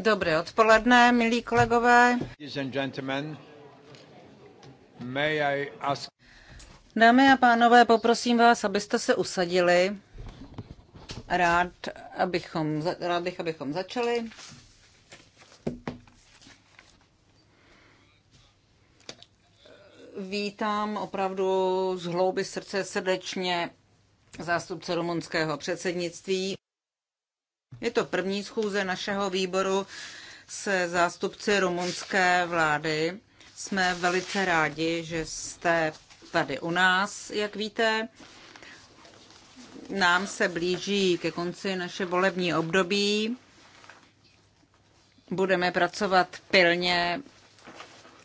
Dobré odpoledne, milí kolegové. Dámy a pánové, poprosím vás, abyste se usadili. Rád, abychom, rád bych, abychom začali. Vítám opravdu z hlouby srdce srdečně zástupce rumunského předsednictví. Je to první schůze našeho výboru se zástupci rumunské vlády. Jsme velice rádi, že jste tady u nás, jak víte. Nám se blíží ke konci naše volební období. Budeme pracovat pilně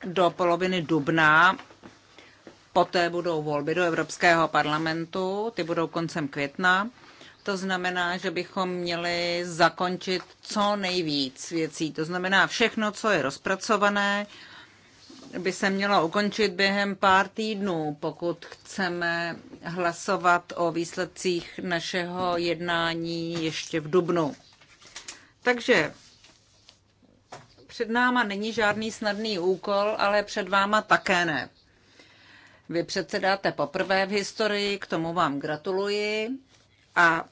do poloviny dubna. Poté budou volby do Evropského parlamentu, ty budou koncem května. To znamená, že bychom měli zakončit co nejvíc věcí. To znamená, všechno, co je rozpracované, by se mělo ukončit během pár týdnů, pokud chceme hlasovat o výsledcích našeho jednání ještě v dubnu. Takže před náma není žádný snadný úkol, ale před váma také ne. Vy předsedáte poprvé v historii, k tomu vám gratuluji a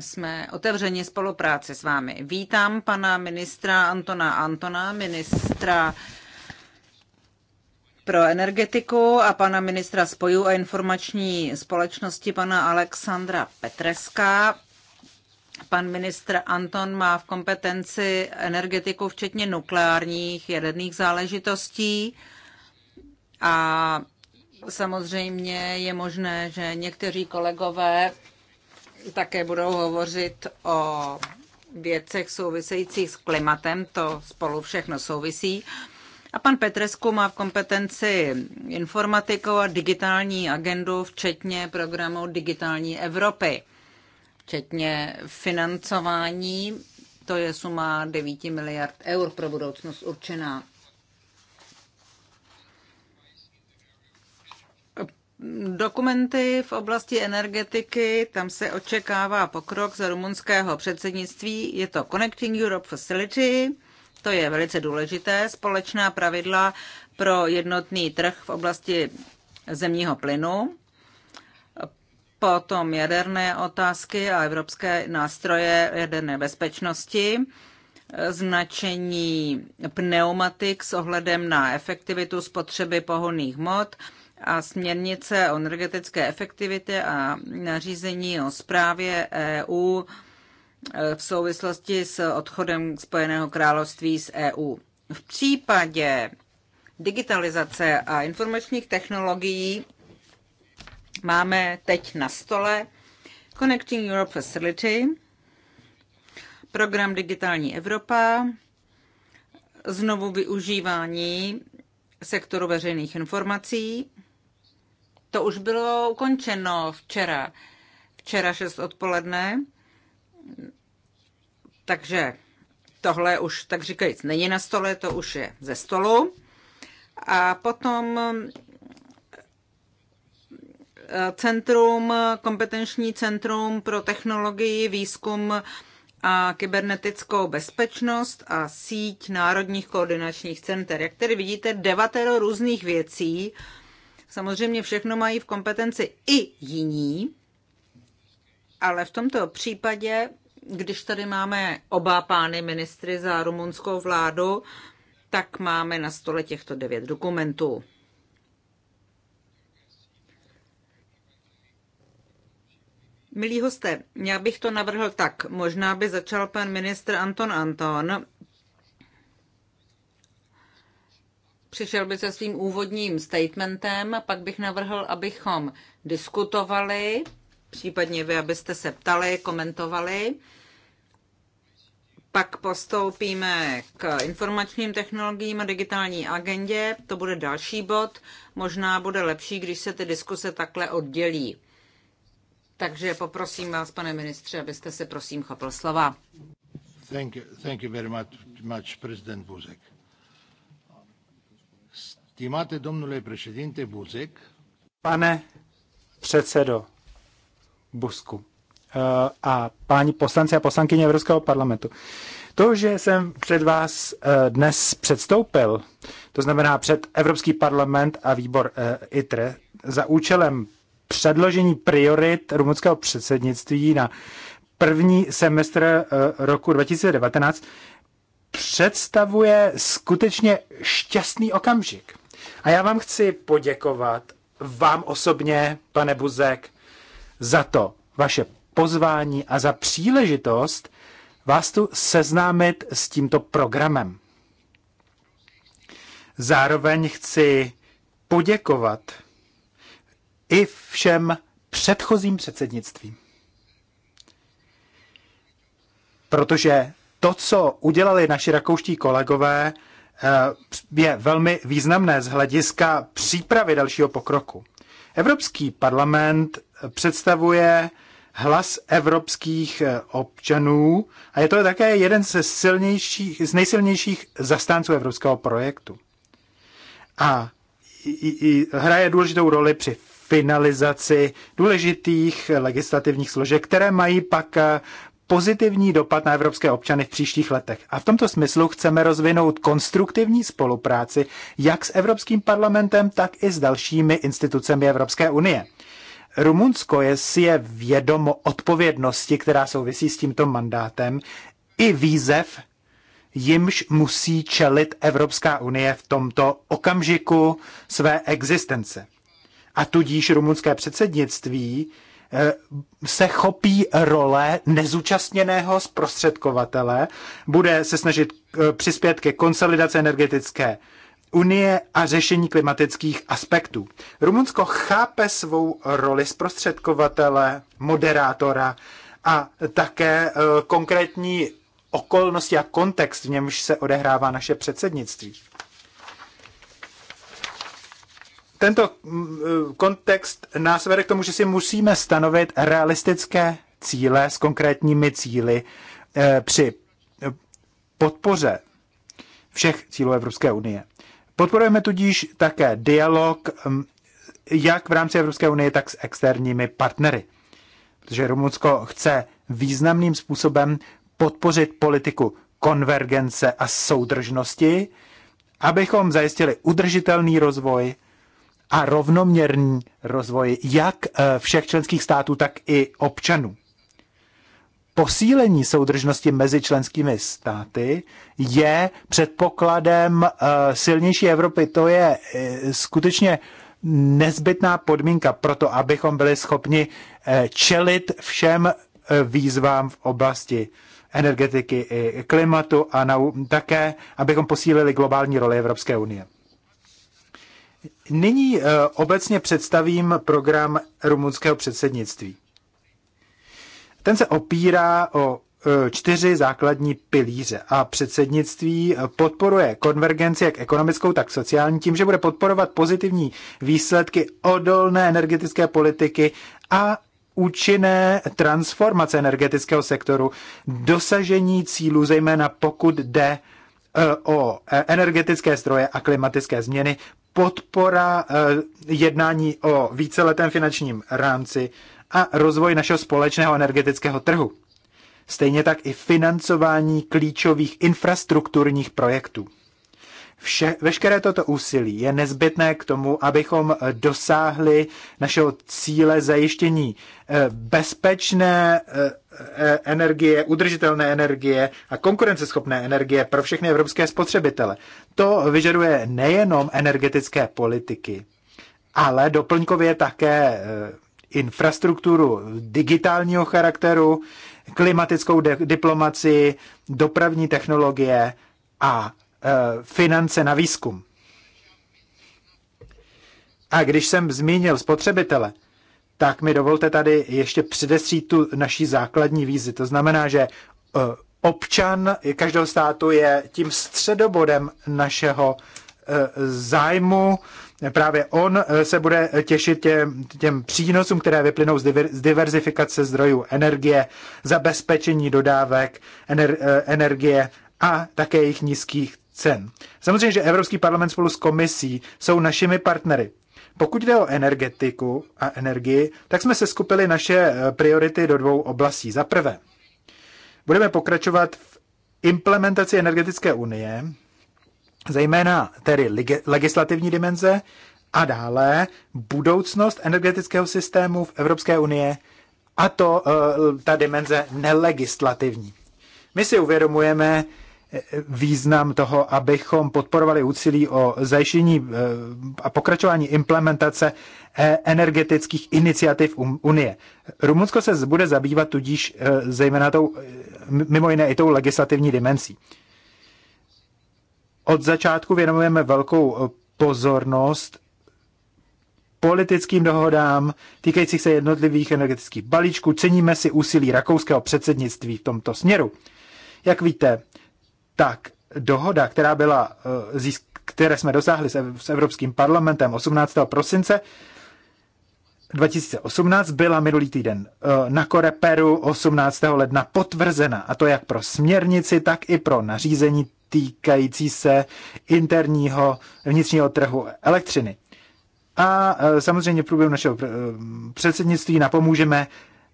jsme otevřeni spolupráci s vámi. Vítám pana ministra Antona Antona, ministra pro energetiku a pana ministra spojů a informační společnosti pana Alexandra Petreska. Pan ministr Anton má v kompetenci energetiku, včetně nukleárních jaderných záležitostí. A samozřejmě je možné, že někteří kolegové také budou hovořit o věcech souvisejících s klimatem, to spolu všechno souvisí. A pan Petresku má v kompetenci informatiku a digitální agendu, včetně programu Digitální Evropy, včetně financování, to je suma 9 miliard eur pro budoucnost určená. Dokumenty v oblasti energetiky, tam se očekává pokrok za rumunského předsednictví. Je to Connecting Europe Facility, to je velice důležité, společná pravidla pro jednotný trh v oblasti zemního plynu. Potom jaderné otázky a evropské nástroje jaderné bezpečnosti, značení pneumatik s ohledem na efektivitu spotřeby pohonných hmot, a směrnice o energetické efektivitě a nařízení o zprávě EU eh, v souvislosti s odchodem Spojeného království z EU. V případě digitalizace a informačních technologií máme teď na stole Connecting Europe Facility, program Digitální Evropa, znovu využívání sektoru veřejných informací, to už bylo ukončeno včera. Včera 6 odpoledne. Takže tohle už, tak říkajíc, není na stole, to už je ze stolu. A potom eh, centrum, kompetenční centrum pro technologii, výzkum a kybernetickou bezpečnost a síť národních koordinačních center. Jak tedy vidíte, devatero různých věcí, Samozřejmě všechno mají v kompetenci i jiní, ale v tomto případě, když tady máme oba pány ministry za rumunskou vládu, tak máme na stole těchto devět dokumentů. Milí hosté, já bych to navrhl tak. Možná by začal pan ministr Anton Anton přišel by se svým úvodním statementem, pak bych navrhl, abychom diskutovali, případně vy, abyste se ptali, komentovali. Pak postoupíme k informačním technologiím a digitální agendě. To bude další bod. Možná bude lepší, když se ty diskuse takhle oddělí. Takže poprosím vás, pane ministře, abyste se prosím chopil slova. Thank you, thank you very much, much President Buzek. Stimate domnule președinte Buzek. Pane předsedo Busku eh, a páni poslanci a poslankyně Evropského parlamentu. To, že jsem před vás eh, dnes předstoupil, to znamená před Evropský parlament a výbor eh, ITRE, za účelem předložení priorit rumunského předsednictví na první semestr roku 2019, představuje skutečně šťastný okamžik. A já vám chci poděkovat, vám osobně, pane Buzek, za to vaše pozvání a za příležitost vás tu seznámit s tímto programem. Zároveň chci poděkovat i všem předchozím předsednictvím. Protože to, co udělali naši rakouští kolegové, Eh, je velmi významné z hlediska přípravy dalšího pokroku. Evropský parlament představuje hlas evropských eh, občanů a je to také jeden ze silnějších, z nejsilnějších zastánců evropského projektu. A hraje důležitou roli při finalizaci důležitých legislativních složek, které mají pak eh, pozitivní dopad na evropské občany v příštích letech. A v tomto smyslu chceme rozvinout konstruktivní spolupráci jak s Evropským parlamentem, tak i s dalšími institucemi Evropské unie. Rumunsko je si je vědomo odpovědnosti, která souvisí s tímto mandátem, i výzev, jimž musí čelit Evropská unie v tomto okamžiku své existence. A tudíž rumunské předsednictví Eh, se chopí role nezúčastněného zprostředkovatele, bude se snažit eh, přispět ke konsolidaci energetické unie a řešení klimatických aspektů. Rumunsko chápe svou roli zprostředkovatele, moderátora a také eh, konkrétní okolnosti a kontext, v němž se odehrává naše předsednictví. Tento mm, eh, kontext nás vede k tomu, že si musíme stanovit realistické cíle s konkrétními cíly eh, při eh, podpoře všech cílů Evropské unie. Podporujeme tudíž také dialog mm, jak v rámci Evropské unie, tak s externími partnery. Protože Rumunsko chce významným způsobem podpořit politiku konvergence a soudržnosti, abychom zajistili udržitelný rozvoj a rovnoměrný rozvoj jak eh, všech členských států, tak i občanů. Posílení soudržnosti mezi členskými státy je předpokladem eh, silnější Evropy. To je eh, skutečně nezbytná podmínka pro to, abychom byli schopni čelit všem výzvám v oblasti energetiky i klimatu a na, také, abychom posílili globální roli Evropské unie. Nyní eh, obecně představím program rumunského předsednictví. Ten se opírá o eh, čtyři základní pilíře a předsednictví eh, podporuje konvergenci jak ekonomickou, tak sociální tím, že bude podporovat pozitivní výsledky odolné energetické politiky a účinné transformace energetického sektoru, dosažení cílů, zejména pokud jde Eh, o eh, energetické stroje a klimatické změny, podpora eh, jednání o víceletém finančním rámci a rozvoj našeho společného energetického trhu. Stejně tak i financování klíčových infrastrukturních projektů. Vše, veškeré toto úsilí je nezbytné k tomu, abychom dosáhli našeho cíle zajištění bezpečné E, energie, udržitelné energie a konkurenceschopné energie pro všechny evropské spotřebitele. To vyžaduje nejenom energetické politiky, ale doplňkově také e, infrastrukturu digitálního charakteru, klimatickou diplomacii, dopravní technologie a e, finance na výzkum. A když jsem zmínil spotřebitele, tak mi dovolte tady ještě předestřít tu naší základní vízi. To znamená, že e, občan každého státu je tím středobodem našeho e, zájmu. Právě on e, se bude těšit těm, těm přínosům, které vyplynou z diverzifikace zdrojů energie, zabezpečení dodávek ener, energie a také jejich nízkých cen. Samozřejmě, že Evropský parlament spolu s komisí jsou našimi partnery. Pokud jde o energetiku a energii, tak jsme se skupili naše eh, priority do dvou oblastí. Za prvé, budeme pokračovat v implementaci energetické unie, zejména tedy legislativní dimenze a dále budoucnost energetického systému v Evropské unie a to eh, ta dimenze nelegislativní. My si uvědomujeme, význam toho, abychom podporovali úsilí o zajištění eh, a pokračování implementace eh, energetických iniciativ um, Unie. Rumunsko se bude zabývat tudíž eh, zejména tou, mimo jiné i tou legislativní dimenzí. Od začátku věnujeme velkou pozornost politickým dohodám týkajících se jednotlivých energetických balíčků. Ceníme si úsilí rakouského předsednictví v tomto směru. Jak víte, tak dohoda, která byla, eh, které jsme dosáhli s Evropským parlamentem 18. prosince 2018, byla minulý týden eh, na Koreperu 18. ledna potvrzena, a to jak pro směrnici, tak i pro nařízení týkající se interního vnitřního trhu elektřiny. A eh, samozřejmě v průběhu našeho předsednictví napomůžeme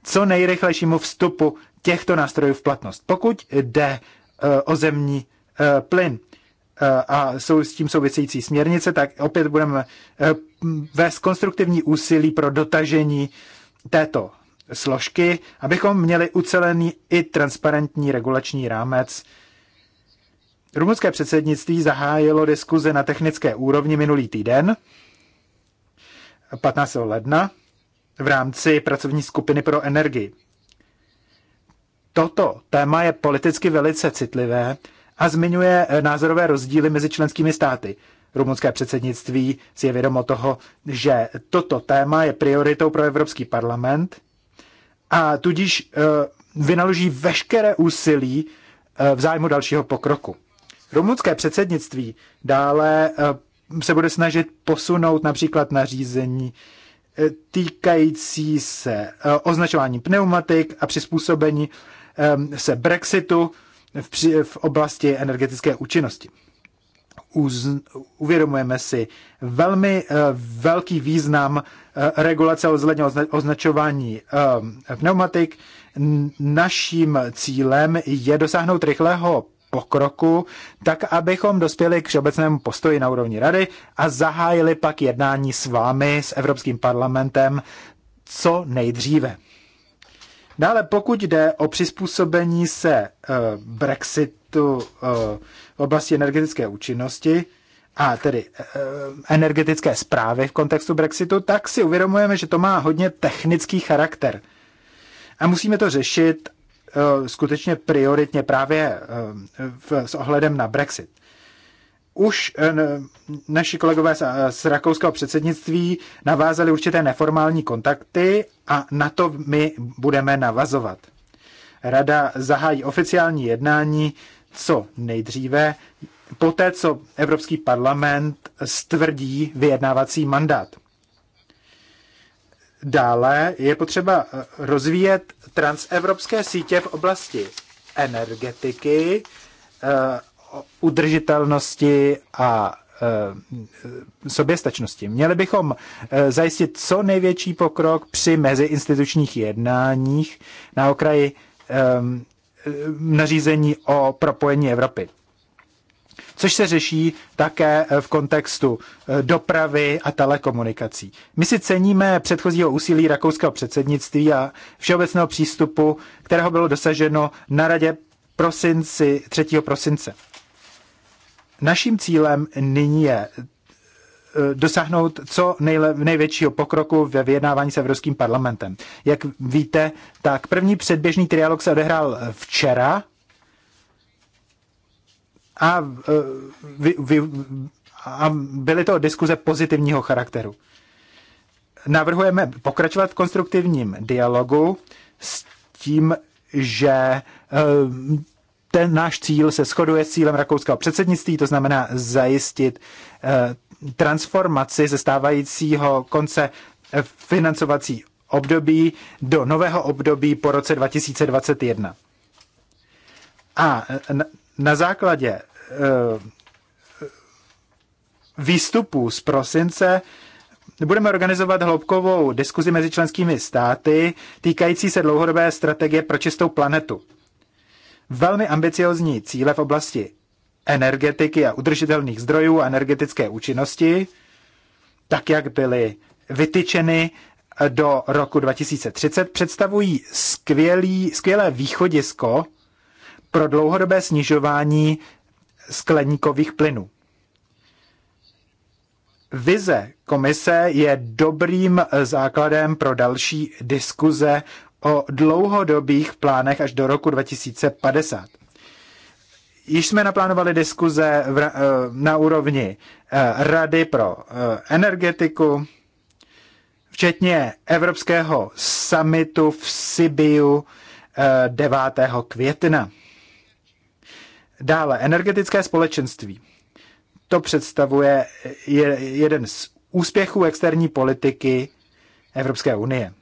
co nejrychlejšímu vstupu těchto nástrojů v platnost. Pokud jde Eh, ozemní eh, plyn eh, a jsou s tím související směrnice, tak opět budeme vést konstruktivní úsilí pro dotažení této složky, abychom měli ucelený i transparentní regulační rámec. Rumunské předsednictví zahájilo diskuze na technické úrovni minulý týden, 15. ledna, v rámci pracovní skupiny pro energii. Toto téma je politicky velice citlivé a zmiňuje eh, názorové rozdíly mezi členskými státy. Rumunské předsednictví si je vědomo toho, že toto téma je prioritou pro Evropský parlament a tudíž eh, vynaloží veškeré úsilí eh, v zájmu dalšího pokroku. Rumunské předsednictví dále se bude snažit posunout například nařízení týkající se označování pneumatik a přizpůsobení se Brexitu v, při, v oblasti energetické účinnosti. Uz, uvědomujeme si velmi uh, velký význam uh, regulace ohledně ozna, označování uh, pneumatik. Naším cílem je dosáhnout rychlého pokroku, tak abychom dospěli k všeobecnému postoji na úrovni rady a zahájili pak jednání s vámi, s Evropským parlamentem, co nejdříve. Dále, pokud jde o přizpůsobení se eh, Brexitu eh, v oblasti energetické účinnosti, a tedy eh, energetické zprávy v kontextu Brexitu, tak si uvědomujeme, že to má hodně technický charakter. A musíme to řešit skutečně prioritně právě s ohledem na Brexit už eh, naši kolegové eh, z rakouského předsednictví navázali určité neformální kontakty a na to my budeme navazovat. Rada zahájí oficiální jednání co nejdříve, poté co Evropský parlament stvrdí vyjednávací mandát. Dále je potřeba eh, rozvíjet transevropské sítě v oblasti energetiky udržitelnosti a e, soběstačnosti. Měli bychom e, zajistit co největší pokrok při meziinstitučních jednáních na okraji e, nařízení o propojení Evropy. Což se řeší také v kontextu dopravy a telekomunikací. My si ceníme předchozího úsilí rakouského předsednictví a všeobecného přístupu, kterého bylo dosaženo na radě prosinci, 3. prosince. Naším cílem nyní je eh, dosáhnout co nejle, největšího pokroku ve vyjednávání s Evropským parlamentem. Jak víte, tak první předběžný trialog se odehrál eh, včera a, eh, vy, vy, a byly to diskuze pozitivního charakteru. Navrhujeme pokračovat v konstruktivním dialogu s tím, že ten náš cíl se shoduje s cílem rakouského předsednictví, to znamená zajistit eh, transformaci ze stávajícího konce eh, financovací období do nového období po roce 2021. A eh, na základě výstupů z prosince budeme organizovat hloubkovou diskuzi mezi členskými státy týkající se dlouhodobé strategie pro čistou planetu velmi ambiciozní cíle v oblasti energetiky a udržitelných zdrojů a energetické účinnosti, tak jak byly vytyčeny do roku 2030, představují skvělý, skvělé východisko pro dlouhodobé snižování skleníkových plynů. Vize komise je dobrým základem pro další diskuze o dlouhodobých plánech až do roku 2050. Již jsme naplánovali diskuze v, eh, na úrovni eh, Rady pro eh, energetiku, včetně Evropského summitu v Sibiu 9. května. Dále energetické společenství. To představuje jeden z úspěchů externí politiky Evropské unie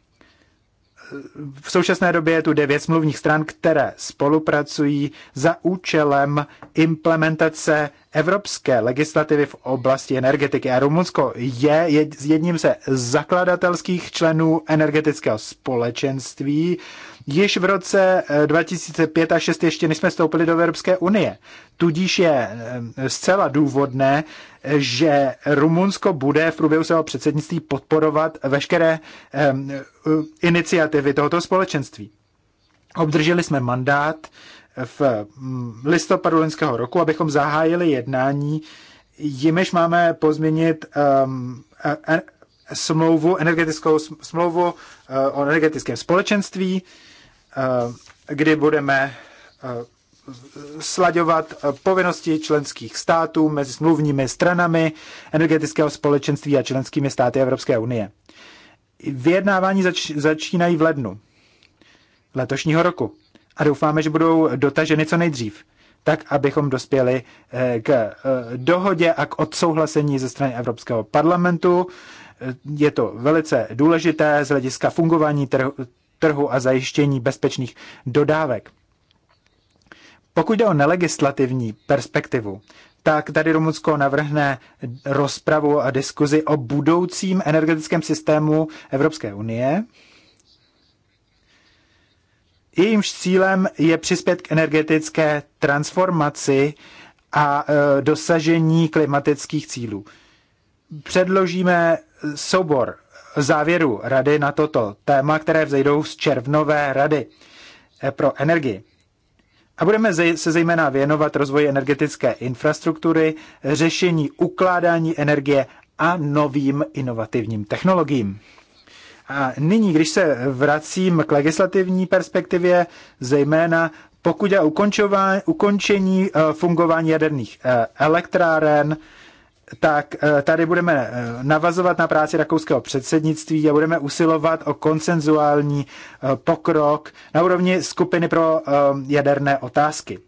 v současné době je tu devět smluvních stran, které spolupracují za účelem implementace evropské legislativy v oblasti energetiky. A Rumunsko je jedním ze zakladatelských členů energetického společenství již v roce 2005 eh, a 2006 ještě než jsme vstoupili do Evropské unie. Tudíž je eh, zcela důvodné, že Rumunsko bude v průběhu svého předsednictví podporovat veškeré eh, iniciativy tohoto společenství. Obdrželi jsme mandát v mm, listopadu loňského roku, abychom zahájili jednání, jimiž máme pozměnit um, smlouvu, energetickou smlouvu uh, o energetickém společenství, Eh, kdy budeme eh, slaďovat eh, povinnosti členských států mezi smluvními stranami energetického společenství a členskými státy Evropské unie. Vyjednávání zač- začínají v lednu letošního roku a doufáme, že budou dotaženy co nejdřív, tak abychom dospěli k dohodě a k odsouhlasení ze strany Evropského parlamentu. Je to velice důležité z hlediska fungování trhu a zajištění bezpečných dodávek. Pokud jde o nelegislativní perspektivu, tak tady Rumunsko navrhne rozpravu a diskuzi o budoucím energetickém systému Evropské unie. Jejímž cílem je přispět k energetické transformaci a e, dosažení klimatických cílů. Předložíme soubor závěru rady na toto téma, které vzejdou z červnové rady eh, pro energii. A budeme se zejména věnovat rozvoji energetické infrastruktury, řešení ukládání energie a novým inovativním technologiím. A nyní, když se vracím k legislativní perspektivě, zejména pokud je ukončení eh, fungování jaderných eh, elektráren, tak eh, tady budeme eh, navazovat na práci rakouského předsednictví a budeme usilovat o konsenzuální eh, pokrok na úrovni skupiny pro jaderné otázky.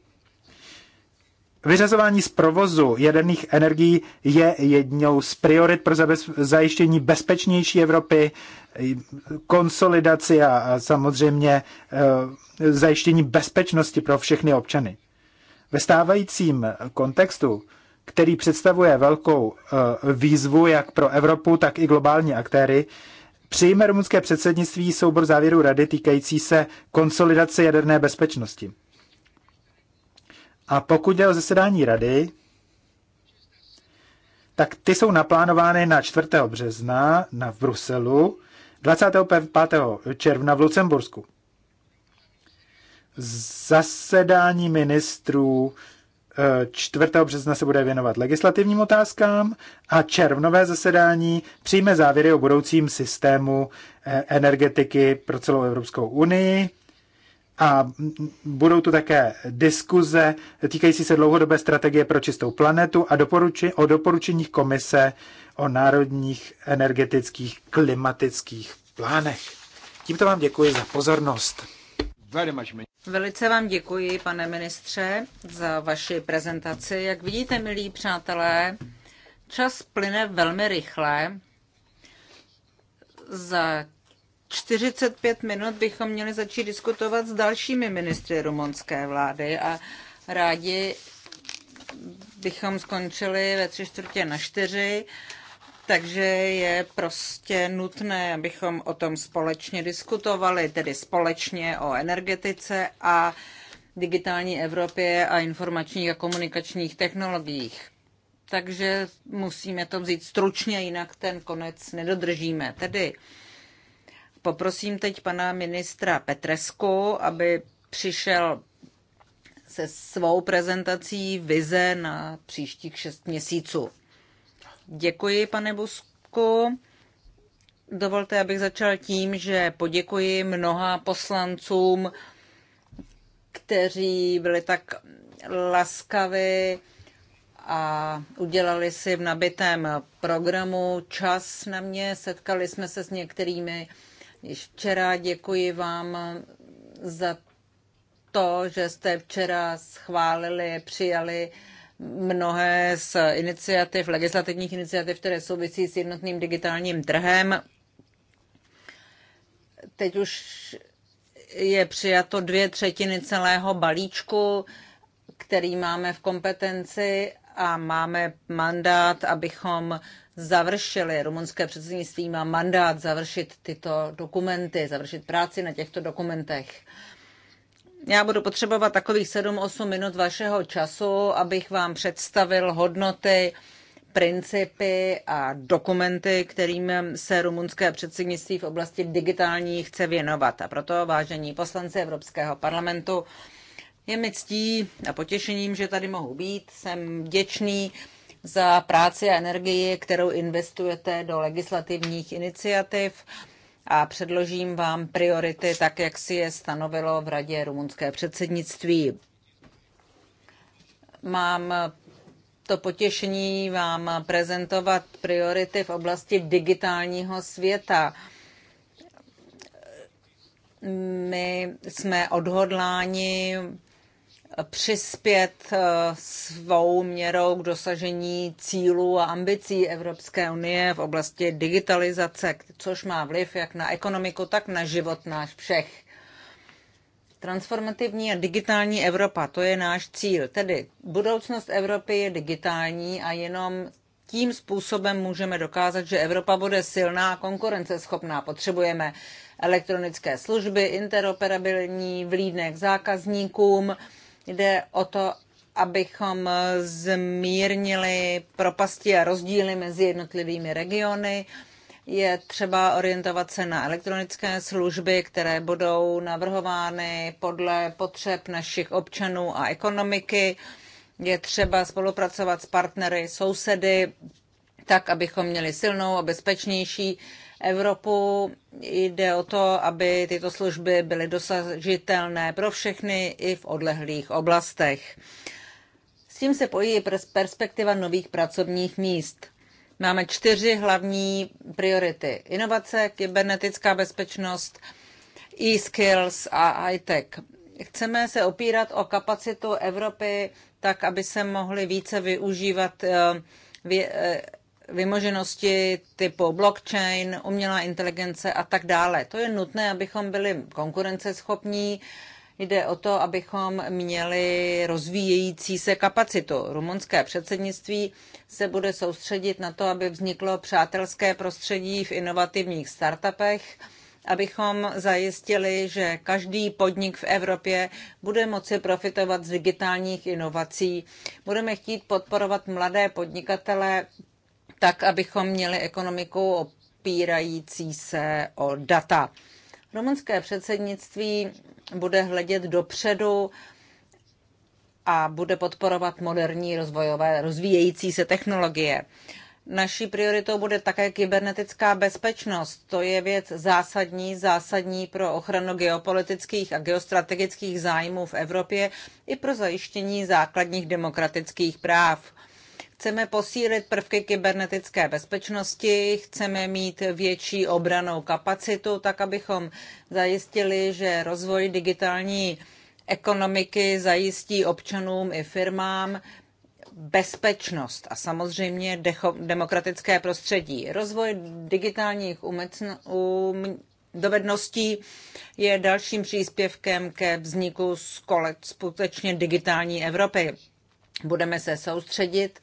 Vyřazování z provozu jaderných energií je jednou z priorit pro zajištění bezpečnější Evropy, konsolidaci a samozřejmě zajištění bezpečnosti pro všechny občany. Ve stávajícím kontextu který představuje velkou eh, výzvu jak pro Evropu, tak i globální aktéry, přijme rumunské předsednictví soubor závěrů rady týkající se konsolidace jaderné bezpečnosti. A pokud jde o zasedání rady, tak ty jsou naplánovány na 4. března na v Bruselu, 25. června v Lucembursku. Zasedání ministrů 4. března se bude věnovat legislativním otázkám a červnové zasedání přijme závěry o budoucím systému eh, energetiky pro celou Evropskou unii. A budou tu také diskuze týkající se dlouhodobé strategie pro čistou planetu a doporuči- o doporučeních komise o národních energetických klimatických plánech. Tímto vám děkuji za pozornost. Velice vám děkuji, pane ministře, za vaši prezentaci. Jak vidíte, milí přátelé, čas plyne velmi rychle. Za 45 minut bychom měli začít diskutovat s dalšími ministry rumunské vlády a rádi bychom skončili ve tři čtvrtě na čtyři. Takže je prostě nutné, abychom o tom společně diskutovali, tedy společně o energetice a digitální Evropě a informačních a komunikačních technologiích. Takže musíme to vzít stručně, jinak ten konec nedodržíme. Tedy poprosím teď pana ministra Petresku, aby přišel se svou prezentací vize na příštích šest měsíců. Děkuji, pane Busku. Dovolte, abych začal tím, že poděkuji mnoha poslancům, kteří byli tak laskavi a udělali si v nabitém programu čas na mě. Setkali jsme se s některými již včera. Děkuji vám za to, že jste včera schválili, přijali mnohé z iniciativ, legislativních iniciativ, které souvisí s jednotným digitálním trhem. Teď už je přijato dvě třetiny celého balíčku, který máme v kompetenci a máme mandát, abychom završili, rumunské předsednictví má mandát završit tyto dokumenty, završit práci na těchto dokumentech. Já budu potřebovat takových 7-8 minut vašeho času, abych vám představil hodnoty, principy a dokumenty, kterým se rumunské předsednictví v oblasti digitální chce věnovat. A proto, vážení poslanci Evropského parlamentu, je mi ctí a potěšením, že tady mohu být. Jsem vděčný za práci a energii, kterou investujete do legislativních iniciativ a předložím vám priority tak, jak si je stanovilo v Radě rumunské předsednictví. Mám to potěšení vám prezentovat priority v oblasti digitálního světa. My jsme odhodláni přispět eh, svou měrou k dosažení cílů a ambicí Evropské unie v oblasti digitalizace, což má vliv jak na ekonomiku, tak na život náš všech. Transformativní a digitální Evropa, to je náš cíl. Tedy budoucnost Evropy je digitální a jenom tím způsobem můžeme dokázat, že Evropa bude silná a konkurenceschopná. Potřebujeme elektronické služby, interoperabilní, vlídné k zákazníkům, Jde o to, abychom zmírnili propasti a rozdíly mezi jednotlivými regiony. Je třeba orientovat se na elektronické služby, které budou navrhovány podle potřeb našich občanů a ekonomiky. Je třeba spolupracovat s partnery, sousedy, tak, abychom měli silnou a bezpečnější Evropu. Jde o to, aby tyto služby byly dosažitelné pro všechny i v odlehlých oblastech. S tím se pojí perspektiva nových pracovních míst. Máme čtyři hlavní priority. Inovace, kybernetická bezpečnost, e-skills a high-tech. Chceme se opírat o kapacitu Evropy tak, aby se mohly více využívat eh, eh, vymoženosti typu blockchain, umělá inteligence a tak dále. To je nutné, abychom byli konkurenceschopní. Jde o to, abychom měli rozvíjející se kapacitu. Rumunské předsednictví se bude soustředit na to, aby vzniklo přátelské prostředí v inovativních startupech, abychom zajistili, že každý podnik v Evropě bude moci profitovat z digitálních inovací. Budeme chtít podporovat mladé podnikatele tak abychom měli ekonomiku opírající se o data. Rumunské předsednictví bude hledět dopředu a bude podporovat moderní rozvojové rozvíjející se technologie. Naší prioritou bude také kybernetická bezpečnost. To je věc zásadní, zásadní pro ochranu geopolitických a geostrategických zájmů v Evropě i pro zajištění základních demokratických práv. Chceme posílit prvky kybernetické bezpečnosti, chceme mít větší obranou kapacitu, tak abychom zajistili, že rozvoj digitální ekonomiky zajistí občanům i firmám bezpečnost a samozřejmě demokratické prostředí. Rozvoj digitálních umecn, um, dovedností je dalším příspěvkem ke vzniku skutečně digitální Evropy. Budeme se soustředit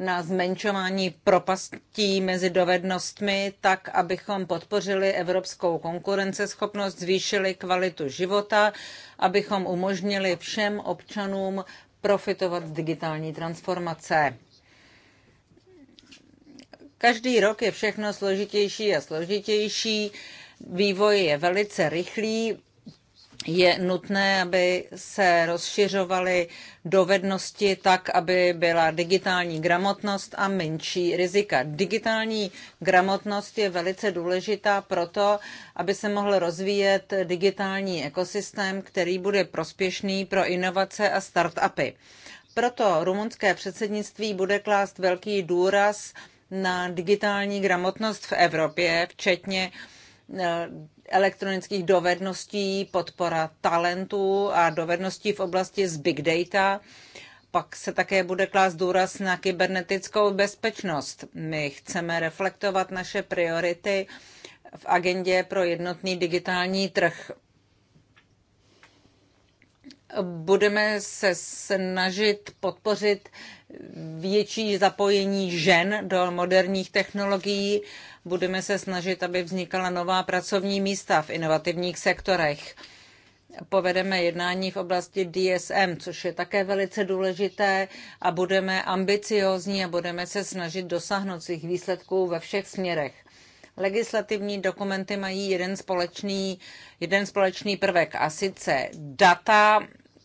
na zmenšování propastí mezi dovednostmi, tak abychom podpořili evropskou konkurenceschopnost, zvýšili kvalitu života, abychom umožnili všem občanům profitovat z digitální transformace. Každý rok je všechno složitější a složitější. Vývoj je velice rychlý, je nutné, aby se rozšiřovaly dovednosti tak, aby byla digitální gramotnost a menší rizika. Digitální gramotnost je velice důležitá proto, aby se mohl rozvíjet digitální ekosystém, který bude prospěšný pro inovace a startupy. Proto rumunské předsednictví bude klást velký důraz na digitální gramotnost v Evropě, včetně eh, elektronických dovedností, podpora talentů a dovedností v oblasti z big data. Pak se také bude klást důraz na kybernetickou bezpečnost. My chceme reflektovat naše priority v agendě pro jednotný digitální trh budeme se snažit podpořit větší zapojení žen do moderních technologií. Budeme se snažit, aby vznikala nová pracovní místa v inovativních sektorech. Povedeme jednání v oblasti DSM, což je také velice důležité a budeme ambiciózní a budeme se snažit dosáhnout svých výsledků ve všech směrech legislativní dokumenty mají jeden společný, jeden společný prvek a sice data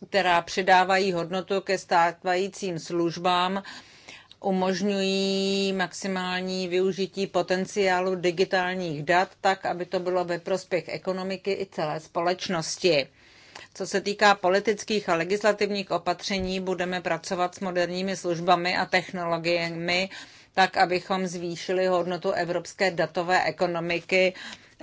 která přidávají hodnotu ke stávajícím službám, umožňují maximální využití potenciálu digitálních dat tak, aby to bylo ve prospěch ekonomiky i celé společnosti. Co se týká politických a legislativních opatření, budeme pracovat s moderními službami a technologiemi, tak abychom zvýšili hodnotu evropské datové ekonomiky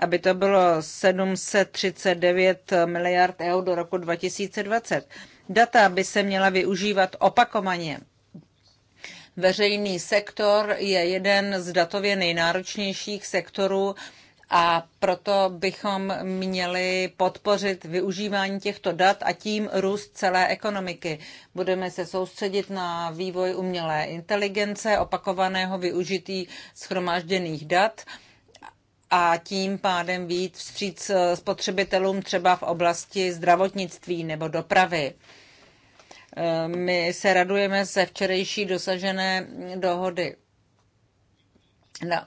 aby to bylo 739 miliard eur do roku 2020. Data by se měla využívat opakovaně. Veřejný sektor je jeden z datově nejnáročnějších sektorů a proto bychom měli podpořit využívání těchto dat a tím růst celé ekonomiky. Budeme se soustředit na vývoj umělé inteligence, opakovaného využití schromážděných dat – a tím pádem víc vstříc eh, spotřebitelům třeba v oblasti zdravotnictví nebo dopravy. Eh, my se radujeme ze včerejší dosažené dohody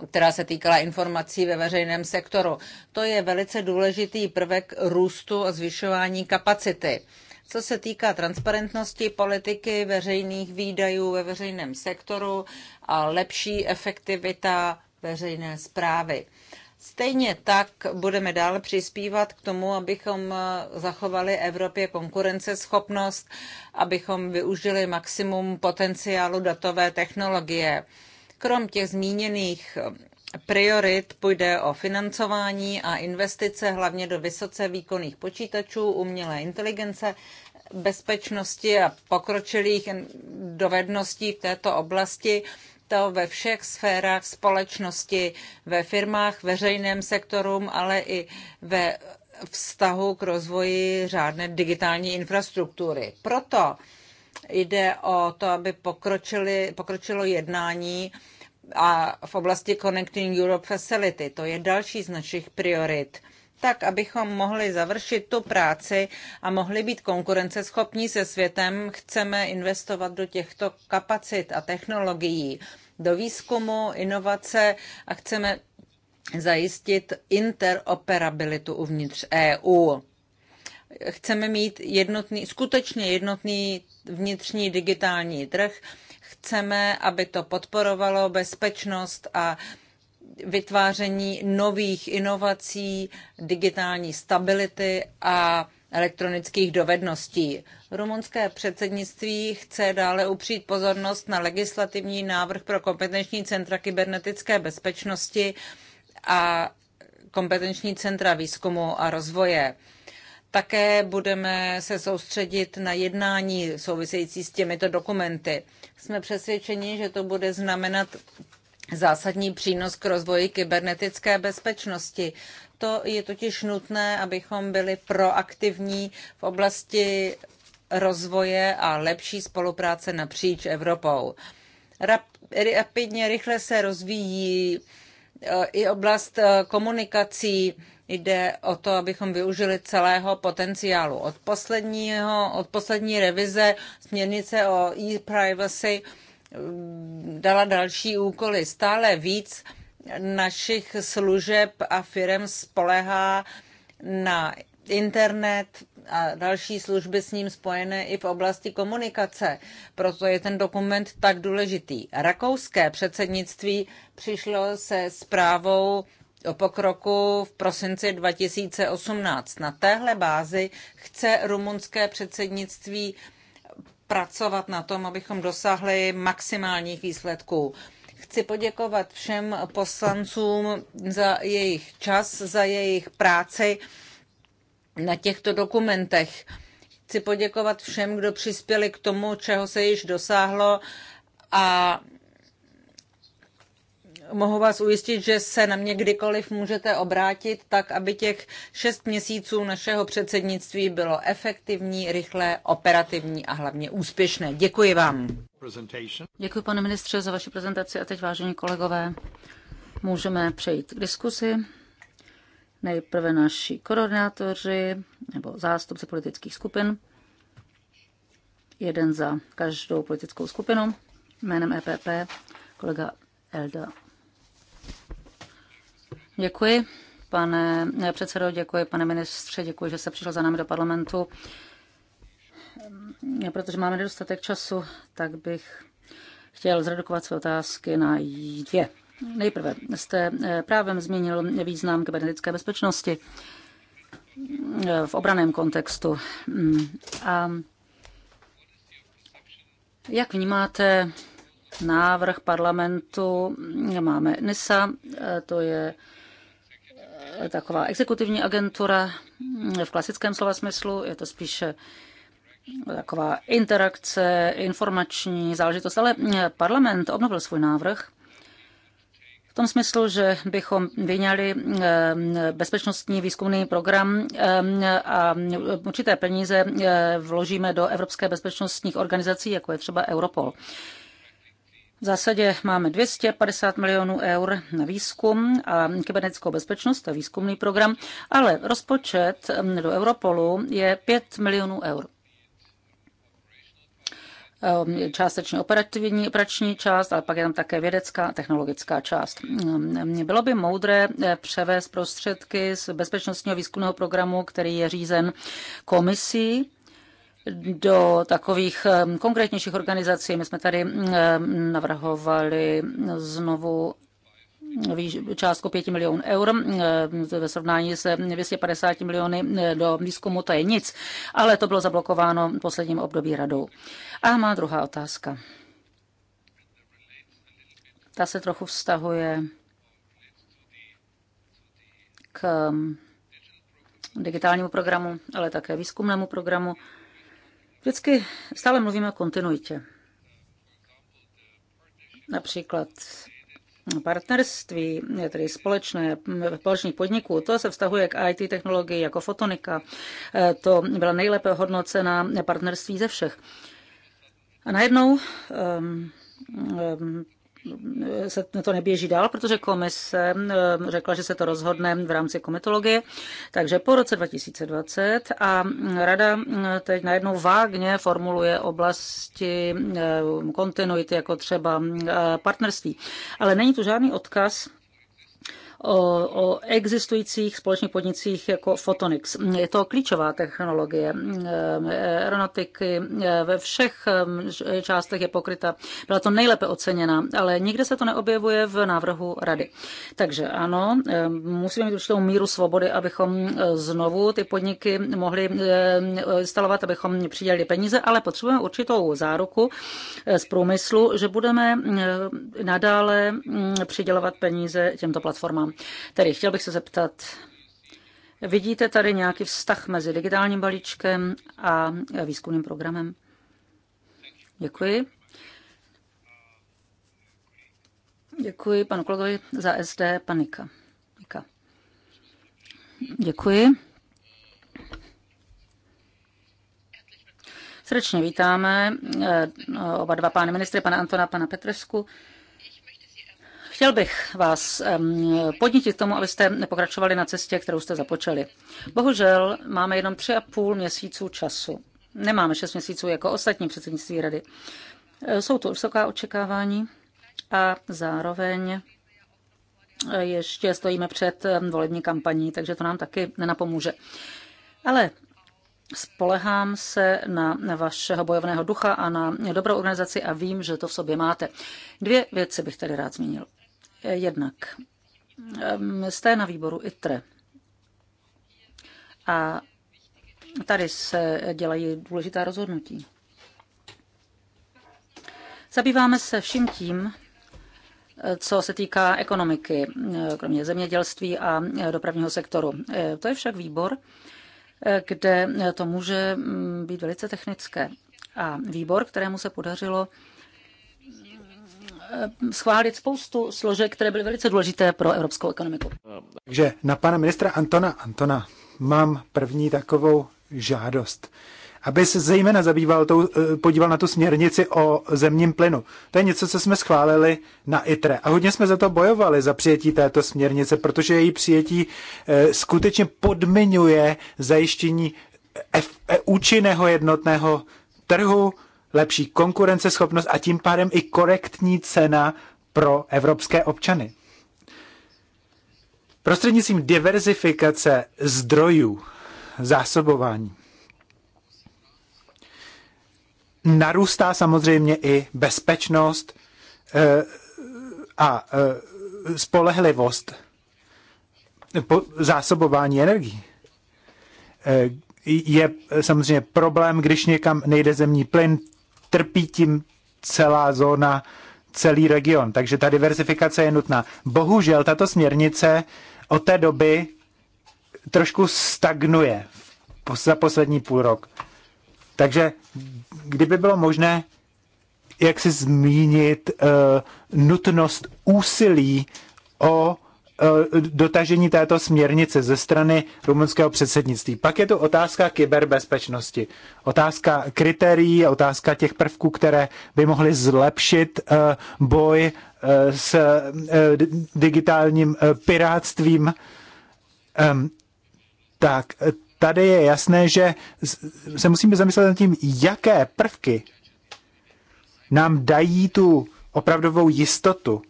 která se týkala informací ve veřejném sektoru. To je velice důležitý prvek růstu a zvyšování kapacity. Co se týká transparentnosti politiky veřejných výdajů ve veřejném sektoru a lepší efektivita veřejné zprávy. Stejně tak budeme dál přispívat k tomu, abychom eh, zachovali Evropě konkurenceschopnost, abychom využili maximum potenciálu datové technologie. Krom těch zmíněných eh, priorit půjde o financování a investice hlavně do vysoce výkonných počítačů, umělé inteligence, bezpečnosti a pokročilých eh, dovedností v této oblasti to ve všech sférách společnosti, ve firmách, veřejném sektoru, ale i ve vztahu k rozvoji řádné digitální infrastruktury. Proto jde o to, aby pokročili, pokročilo jednání a v oblasti Connecting Europe Facility. To je další z našich priorit tak abychom mohli završit tu práci a mohli být konkurenceschopní se světem, chceme investovat do těchto kapacit a technologií, do výzkumu, inovace a chceme zajistit interoperabilitu uvnitř EU. Chceme mít jednotný, skutečně jednotný vnitřní digitální trh. Chceme, aby to podporovalo bezpečnost a uh, vytváření nových inovací, digitální stability a elektronických dovedností. Rumunské předsednictví chce dále upřít pozornost na legislativní návrh pro kompetenční centra kybernetické bezpečnosti a kompetenční centra výzkumu a rozvoje. Také budeme se soustředit na jednání související s těmito dokumenty. Jsme přesvědčeni, že to bude znamenat zásadní přínos k rozvoji kybernetické bezpečnosti. To je totiž nutné, abychom byli proaktivní v oblasti rozvoje a lepší spolupráce napříč Evropou. Rapidně, rychle se rozvíjí eh, i oblast eh, komunikací. Jde o to, abychom využili celého potenciálu. Od, posledního, od poslední revize směrnice o e-privacy dala další úkoly. Stále víc našich služeb a firm spolehá na internet a další služby s ním spojené i v oblasti komunikace. Proto je ten dokument tak důležitý. Rakouské předsednictví přišlo se zprávou o pokroku v prosinci 2018. Na téhle bázi chce rumunské předsednictví pracovat na tom, abychom dosáhli maximálních výsledků. Chci poděkovat všem poslancům za jejich čas, za jejich práci na těchto dokumentech. Chci poděkovat všem, kdo přispěli k tomu, čeho se již dosáhlo a mohu vás ujistit, že se na mě kdykoliv můžete obrátit, tak aby těch šest měsíců našeho předsednictví bylo efektivní, rychlé, operativní a hlavně úspěšné. Děkuji vám. Děkuji, pane ministře, za vaši prezentaci a teď, vážení kolegové, můžeme přejít k diskusi. Nejprve naši koordinátoři nebo zástupci politických skupin. Jeden za každou politickou skupinu jménem EPP kolega Elda Děkuji, pane předsedo, děkuji, pane ministře, děkuji, že jste přišel za námi do parlamentu. Protože máme nedostatek času, tak bych chtěl zredukovat své otázky na dvě. Nejprve jste eh, právem zmínil význam kybernetické bezpečnosti eh, v obraném kontextu. Hmm, a jak vnímáte návrh parlamentu? Máme NISA, eh, to je Eh, taková exekutivní agentura v klasickém slova smyslu, je to spíše taková interakce, informační záležitost, ale eh, parlament obnovil svůj návrh v tom smyslu, že bychom vyňali eh, bezpečnostní výzkumný program a určité peníze vložíme do Evropské bezpečnostních organizací, jako je třeba Europol. V zásadě máme 250 milionů eur na výzkum a kybernetickou bezpečnost, a výzkumný program, ale rozpočet mm, do Europolu je 5 milionů eur ehm, částečně operativní, operační část, ale pak je tam také vědecká, technologická část. Ehm, bylo by moudré eh, převést prostředky z bezpečnostního výzkumného programu, který je řízen komisí do takových konkrétnějších organizací. My jsme tady navrhovali znovu částku 5 milionů eur ve srovnání se 250 miliony do výzkumu, to je nic, ale to bylo zablokováno v posledním období radou. A má druhá otázka. Ta se trochu vztahuje k digitálnímu programu, ale také výzkumnému programu. Vždycky stále mluvíme o kontinuitě. Například partnerství, tedy společné, společných podniků, to se vztahuje k IT technologii jako fotonika. To byla nejlépe hodnocená partnerství ze všech. A najednou um, um, se to neběží dál, protože komise eh, řekla, že se to rozhodne v rámci komitologie, takže po roce 2020 a rada eh, teď najednou vágně formuluje oblasti eh, kontinuity, jako třeba partnerství. Ale není tu žádný odkaz o, o existujících společných podnicích jako Photonics. Je to klíčová technologie ehm, e, aeronautiky e, ve všech ehm, e, částech je pokryta. Byla to nejlépe oceněna, ale nikde se to neobjevuje v návrhu rady. Takže ano, ehm, musíme mít určitou míru svobody, abychom znovu ty podniky mohli instalovat, abychom přidělili peníze, ale potřebujeme určitou záruku z průmyslu, že budeme nadále mm, přidělovat peníze těmto platformám. Tedy chtěl bych se zeptat, vidíte tady nějaký vztah mezi digitálním balíčkem a výzkumným programem? Děkuji. Děkuji panu kolegovi za SD, panika. Nika. Děkuji. Srdečně vítáme eh, oba dva pány ministry, pana Antona a pana Petresku. Chtěl bych vás podnítit k tomu, abyste nepokračovali na cestě, kterou jste započali. Bohužel máme jenom tři a půl měsíců času. Nemáme šest měsíců jako ostatní předsednictví rady. E, jsou tu vysoká očekávání a zároveň e, ještě stojíme před volební kampaní, takže to nám taky nenapomůže. Ale spolehám se na vašeho bojovného ducha a na dobrou organizaci a vím, že to v sobě máte. Dvě věci bych tady rád zmínil. Jednak jste na výboru ITRE a tady se dělají důležitá rozhodnutí. Zabýváme se vším tím, co se týká ekonomiky, kromě zemědělství a dopravního sektoru. E, to je však výbor, e, kde to může být velice technické. A výbor, kterému se podařilo Eh, schválit spoustu složek, které byly velice důležité pro evropskou ekonomiku. Takže na pana ministra Antona Antona mám první takovou žádost aby se zejména zabýval tou, eh, podíval na tu směrnici o zemním plynu. To je něco, co jsme schválili na ITRE. A hodně jsme za to bojovali, za přijetí této směrnice, protože její přijetí eh, skutečně podmiňuje zajištění účinného jednotného trhu lepší konkurenceschopnost a tím pádem i korektní cena pro evropské občany. Prostřednictvím diverzifikace zdrojů zásobování narůstá samozřejmě i bezpečnost eh, a eh, spolehlivost zásobování energií. Eh, je samozřejmě problém, když někam nejde zemní plyn, trpí tím celá zóna, celý region. Takže ta diversifikace je nutná. Bohužel tato směrnice od té doby trošku stagnuje za poslední půl rok. Takže kdyby bylo možné, jak si zmínit uh, nutnost úsilí o Eh, dotažení této směrnice ze strany rumunského předsednictví. Pak je tu otázka kyberbezpečnosti, otázka kritérií, otázka těch prvků, které by mohly zlepšit eh, boj eh, s digitálním pirátstvím. Ehm, tak tady je jasné, že se musíme zamyslet nad tím, jaké prvky nám dají tu opravdovou jistotu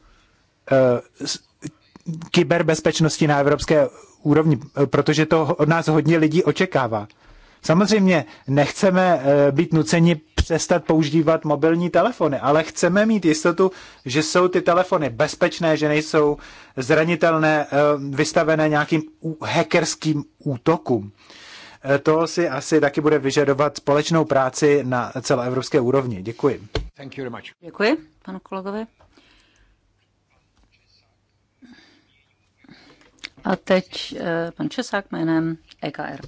kyberbezpečnosti na evropské úrovni, protože to od nás hodně lidí očekává. Samozřejmě nechceme eh, být nuceni přestat používat mobilní telefony, ale chceme mít jistotu, že jsou ty telefony bezpečné, že nejsou zranitelné, eh, vystavené nějakým hackerským útokům. Eh, to si asi taky bude vyžadovat společnou práci na celoevropské úrovni. Děkuji. Děkuji panu kolegovi. A teď eh, pan Česák jménem EKR.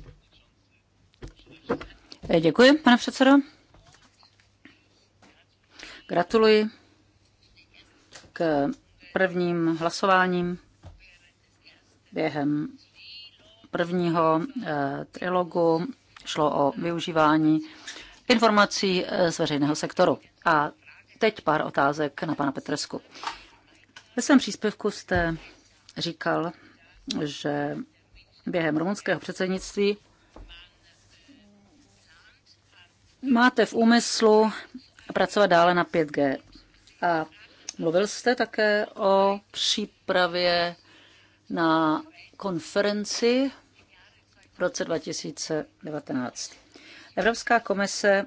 Eh, děkuji, pane předsedo. Gratuluji k prvním hlasováním během prvního eh, trilogu. Šlo o využívání informací z veřejného sektoru. A teď pár otázek na pana Petresku. Ve svém příspěvku jste říkal, že během rumunského předsednictví máte v úmyslu pracovat dále na 5G. A mluvil jste také o přípravě na konferenci v roce 2019. Evropská komise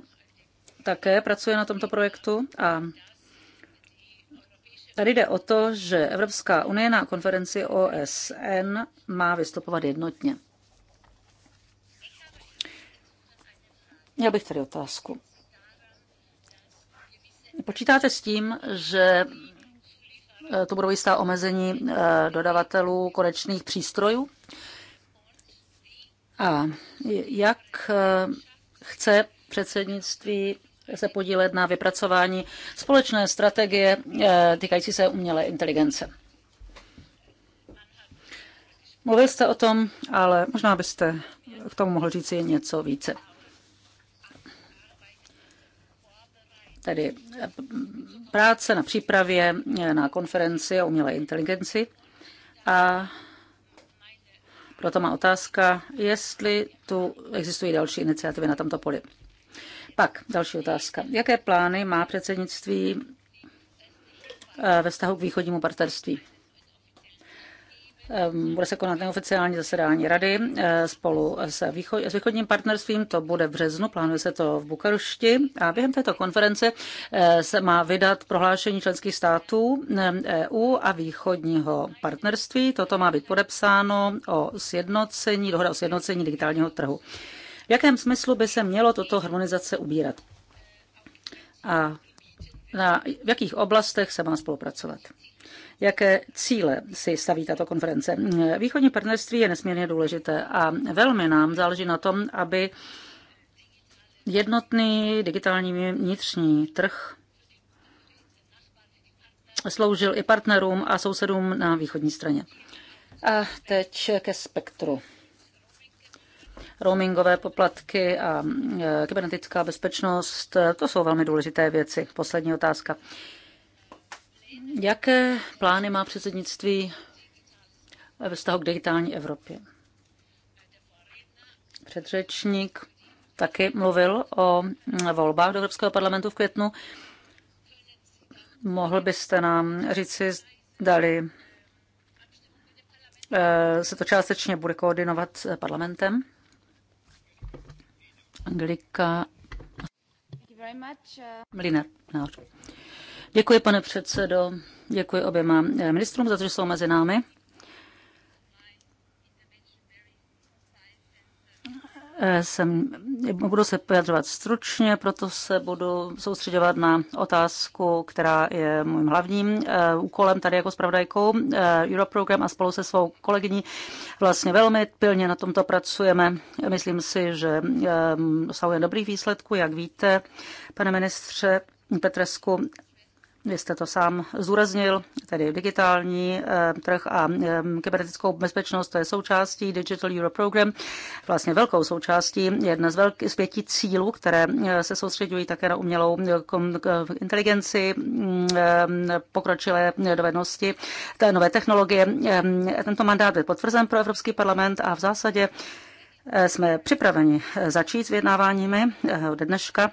také pracuje na tomto projektu a Tady jde o to, že Evropská unie na konferenci OSN má vystupovat jednotně. Měl bych tady otázku. Počítáte s tím, že eh, to budou jistá omezení eh, dodavatelů konečných přístrojů? A jak eh, chce předsednictví se podílet na vypracování společné strategie eh, týkající se umělé inteligence. Mluvil jste o tom, ale možná byste k tomu mohl říct něco více. Tedy eh, práce na přípravě eh, na konferenci o umělé inteligenci a proto má otázka, jestli tu existují další iniciativy na tomto poli. Pak další otázka. Jaké plány má předsednictví eh, ve vztahu k východnímu partnerství? Eh, bude se konat neoficiální zasedání rady eh, spolu s, východním partnerstvím, to bude v březnu, plánuje se to v Bukarušti a během této konference se má vydat prohlášení členských států EU e a východního partnerství. Toto má být podepsáno o sjednocení, dohoda o sjednocení digitálního trhu. V jakém smyslu by se mělo toto harmonizace ubírat? A na, v jakých oblastech se má spolupracovat? Jaké cíle si staví tato konference? Východní partnerství je nesmírně důležité a velmi nám záleží na tom, aby jednotný digitální vnitřní trh sloužil i partnerům a sousedům na východní straně. A teď ke spektru roamingové poplatky a e, kybernetická bezpečnost, to jsou velmi důležité věci. Poslední otázka. Jaké plány má předsednictví ve vztahu k digitální Evropě? Předřečník taky mluvil o volbách do Evropského parlamentu v květnu. Mohl byste nám říci, dali e, se to částečně bude koordinovat s parlamentem? Anglika uh, Mlinář. Děkuji, pane předsedo, děkuji oběma eh, ministrům za to, že jsou mezi námi. Eh, jsem, budu se vyjadřovat stručně, proto se budu soustředovat na otázku, která je mým hlavním eh, úkolem tady jako zpravodajkou eh, Europe Program a spolu se svou kolegyní vlastně velmi pilně na tomto pracujeme. Myslím si, že dosahujeme dobrých výsledků, jak víte, pane ministře Petresku, vy jste to sám zúraznil, tedy digitální eh, trh a eh, kybernetickou bezpečnost, to je součástí Digital Euro Program, vlastně velkou součástí, jedna z, velk- z pěti cílů, které eh, se soustředují také na umělou inteligenci, mm, pokročilé dovednosti, té nové technologie. Tento mandát byl potvrzen pro Evropský parlament a v zásadě jsme připraveni začít s vyjednáváními od dneška.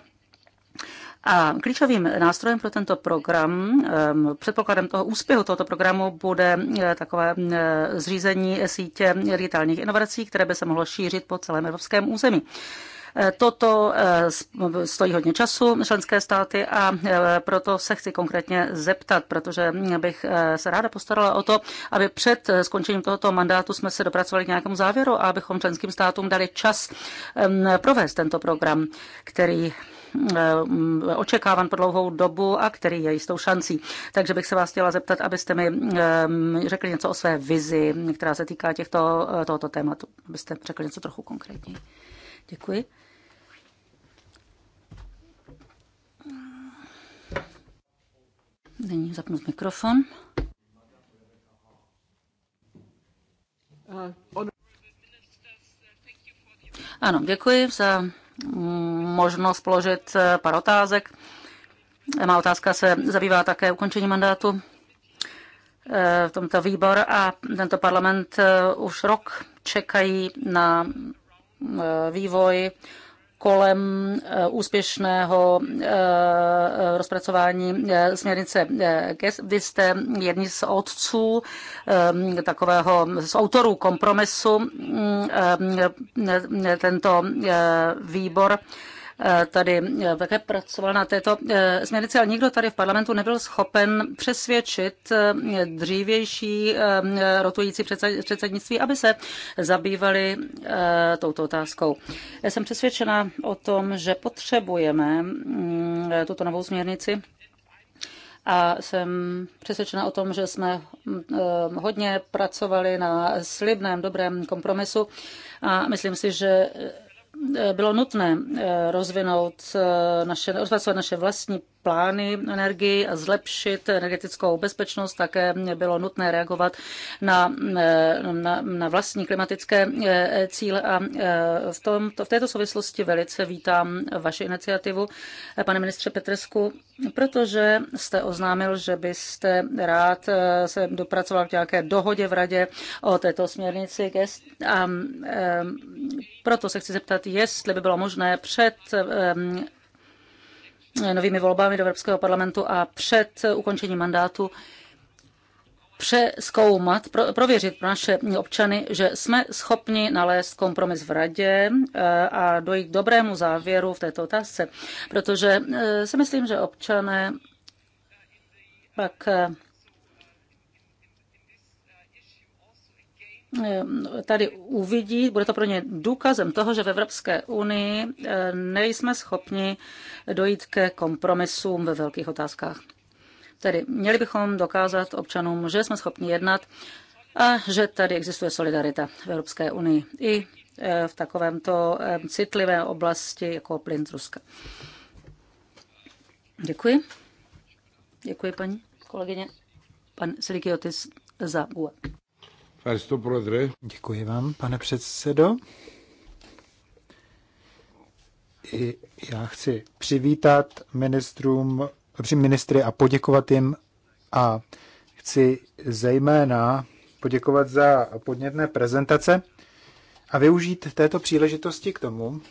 A klíčovým nástrojem pro tento program, předpokladem toho úspěchu tohoto programu, bude eh, takové eh, zřízení sítě digitálních inovací, které by se mohlo šířit po celém evropském území. Eh, toto stojí hodně času členské státy a proto se chci konkrétně zeptat, protože hm, bych se ráda postarala o to, aby před skončením tohoto mandátu jsme se dopracovali k nějakému závěru a abychom členským státům dali čas provést tento program, který Eh, očekávan po dlouhou dobu a který je jistou šancí. Takže bych se vás chtěla zeptat, abyste mi eh, řekli něco o své vizi, která se týká těchto, eh, tohoto tématu. Abyste řekli něco trochu konkrétněji. Děkuji. Nyní zapnout mikrofon. Ano, děkuji za možnost položit eh, pár otázek. Má otázka se zabývá také ukončení mandátu eh, v tomto výbor a tento parlament eh, už rok čekají na vývoj kolem eh, úspěšného eh, rozpracování eh, směrnice GES. Vy jste jedni z otců takového, z autorů kompromisu. Mm, tento výbor Eh, tady eh, také pracoval na této eh, směrnici, ale nikdo tady v parlamentu nebyl schopen přesvědčit dřívější rotující předsednictví, aby se zabývali touto otázkou. Jsem přesvědčena o tom, že potřebujeme mm, tuto novou směrnici a jsem přesvědčena o tom, že jsme mm, hodně pracovali na slibném, dobrém kompromisu a myslím si, že Eh, bylo nutné eh, rozvinout eh, naše, rozpracovat naše vlastní plány energii a zlepšit energetickou bezpečnost. Také bylo nutné reagovat na, na, na vlastní klimatické e, cíle a e, v, tom, v této souvislosti velice vítám vaši iniciativu, pane ministře Petresku, protože jste oznámil, že byste rád e, se dopracoval k nějaké dohodě v radě o této směrnici gest. A proto se chci zeptat, jestli by bylo možné před novými volbami do Evropského parlamentu a před ukončením mandátu přeskoumat, pro, prověřit pro naše občany, že jsme schopni nalézt kompromis v radě eh, a dojít k dobrému závěru v této otázce, protože eh, si myslím, že občané pak eh, Ehm, tady uvidí, bude to pro ně důkazem toho, že v Evropské unii eh, nejsme schopni dojít ke kompromisům ve velkých otázkách. Tedy měli bychom dokázat občanům, že jsme schopni jednat a že tady existuje solidarita v Evropské unii i eh, v takovémto eh, citlivé oblasti jako plyn z Ruska. Děkuji. Děkuji, paní kolegyně. Pan Silikiotis za Děkuji vám, pane předsedo. I já chci přivítat ministrům, ministry a poděkovat jim a chci zejména poděkovat za podnětné prezentace a využít této příležitosti k tomu,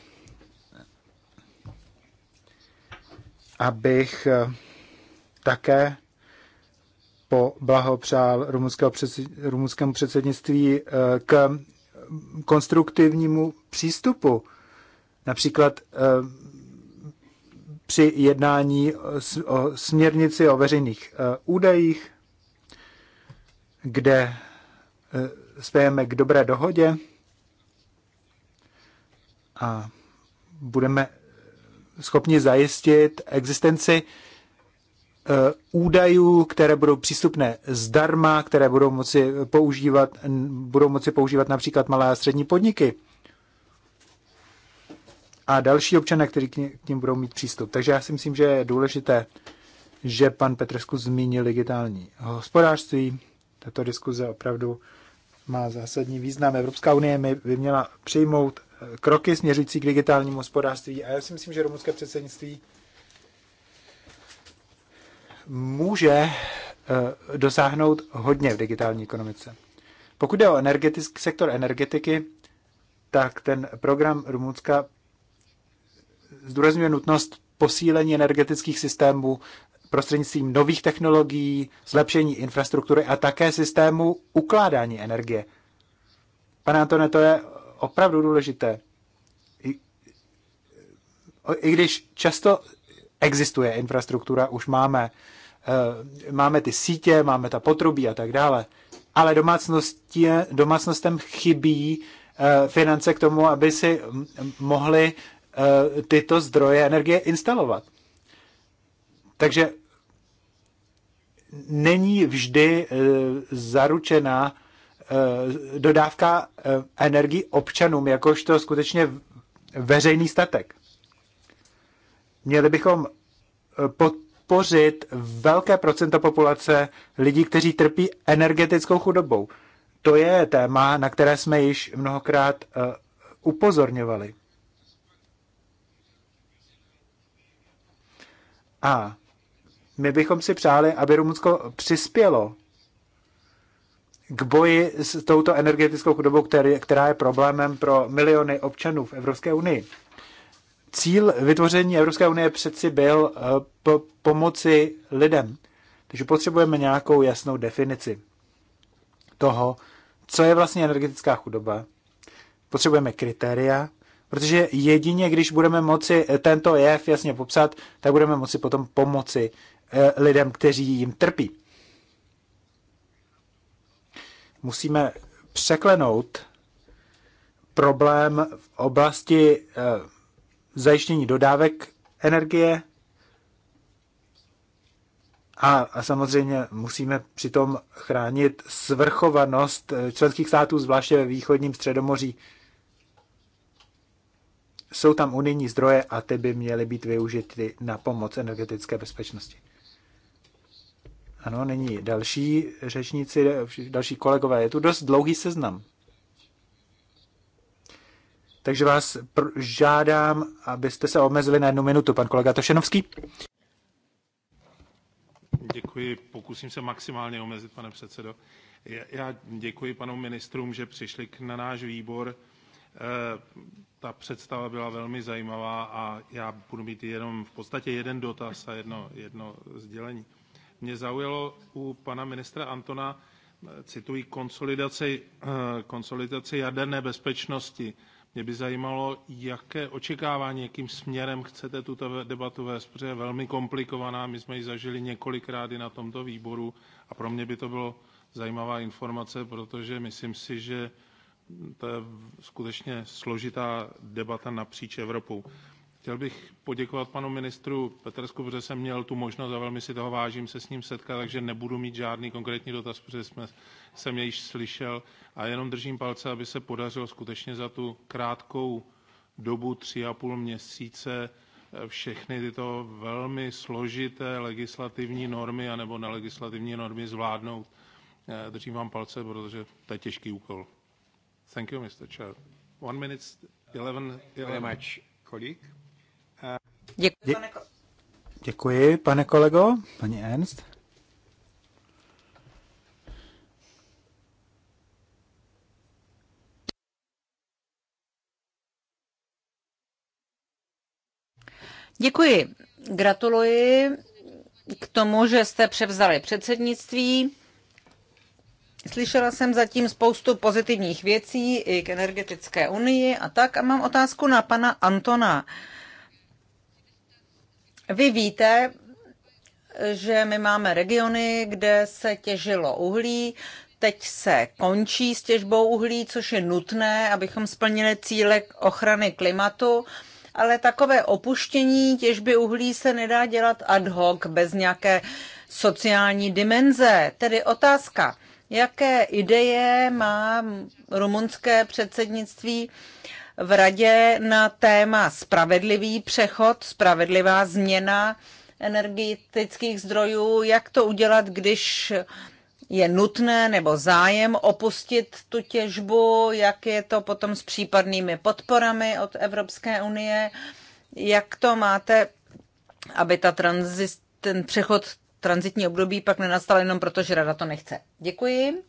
abych také poblahopřál rumunskému předsednictví eh, k konstruktivnímu přístupu. Například eh, při jednání o směrnici o veřejných eh, údajích, kde spějeme k dobré dohodě a budeme schopni zajistit existenci Eh, údajů, které budou přístupné zdarma, které budou moci používat, budou moci používat například malé a střední podniky a další občané, kteří k ním budou mít přístup. Takže já si myslím, že je důležité, že pan Petresku zmínil digitální hospodářství. Tato diskuze opravdu má zásadní význam. Evropská unie by měla přijmout eh, kroky směřující k digitálnímu hospodářství a já si myslím, že rumunské předsednictví může eh, dosáhnout hodně v digitální ekonomice. Pokud jde o energetický, sektor energetiky, tak ten program Rumunska zdůrazňuje nutnost posílení energetických systémů prostřednictvím nových technologií, zlepšení infrastruktury a také systému ukládání energie. Pane Antone, to je opravdu důležité. I, I když často existuje infrastruktura, už máme Eh, máme ty sítě, máme ta potrubí a tak dále. Ale domácnosti, domácnostem chybí eh, finance k tomu, aby si mohli eh, tyto zdroje energie instalovat. Takže není vždy zaručena dodávka energii občanům, jakožto skutečně veřejný statek. Měli bychom pod podpořit velké procento populace lidí, kteří trpí energetickou chudobou. To je téma, na které jsme již mnohokrát eh, upozorňovali. A my bychom si přáli, aby Rumunsko přispělo k boji s touto energetickou chudobou, který, která je problémem pro miliony občanů v Evropské unii cíl vytvoření Evropské unie přeci byl eh, pomoci lidem. Takže potřebujeme nějakou jasnou definici toho, co je vlastně energetická chudoba. Potřebujeme kritéria, protože jedině, když budeme moci tento jev jasně popsat, tak budeme moci potom pomoci eh, lidem, kteří jim trpí. Musíme překlenout problém v oblasti eh, zajištění dodávek energie a, a samozřejmě musíme přitom chránit svrchovanost eh, členských států, zvláště ve východním středomoří. Jsou tam unijní zdroje a ty by měly být využity na pomoc energetické bezpečnosti. Ano, není další řečníci, další kolegové. Je tu dost dlouhý seznam. Takže vás žádám, abyste se omezili na jednu minutu. Pan kolega Tošenovský. Děkuji, pokusím se maximálně omezit, pane předsedo. Já děkuji panu ministrům, že přišli k na náš výbor. E, ta představa byla velmi zajímavá a já budu mít jenom v podstatě jeden dotaz a jedno, jedno sdělení. Mě zaujalo u pana ministra Antona, e, cituji, konsolidaci, e, konsolidaci jaderné bezpečnosti mě by zajímalo, jaké očekávání, jakým směrem chcete tuto debatu vést, protože je velmi komplikovaná. My jsme ji zažili několikrát i na tomto výboru a pro mě by to bylo zajímavá informace, protože myslím si, že to je skutečně složitá debata napříč Evropou. Chtěl bych poděkovat panu ministru Petersku, protože jsem měl tu možnost a velmi si toho vážím se s ním setkat, takže nebudu mít žádný konkrétní dotaz, protože jsme, jsem jej již slyšel a jenom držím palce, aby se podařilo skutečně za tu krátkou dobu tři a půl měsíce eh, všechny tyto velmi složité legislativní normy anebo nelegislativní normy zvládnout. Eh, držím vám palce, protože to je těžký úkol. Thank you, Mr. Chair. One minute, 11. 11. Very much, colleague. Děkuji, pane, Děkuji, pane kolego. Paní Ernst. Děkuji. Gratuluji k tomu, že jste převzali předsednictví. Slyšela jsem zatím spoustu pozitivních věcí i k energetické unii a tak. A mám otázku na pana Antona. Uh, vy víte, že my máme regiony, kde se těžilo uhlí, teď se končí s těžbou uhlí, což je nutné, abychom splnili cíle ochrany klimatu, ale takové opuštění těžby uhlí se nedá dělat ad hoc bez nějaké sociální dimenze. Tedy otázka, jaké ideje má rumunské předsednictví v radě na téma spravedlivý přechod, spravedlivá změna energetických zdrojů, jak to udělat, když je nutné nebo zájem opustit tu těžbu, jak je to potom s případnými podporami od Evropské unie, jak to máte, aby ta tranzist, ten přechod transitní období pak nenastal jenom proto, že rada to nechce. Děkuji.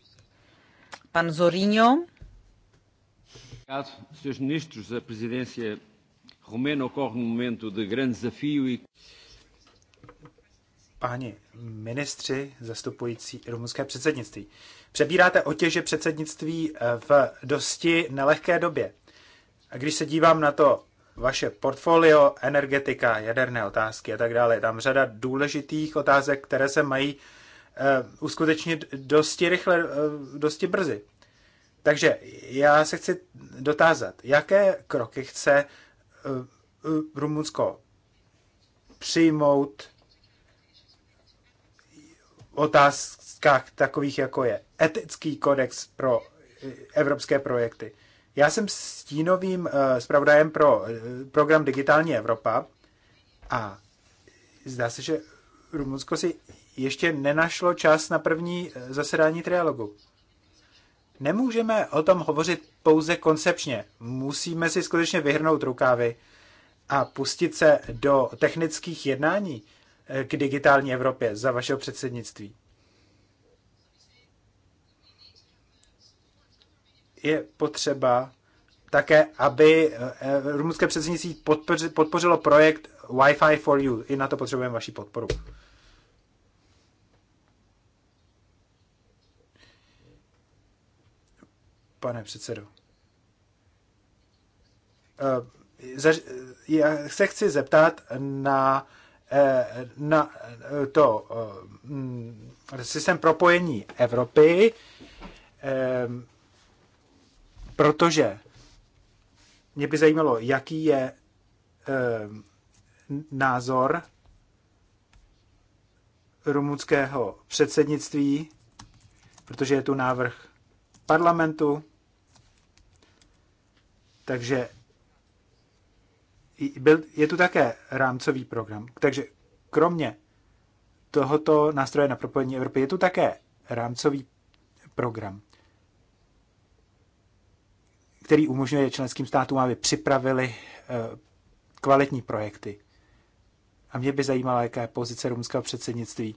Pan Zoríňo. Srs. ministros, a presidência romena ocorre num momento de grande desafio e páni ministři zastupující rumunské předsednictví. Přebíráte otěže předsednictví eh, v dosti nelehké době. A když se dívám na to vaše portfolio, energetika, jaderné otázky a tak dále, je tam řada důležitých otázek, které se mají uh, uskutečnit dosti rychle, uh, dosti brzy. Takže já se chci dotázat, jaké kroky chce eh, eh, Rumunsko přijmout otázkách takových, jako je etický kodex pro eh, evropské projekty. Já jsem stínovým zpravodajem pro program Digitální Evropa a zdá se, že Rumunsko si ještě nenašlo čas na první zasedání trialogu nemůžeme o tom hovořit pouze koncepčně. Musíme si skutečně vyhrnout rukávy a pustit se do technických jednání eh, k digitální Evropě za vašeho předsednictví. Je potřeba také, aby eh, eh, rumunské předsednictví podpořilo projekt Wi-Fi for You. I na to potřebujeme vaši podporu. pane předsedo. Eh, eh, já se chci zeptat na, eh, na to systém propojení Evropy, protože mě by zajímalo, jaký je názor rumunského předsednictví, protože je tu návrh parlamentu. Takže je tu také rámcový program. Takže kromě tohoto nástroje na propojení Evropy je tu také rámcový program, který umožňuje členským státům, aby připravili eh, kvalitní projekty. A mě by zajímala, jaká je pozice rumunského předsednictví,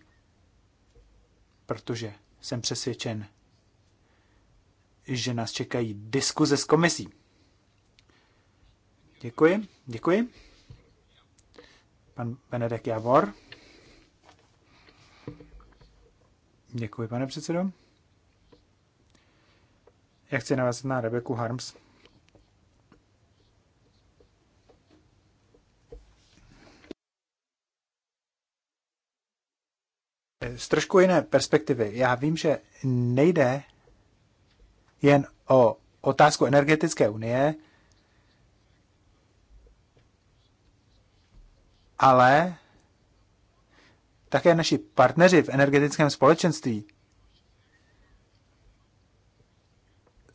protože jsem přesvědčen, že nás čekají diskuze s komisí. Děkuji, děkuji. Pan Benedek Javor. Děkuji, pane předsedo. Já chci navázat na Rebeku Harms. Z trošku jiné perspektivy. Já vím, že nejde jen o otázku energetické unie, ale také naši partneři v energetickém společenství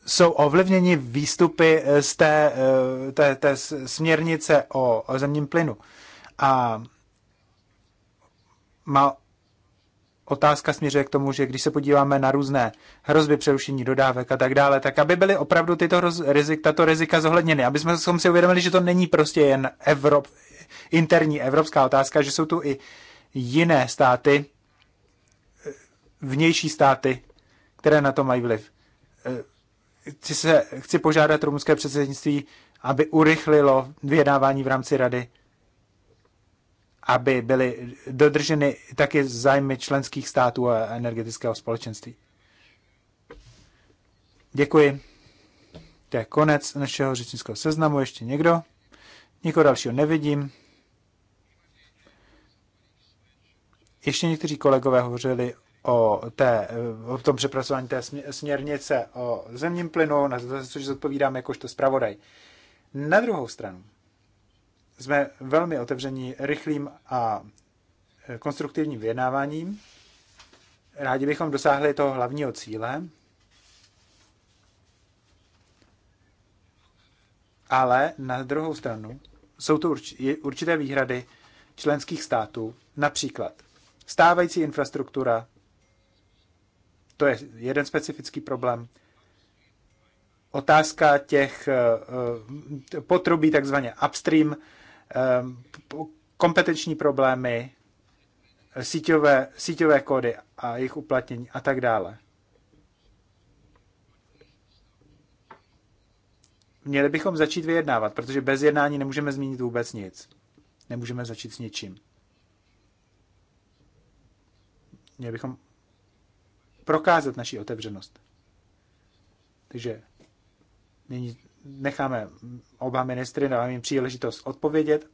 jsou ovlivněni výstupy z té, eh, té, té směrnice o, o zemním plynu. A má otázka směřuje k tomu, že když se podíváme na různé hrozby přerušení dodávek a tak dále, tak aby byly opravdu tyto roz, rizik, tato rizika zohledněny, aby jsme si uvědomili, že to není prostě jen Evrop, interní evropská otázka, že jsou tu i jiné státy, vnější státy, které na to mají vliv. Chci, se, chci požádat rumunské předsednictví, aby urychlilo vyjednávání v rámci rady aby byly dodrženy také zájmy členských států a energetického společenství. Děkuji. To je konec našeho řečnického seznamu. Ještě někdo? Nikoho dalšího nevidím. Ještě někteří kolegové hovořili o, té, o tom přepracování té směrnice o zemním plynu, na to, což zodpovídám jakožto zpravodaj. Na druhou stranu, jsme velmi otevření rychlým a e, konstruktivním vyjednáváním. Rádi bychom dosáhli toho hlavního cíle, ale na druhou stranu jsou to určité výhrady členských států, například stávající infrastruktura, to je jeden specifický problém, otázka těch e, e, potrubí, takzvaně upstream, Ehm, kompetenční problémy, síťové, síťové kódy a jejich uplatnění a tak dále. Měli bychom začít vyjednávat, protože bez jednání nemůžeme změnit vůbec nic. Nemůžeme začít s ničím. Měli bychom prokázat naši otevřenost. Takže nyní necháme oba ministry, dáme jim příležitost odpovědět.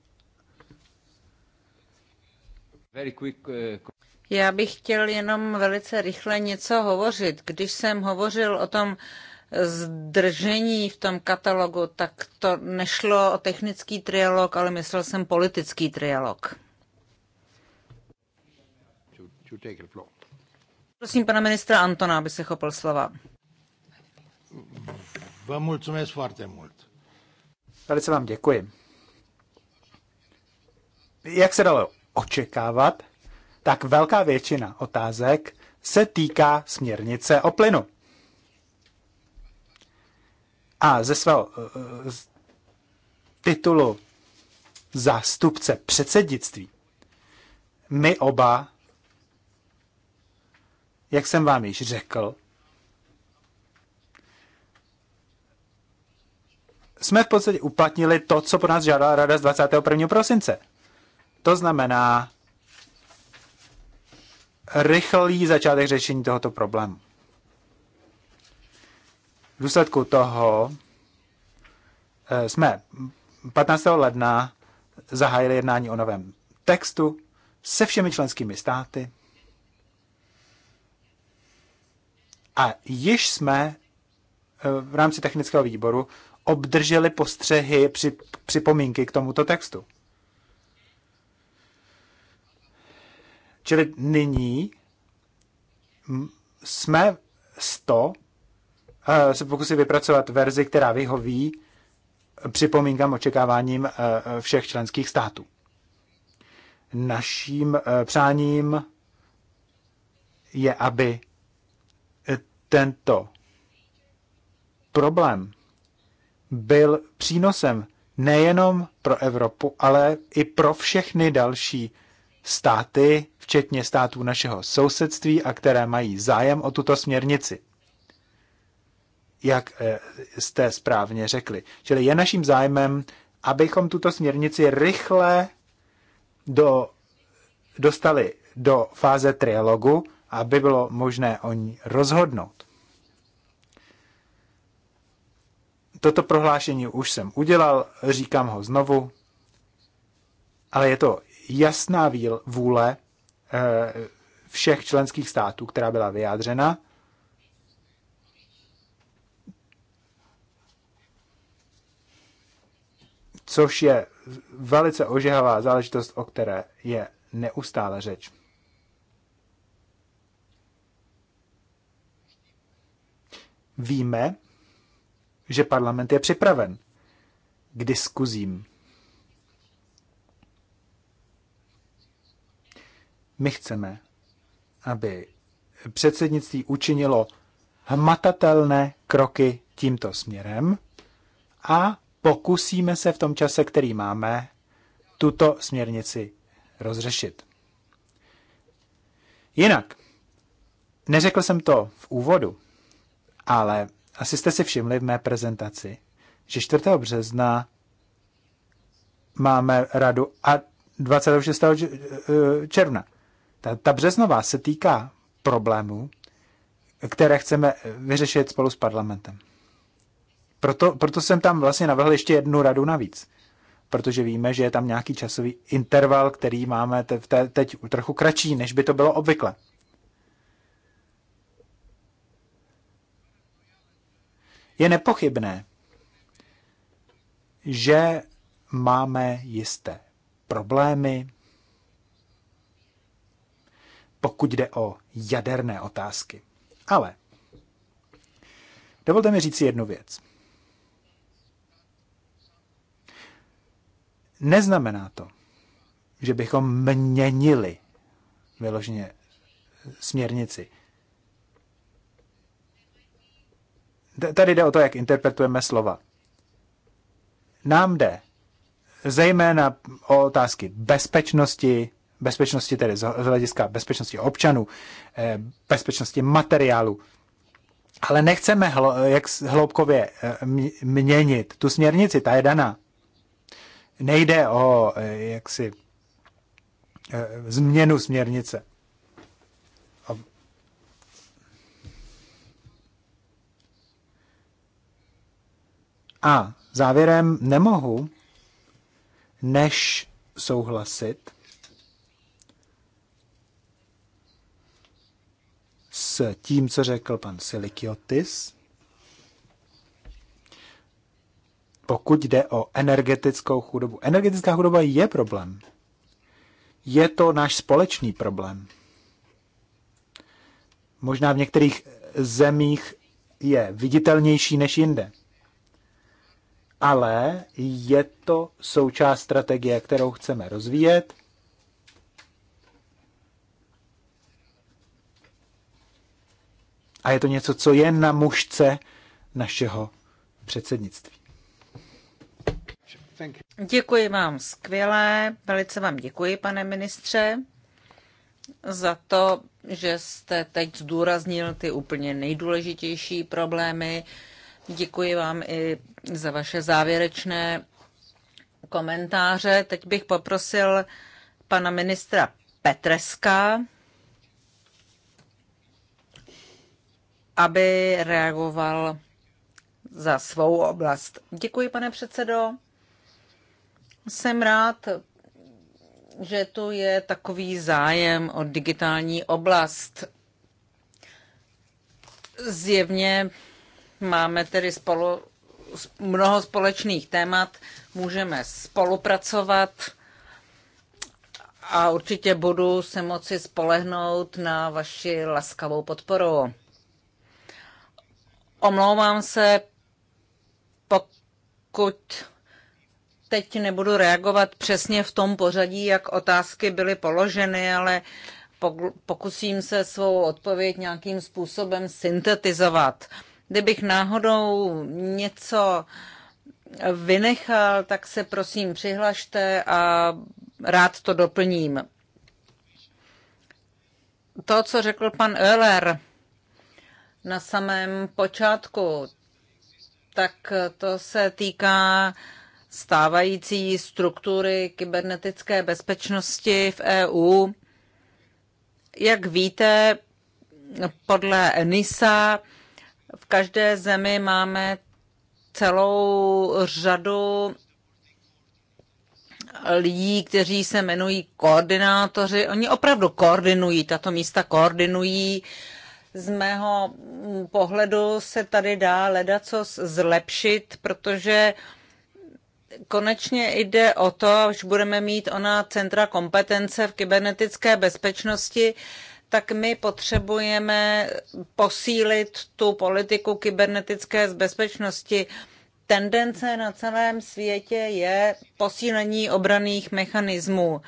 Eh, Já bych chtěl jenom velice rychle něco hovořit. Když jsem hovořil o tom zdržení v tom katalogu, tak to nešlo o technický trialog, ale myslel jsem politický trialog. Prosím pana ministra Antona, aby se chopil slova. Vă mulțumesc foarte mult. Velice vám děkuji. Jak se dalo očekávat, tak velká většina otázek se týká směrnice o plynu. A ze svého eh, z titulu zástupce předsednictví my oba, jak jsem vám již řekl, jsme v podstatě uplatnili to, co po nás žádala rada z 21. prosince. To znamená rychlý začátek řešení tohoto problému. V důsledku toho eh, jsme 15. ledna zahájili jednání o novém textu se všemi členskými státy a již jsme eh, v rámci technického výboru obdrželi postřehy, při, připomínky k tomuto textu. Čili nyní jsme 100 eh, se pokusí vypracovat verzi, která vyhoví připomínkám očekáváním eh, všech členských států. Naším eh, přáním je, aby tento problém byl přínosem nejenom pro Evropu, ale i pro všechny další státy, včetně států našeho sousedství a které mají zájem o tuto směrnici. Jak eh, jste správně řekli. Čili je naším zájmem, abychom tuto směrnici rychle do, dostali do fáze trialogu, aby bylo možné o ní rozhodnout. Toto prohlášení už jsem udělal, říkám ho znovu, ale je to jasná víl, vůle eh, všech členských států, která byla vyjádřena. Což je velice ožehavá záležitost, o které je neustále řeč. Víme, že parlament je připraven k diskuzím. My chceme, aby předsednictví učinilo hmatatelné kroky tímto směrem a pokusíme se v tom čase, který máme, tuto směrnici rozřešit. Jinak, neřekl jsem to v úvodu, ale asi jste si všimli v mé prezentaci, že 4. března máme radu a 26. Eh, června. Ta, ta březnová se týká problémů, které chceme vyřešit spolu s parlamentem. Proto, proto jsem tam vlastně navrhl ještě jednu radu navíc. Protože víme, že je tam nějaký časový interval, který máme te, te, teď trochu kratší, než by to bylo obvykle. Je nepochybné, že máme jisté problémy, pokud jde o jaderné otázky. Ale dovolte mi říct jednu věc. Neznamená to, že bychom měnili vyloženě směrnici. tady jde o to, jak interpretujeme slova. Nám jde zejména o otázky bezpečnosti, bezpečnosti tedy z hlediska bezpečnosti občanů, eh, bezpečnosti materiálu. Ale nechceme hlo, jak hloubkově eh, měnit tu směrnici, ta je daná. Nejde o eh, jaksi změnu směrnice. A závěrem nemohu než souhlasit s tím, co řekl pan Silikiotis, pokud jde o energetickou chudobu. Energetická chudoba je problém. Je to náš společný problém. Možná v některých zemích je viditelnější než jinde ale je to součást strategie, kterou chceme rozvíjet. A je to něco, co je na mužce našeho předsednictví. Děkuji vám skvěle, velice vám děkuji, pane ministře, za to, že jste teď zdůraznil ty úplně nejdůležitější problémy, Děkuji vám i za vaše závěrečné komentáře. Teď bych poprosil pana ministra Petreska, aby reagoval za svou oblast. Děkuji, pane předsedo. Jsem rád, že tu je takový zájem o digitální oblast. Zjevně Máme tedy spolu, mnoho společných témat, můžeme spolupracovat a určitě budu se moci spolehnout na vaši laskavou podporu. Omlouvám se, pokud teď nebudu reagovat přesně v tom pořadí, jak otázky byly položeny, ale pokusím se svou odpověď nějakým způsobem syntetizovat. Kdybych náhodou něco vynechal, tak se prosím přihlašte a rád to doplním. To, co řekl pan Euler na samém počátku, tak to se týká stávající struktury kybernetické bezpečnosti v EU. Jak víte, podle ENISA v každé zemi máme celou řadu lidí, kteří se jmenují koordinátoři. Oni opravdu koordinují, tato místa koordinují. Z mého pohledu se tady dá ledaco zlepšit, protože konečně jde o to, až budeme mít ona centra kompetence v kybernetické bezpečnosti, tak my potřebujeme posílit tu politiku kybernetické bezpečnosti. Tendence na celém světě je posílení obraných mechanismů.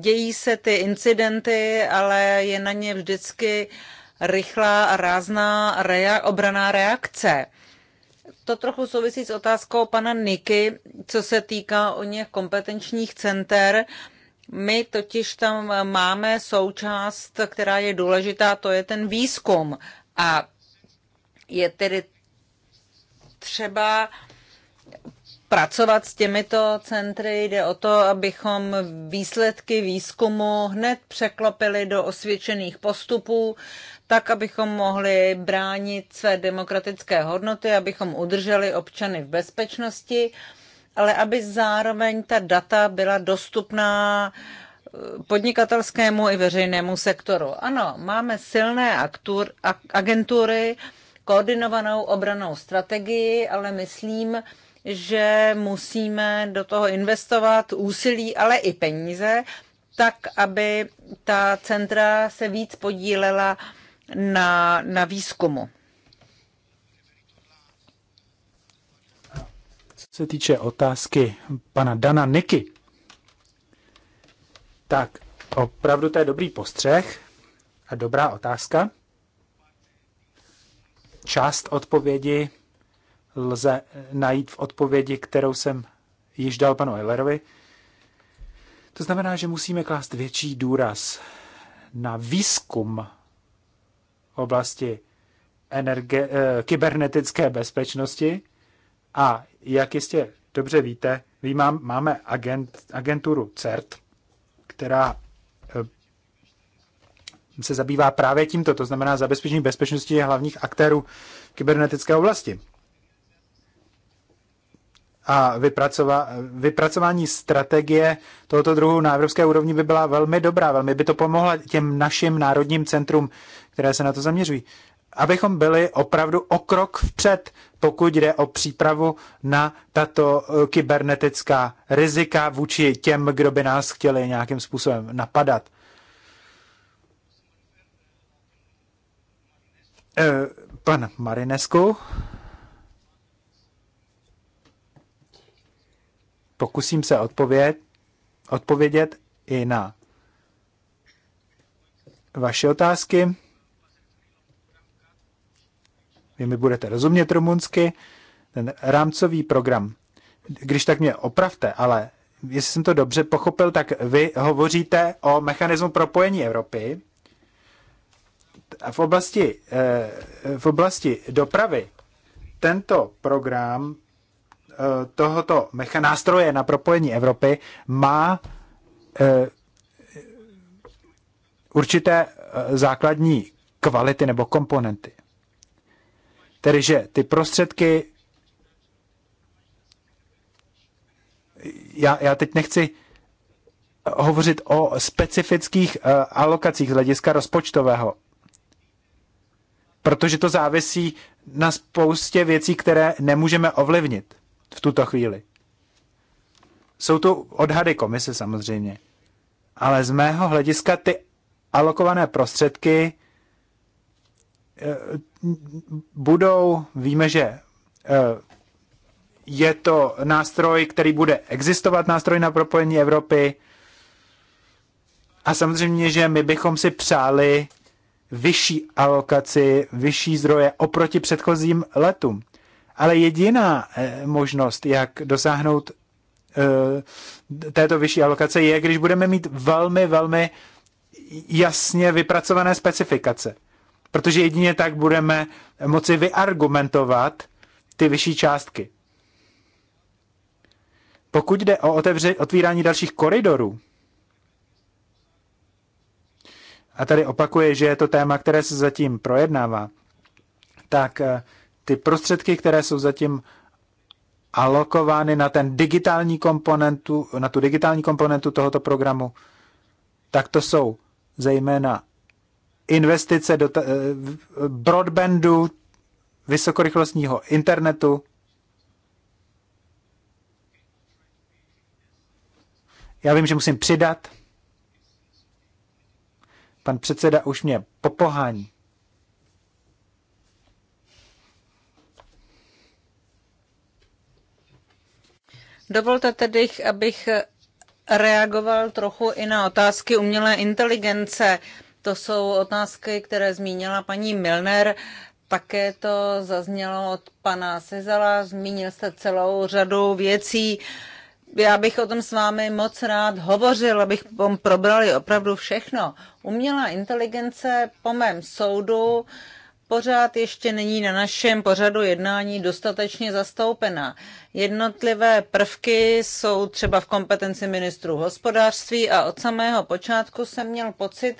Dějí se ty incidenty, ale je na ně vždycky rychlá a rázná rea- obraná reakce. To trochu souvisí s otázkou pana Niky, co se týká o něch kompetenčních center. My totiž tam máme součást, která je důležitá, to je ten výzkum. A je tedy třeba pracovat s těmito centry. Jde o to, abychom výsledky výzkumu hned překlopili do osvědčených postupů, tak, abychom mohli bránit své demokratické hodnoty, abychom udrželi občany v bezpečnosti ale aby zároveň ta data byla dostupná eh, podnikatelskému i veřejnému sektoru. Ano, máme silné aktur, agentury, koordinovanou obranou strategii, ale myslím, že musíme do toho investovat úsilí, ale i peníze, tak, aby ta centra se víc podílela na, na výzkumu. se týče otázky pana Dana Niky, tak opravdu to je dobrý postřeh a dobrá otázka. Část odpovědi lze najít v odpovědi, kterou jsem již dal panu Eilerovi. To znamená, že musíme klást větší důraz na výzkum v oblasti energe- eh, kybernetické bezpečnosti a jak jistě dobře víte, my máme agent, agenturu CERT, která eh, se zabývá právě tímto, to znamená zabezpečení bezpečnosti hlavních aktérů kybernetické oblasti. A vypracova, vypracování strategie tohoto druhu na evropské úrovni by byla velmi dobrá, velmi by to pomohlo těm našim národním centrum, které se na to zaměřují abychom byli opravdu o krok vpřed, pokud jde o přípravu na tato e, kybernetická rizika vůči těm, kdo by nás chtěli nějakým způsobem napadat. E, pan Marinesku. Pokusím se odpovědět, odpovědět i na vaše otázky vy mi budete rozumět rumunsky, ten rámcový program. Když tak mě opravte, ale jestli jsem to dobře pochopil, tak vy hovoříte o mechanismu propojení Evropy. A v oblasti, eh, v oblasti dopravy tento program eh, tohoto mecha, nástroje na propojení Evropy má eh, určité základní kvality nebo komponenty. Tedy, že ty prostředky, já, já teď nechci hovořit o specifických uh, alokacích z hlediska rozpočtového, protože to závisí na spoustě věcí, které nemůžeme ovlivnit v tuto chvíli. Jsou tu odhady komise samozřejmě, ale z mého hlediska ty alokované prostředky budou, víme, že eh, je to nástroj, který bude existovat, nástroj na propojení Evropy. A samozřejmě, že my bychom si přáli vyšší alokaci, vyšší zdroje oproti předchozím letům. Ale jediná eh, možnost, jak dosáhnout eh, této vyšší alokace, je, když budeme mít velmi, velmi jasně vypracované specifikace protože jedině tak budeme moci vyargumentovat ty vyšší částky. Pokud jde o otevře, otvírání dalších koridorů, a tady opakuje, že je to téma, které se zatím projednává, tak eh, ty prostředky, které jsou zatím alokovány na ten digitální komponentu, na tu digitální komponentu tohoto programu, tak to jsou zejména investice do broadbandu, vysokorychlostního internetu. Já vím, že musím přidat. Pan předseda už mě popohání. Dovolte tedy, abych reagoval trochu i na otázky umělé inteligence. To jsou otázky, které zmínila paní Milner. Také to zaznělo od pana Sezala, zmínil jste celou řadu věcí. Já bych o tom s vámi moc rád hovořil, abych vám probrali opravdu všechno. Umělá inteligence po mém soudu pořád ještě není na našem pořadu jednání dostatečně zastoupena. Jednotlivé prvky jsou třeba v kompetenci ministrů hospodářství a od samého počátku jsem měl pocit,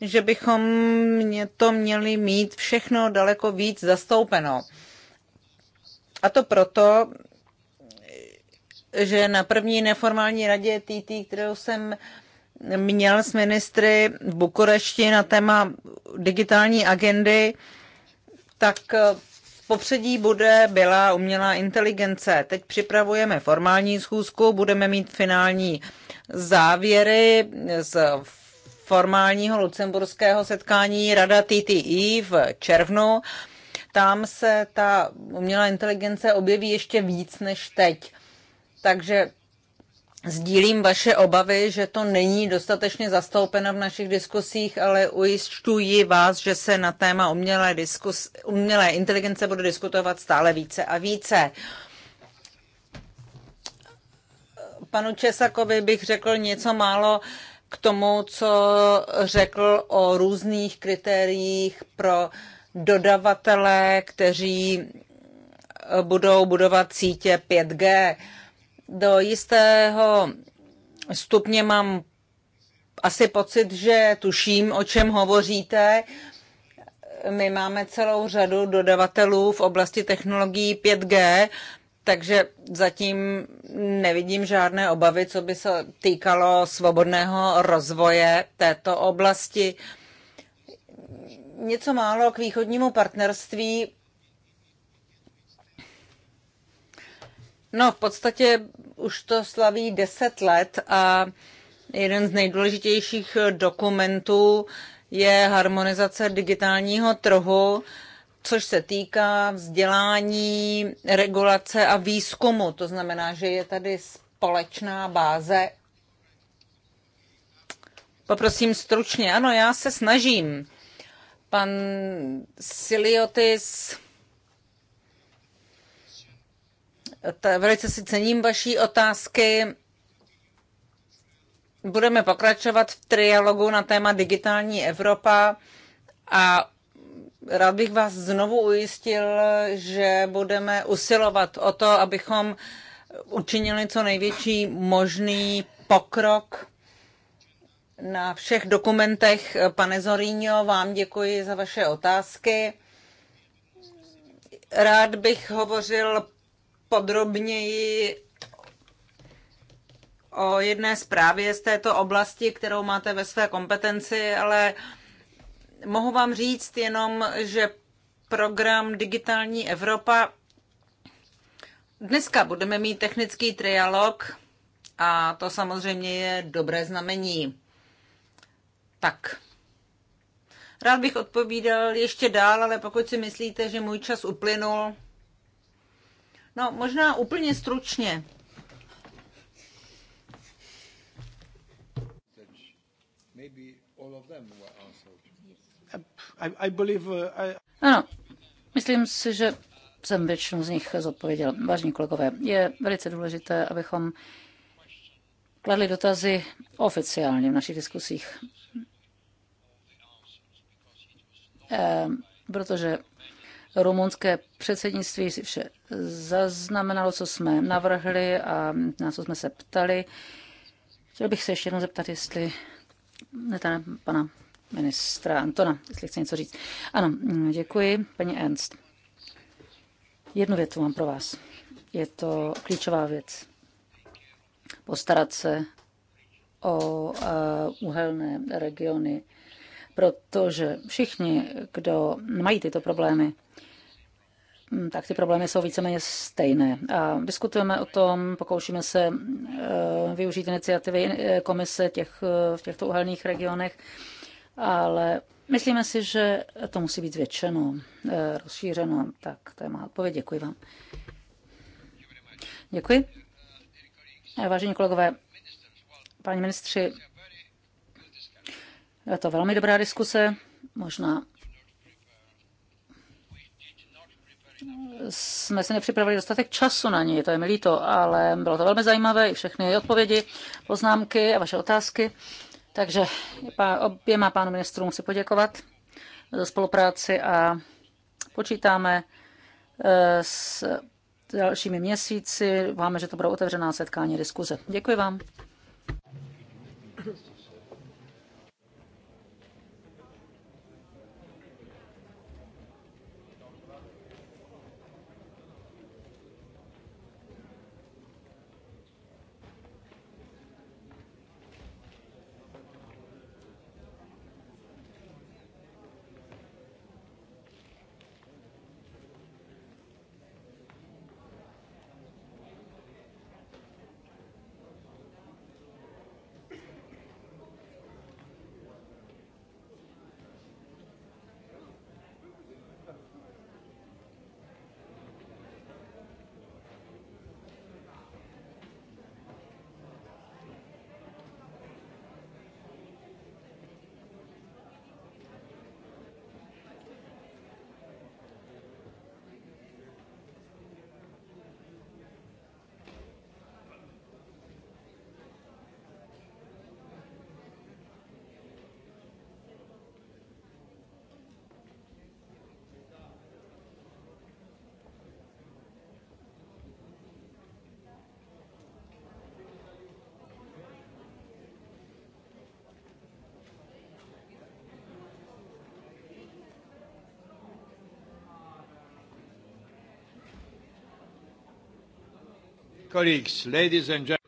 že bychom mě to měli mít všechno daleko víc zastoupeno. A to proto, že na první neformální radě TT, kterou jsem měl s ministry v Bukurešti na téma digitální agendy, tak eh, v popředí bude byla umělá inteligence. Teď připravujeme formální schůzku, budeme mít finální závěry z formálního lucemburského setkání Rada TTI e v červnu. Tam se ta umělá inteligence objeví ještě víc než teď. Takže sdílím vaše obavy, že to není dostatečně zastoupeno v našich diskusích, ale ujišťuji vás, že se na téma umělé, diskus, umělé inteligence bude diskutovat stále více a více. Panu Česakovi bych řekl něco málo k tomu, co řekl o různých kritériích pro dodavatele, kteří eh, budou budovat sítě 5G. Do jistého stupně mám asi pocit, že tuším, o čem hovoříte. My máme celou řadu dodavatelů v oblasti technologií 5G, takže zatím nevidím žádné obavy, co by se týkalo svobodného rozvoje této oblasti. Něco málo k východnímu partnerství. No, v podstatě už to slaví 10 let a jeden z nejdůležitějších dokumentů je harmonizace digitálního trhu což se týká vzdělání, regulace a výzkumu. To znamená, že je tady společná báze. Poprosím stručně. Ano, já se snažím. Pan Siliotis, velice si cením vaší otázky. Budeme pokračovat v trialogu na téma digitální Evropa a Rád bych vás znovu ujistil, že budeme usilovat o to, abychom učinili co největší možný pokrok na všech dokumentech. Pane Zoríňo, vám děkuji za vaše otázky. Rád bych hovořil podrobněji o jedné zprávě z této oblasti, kterou máte ve své kompetenci, ale uh, Mohu vám říct jenom, že program Digitální Evropa dneska budeme mít technický trialog a to samozřejmě je dobré znamení. Tak. Rád bych odpovídal ještě dál, ale pokud si myslíte, že můj čas uplynul, no možná úplně stručně. Uh, ano, myslím si, že jsem většinu z nich zodpověděl. Vážení kolegové, je velice důležité, abychom kladli dotazy oficiálně v našich diskusích. Ehm, protože rumunské předsednictví si vše zaznamenalo, co jsme navrhli a na co jsme se ptali. Chtěl bych se ještě jednou zeptat, jestli ne, pana ministra Antona, jestli chce něco říct. Ano, děkuji, paní Ernst. Jednu větu mám pro vás. Je to klíčová věc. Postarat se o eh, uhelné regiony, protože všichni, kdo mají tyto problémy, hm, tak ty problémy jsou víceméně stejné. A diskutujeme o tom, pokoušíme se eh, využít iniciativy eh, komise těch, v těchto uhelných regionech ale myslíme si, že to musí být zvětšeno, eh, rozšířeno. Tak to je má odpověď. Děkuji vám. Děkuji. Eh, vážení kolegové, paní ministři, je to velmi dobrá diskuse. Možná jsme si nepřipravili dostatek času na ní, to je mi líto, ale bylo to velmi zajímavé, i všechny odpovědi, poznámky a vaše otázky. Takže oběma pánu ministrům chci poděkovat za spolupráci a počítáme e, s dalšími měsíci. Váme, že to budou otevřená setkání diskuze. Děkuji vám.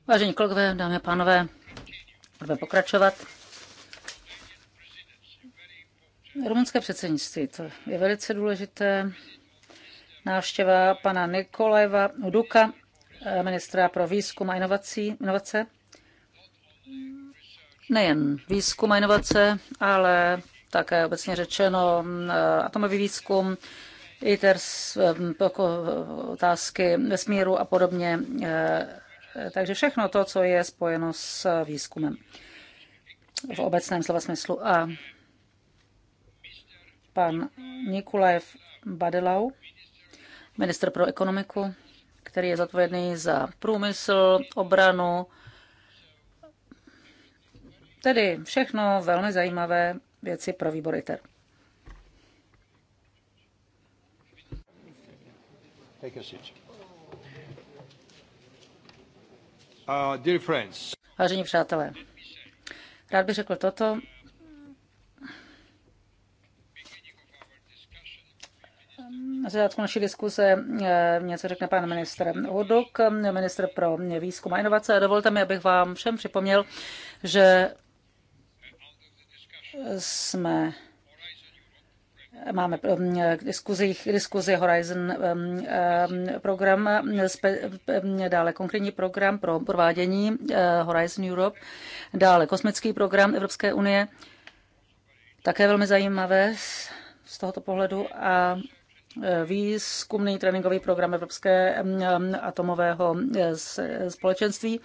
Vážení kolegové, dámy a pánové, budeme pokračovat. Rumunské předsednictví, to je velice důležité. Návštěva pana Nikolajeva Uduka, ministra pro výzkum a inovací, inovace. Nejen výzkum a inovace, ale také obecně řečeno eh, atomový výzkum, ITERS, otázky vesmíru a podobně. E, takže všechno to, co je spojeno s výzkumem v obecném slova smyslu. A pan Nikolajev Badelau, minister pro ekonomiku, který je zodpovědný za průmysl, obranu, tedy všechno velmi zajímavé věci pro výbor ITER. Take a seat. Uh, dear friends. Vážení přátelé, rád bych řekl toto. Na začátku naší diskuse eh, něco řekne pan ministr Huduk, ministr pro výzkum a inovace. Dovolte mi, abych vám všem připomněl, že jsme máme k um, diskuzi, k diskuzi Horizon um, um, program, dále konkrétní program pro provádění uh, Horizon Europe, dále kosmický program Evropské unie, také velmi zajímavé z tohoto pohledu a výzkumný tréninkový program Evropské mm, mm, atomového eh, společenství,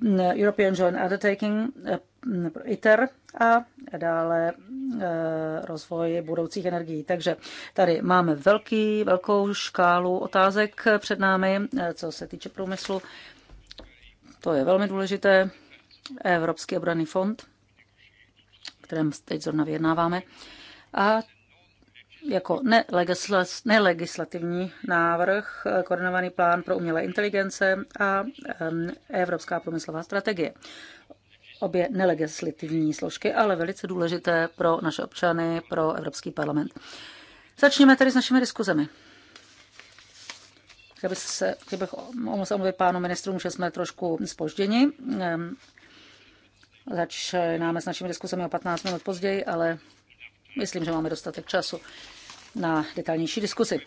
mm, European Joint Undertaking, eh, ITER a dále eh, rozvoj budoucích energií. Takže tady máme velký, velkou škálu otázek před námi, co se týče průmyslu. To je velmi důležité. Evropský obranný fond, kterém teď zrovna vyjednáváme. A jako nelegislativní návrh eh, koordinovaný plán pro umělé inteligence a Evropská průmyslová strategie. Obě nelegislativní složky, ale velice důležité pro naše občany, pro Evropský parlament. Začněme tedy s našimi diskuzemi. Chtěl bych se, chtěl se omluvit pánu ministrům, že jsme trošku spožděni. Začínáme s našimi diskusemi o 15 minut později, ale Myslím, že máme dostatek času na detailnější diskusi.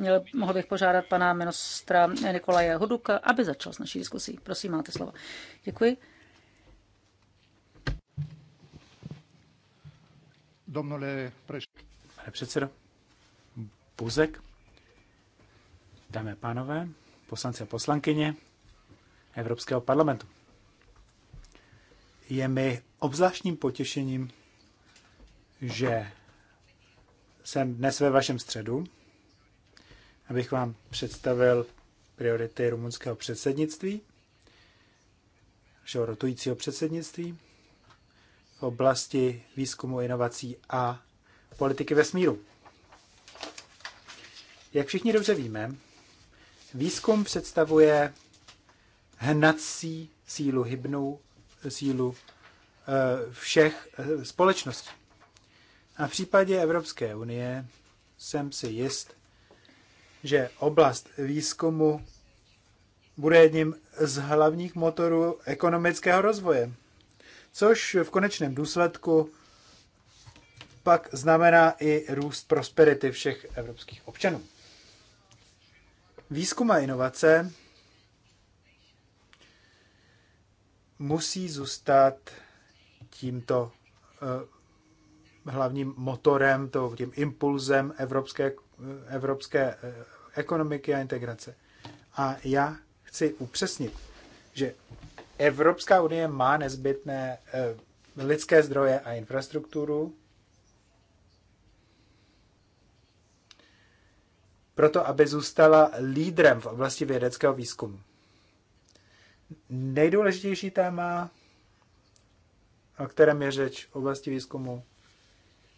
Měl, mohl bych požádat pana ministra Nikolaje Hoduka, aby začal s naší diskusí. Prosím, máte slovo. Děkuji. Domnule preš... Pane předsedo, Buzek, dámy a pánové, poslanci a poslankyně Evropského parlamentu. Je mi obzvláštním potěšením že jsem dnes ve vašem středu, abych vám představil priority rumunského předsednictví, našeho rotujícího předsednictví v oblasti výzkumu, inovací a politiky vesmíru. Jak všichni dobře víme, výzkum představuje hnací sílu, hybnou sílu eh, všech eh, společností. A v případě Evropské unie jsem si jist, že oblast výzkumu bude jedním z hlavních motorů ekonomického rozvoje, což v konečném důsledku pak znamená i růst prosperity všech evropských občanů. Výzkum a inovace musí zůstat tímto eh, hlavním motorem, to, tím impulzem evropské, evropské eh, ekonomiky a integrace. A já chci upřesnit, že Evropská unie má nezbytné eh, lidské zdroje a infrastrukturu, proto aby zůstala lídrem v oblasti vědeckého výzkumu. Nejdůležitější téma, o kterém je řeč v oblasti výzkumu,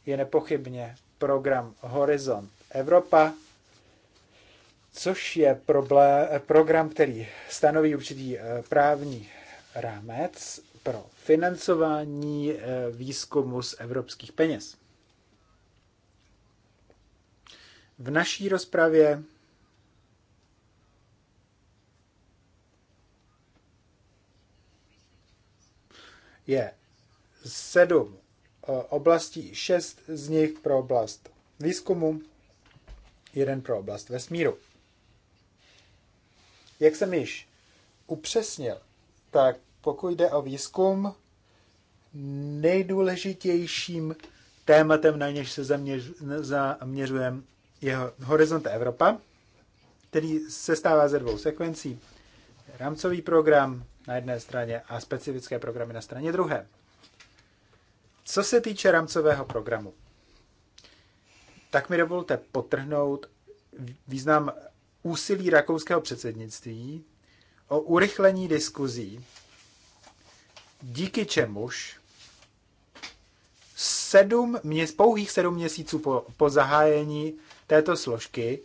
je nepochybně program Horizont Evropa, což je problém, program, který stanoví určitý eh, právní rámec pro financování eh, výzkumu z evropských peněz. V naší rozpravě je sedm Eh, oblastí, šest z nich pro oblast výzkumu, jeden pro oblast vesmíru. Jak jsem již upřesnil, tak pokud jde o výzkum, nejdůležitějším tématem, na něž se zaměř, zaměřujeme, je Horizont Evropa, který se stává ze dvou sekvencí. Rámcový program na jedné straně a specifické programy na straně druhé. Co se týče rámcového programu, tak mi dovolte potrhnout význam úsilí rakouského předsednictví o urychlení diskuzí, díky čemuž sedm mě, pouhých sedm měsíců po, po zahájení této složky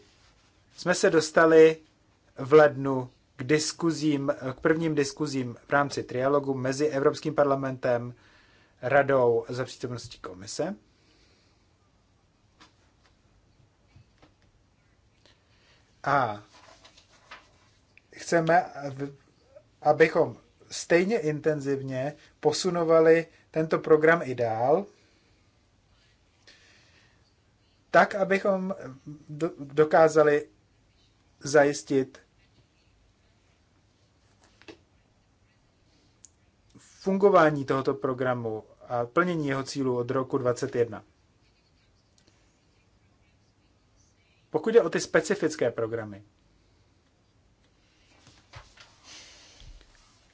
jsme se dostali v lednu k diskuzím, k prvním diskuzím v rámci trialogu mezi Evropským parlamentem, radou za přítomnosti komise. A chceme, abychom stejně intenzivně posunovali tento program i dál, tak, abychom dokázali zajistit fungování tohoto programu a plnění jeho cílu od roku 2021. Pokud jde o ty specifické programy,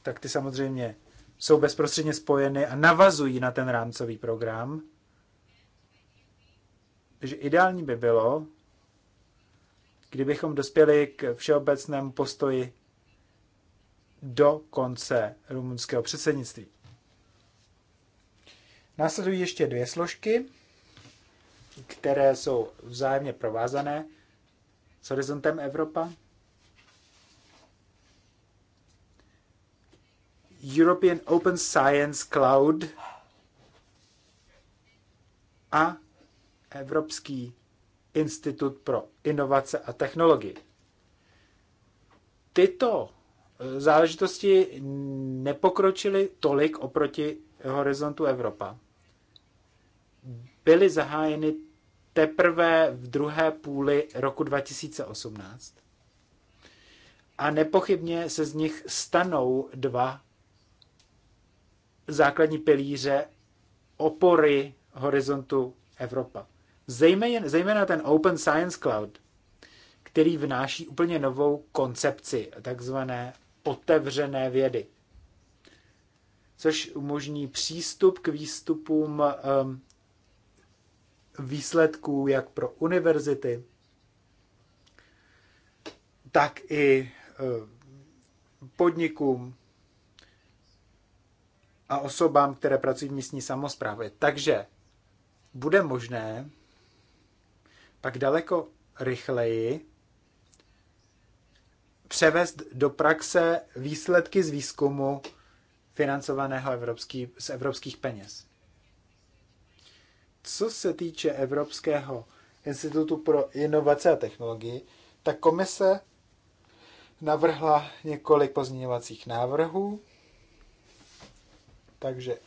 tak ty samozřejmě jsou bezprostředně spojeny a navazují na ten rámcový program. Takže ideální by bylo, kdybychom dospěli k všeobecnému postoji do konce rumunského předsednictví. Následují ještě dvě složky, které jsou vzájemně provázané s horizontem Evropa. European Open Science Cloud a Evropský institut pro inovace a technologii. Tyto eh, záležitosti nepokročily tolik oproti horizontu Evropa byly zahájeny teprve v druhé půli roku 2018. A nepochybně se z nich stanou dva základní pilíře opory horizontu Evropa. Zejména, zejména ten Open Science Cloud, který vnáší úplně novou koncepci takzvané otevřené vědy což umožní přístup k výstupům výsledků jak pro univerzity, tak i podnikům a osobám, které pracují v místní samozprávě. Takže bude možné pak daleko rychleji převést do praxe výsledky z výzkumu financovaného evropský, z evropských peněz. Co se týče Evropského institutu pro inovace a technologii, tak komise navrhla několik pozměňovacích návrhů, takže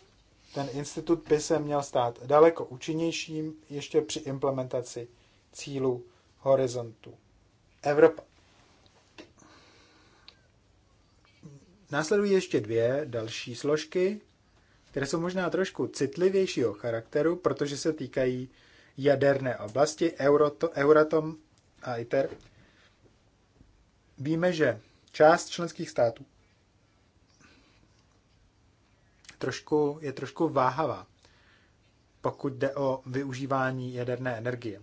ten institut by se měl stát daleko účinnějším ještě při implementaci cílů horizontu Evropa. Následují ještě dvě další složky, které jsou možná trošku citlivějšího charakteru, protože se týkají jaderné oblasti Euroto, Euratom a ITER. Víme, že část členských států trošku, je trošku váhavá, pokud jde o využívání jaderné energie.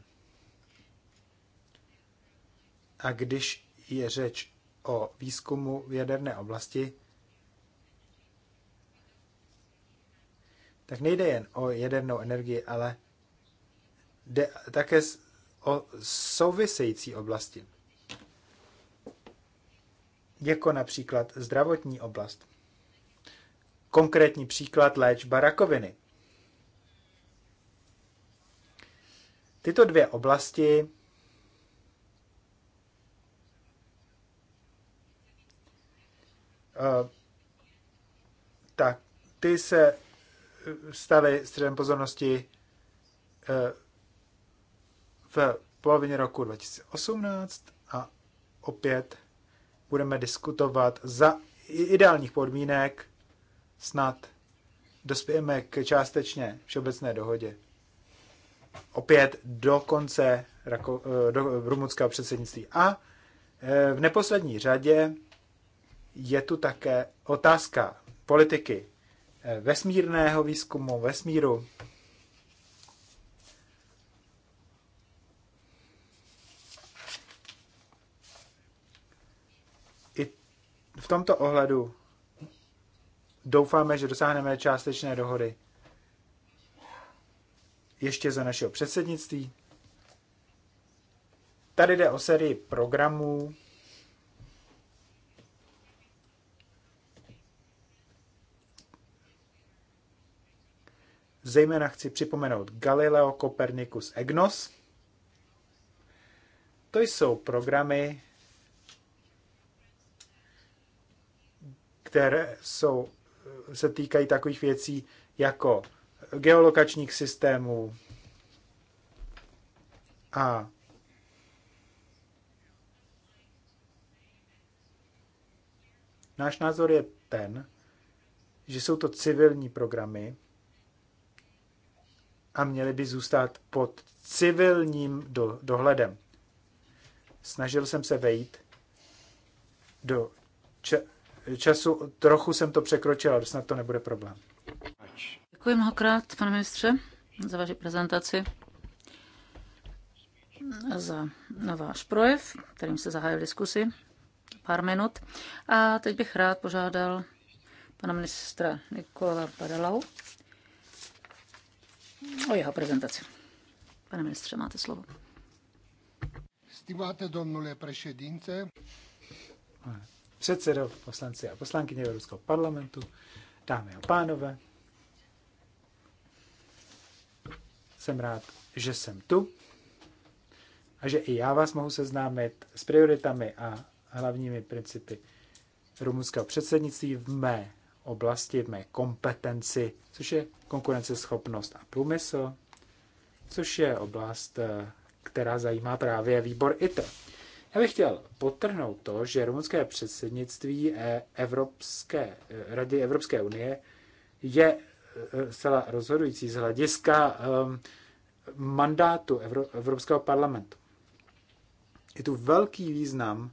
A když je řeč o výzkumu v jaderné oblasti, tak nejde jen o jadernou energii, ale jde také o související oblasti, jako například zdravotní oblast. Konkrétní příklad léčba rakoviny. Tyto dvě oblasti eh, tak ty se stali středem pozornosti eh, v polovině roku 2018 a opět budeme diskutovat za ideálních podmínek snad dospějeme k částečně všeobecné dohodě. Opět do konce Rako, eh, do rumunského předsednictví. A eh, v neposlední řadě je tu také otázka politiky vesmírného výzkumu, vesmíru. I v tomto ohledu doufáme, že dosáhneme částečné dohody ještě za našeho předsednictví. Tady jde o sérii programů, Zejména chci připomenout Galileo, Copernicus, EGNOS. To jsou programy, které jsou, se týkají takových věcí jako geolokačních systémů a Náš názor je ten, že jsou to civilní programy, a měly by zůstat pod civilním do, dohledem. Snažil jsem se vejít do ča, času, trochu jsem to překročil, ale snad to nebude problém. Děkuji mnohokrát, pane ministře, za vaši prezentaci, za na váš projev, kterým se zahájil diskusi pár minut. A teď bych rád požádal pana ministra Nikola Padalau, o jeho prezentaci. Pane ministře, máte slovo. Stimáte domnule prešedince. Předsedo, poslanci a poslankyně Evropského parlamentu, dámy a pánové, jsem rád, že jsem tu a že i já vás mohu seznámit s prioritami a hlavními principy rumunského předsednictví v mé oblasti v mé kompetenci, což je konkurenceschopnost a průmysl, což je oblast, eh, která zajímá právě výbor ITR. Já bych chtěl potrhnout to, že rumunské předsednictví e- Evropské, eh, Rady Evropské unie je eh, zcela rozhodující z hlediska ehm, mandátu Evropského parlamentu. Je tu velký význam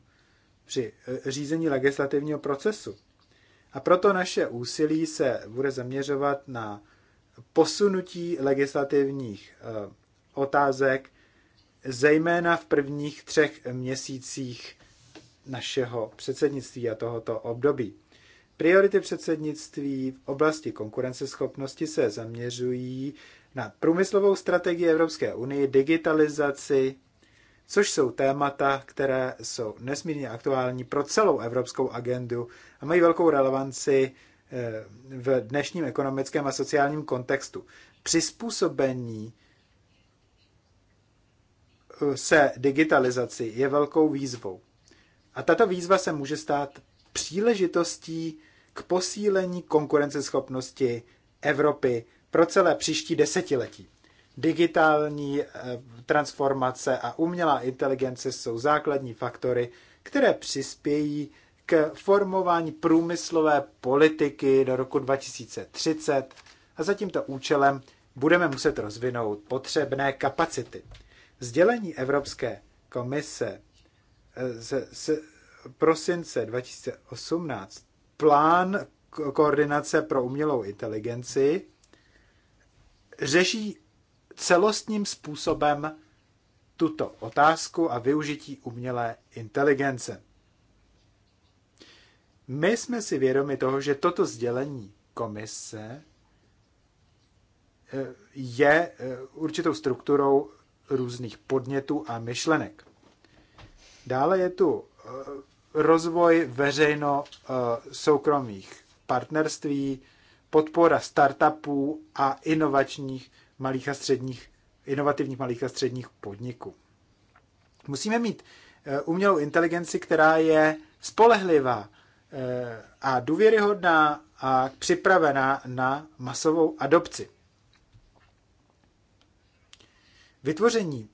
při řízení legislativního procesu. A proto naše úsilí se bude zaměřovat na posunutí legislativních eh, otázek, zejména v prvních třech měsících našeho předsednictví a tohoto období. Priority předsednictví v oblasti konkurenceschopnosti se zaměřují na průmyslovou strategii Evropské unie, digitalizaci, což jsou témata, které jsou nesmírně aktuální pro celou evropskou agendu a mají velkou relevanci eh, v dnešním ekonomickém a sociálním kontextu. Přizpůsobení eh, se digitalizaci je velkou výzvou. A tato výzva se může stát příležitostí k posílení konkurenceschopnosti Evropy pro celé příští desetiletí. Digitální eh, transformace a umělá inteligence jsou základní faktory, které přispějí k formování průmyslové politiky do roku 2030 a za tímto účelem budeme muset rozvinout potřebné kapacity. Sdělení Evropské komise eh, z, z prosince 2018 plán koordinace pro umělou inteligenci řeší celostním způsobem tuto otázku a využití umělé inteligence. My jsme si vědomi toho, že toto sdělení komise eh, je eh, určitou strukturou různých podnětů a myšlenek. Dále je tu eh, rozvoj veřejno-soukromých partnerství, podpora startupů a inovačních malých a středních, inovativních malých a středních podniků. Musíme mít eh, umělou inteligenci, která je spolehlivá eh, a důvěryhodná a připravená na masovou adopci. Vytvoření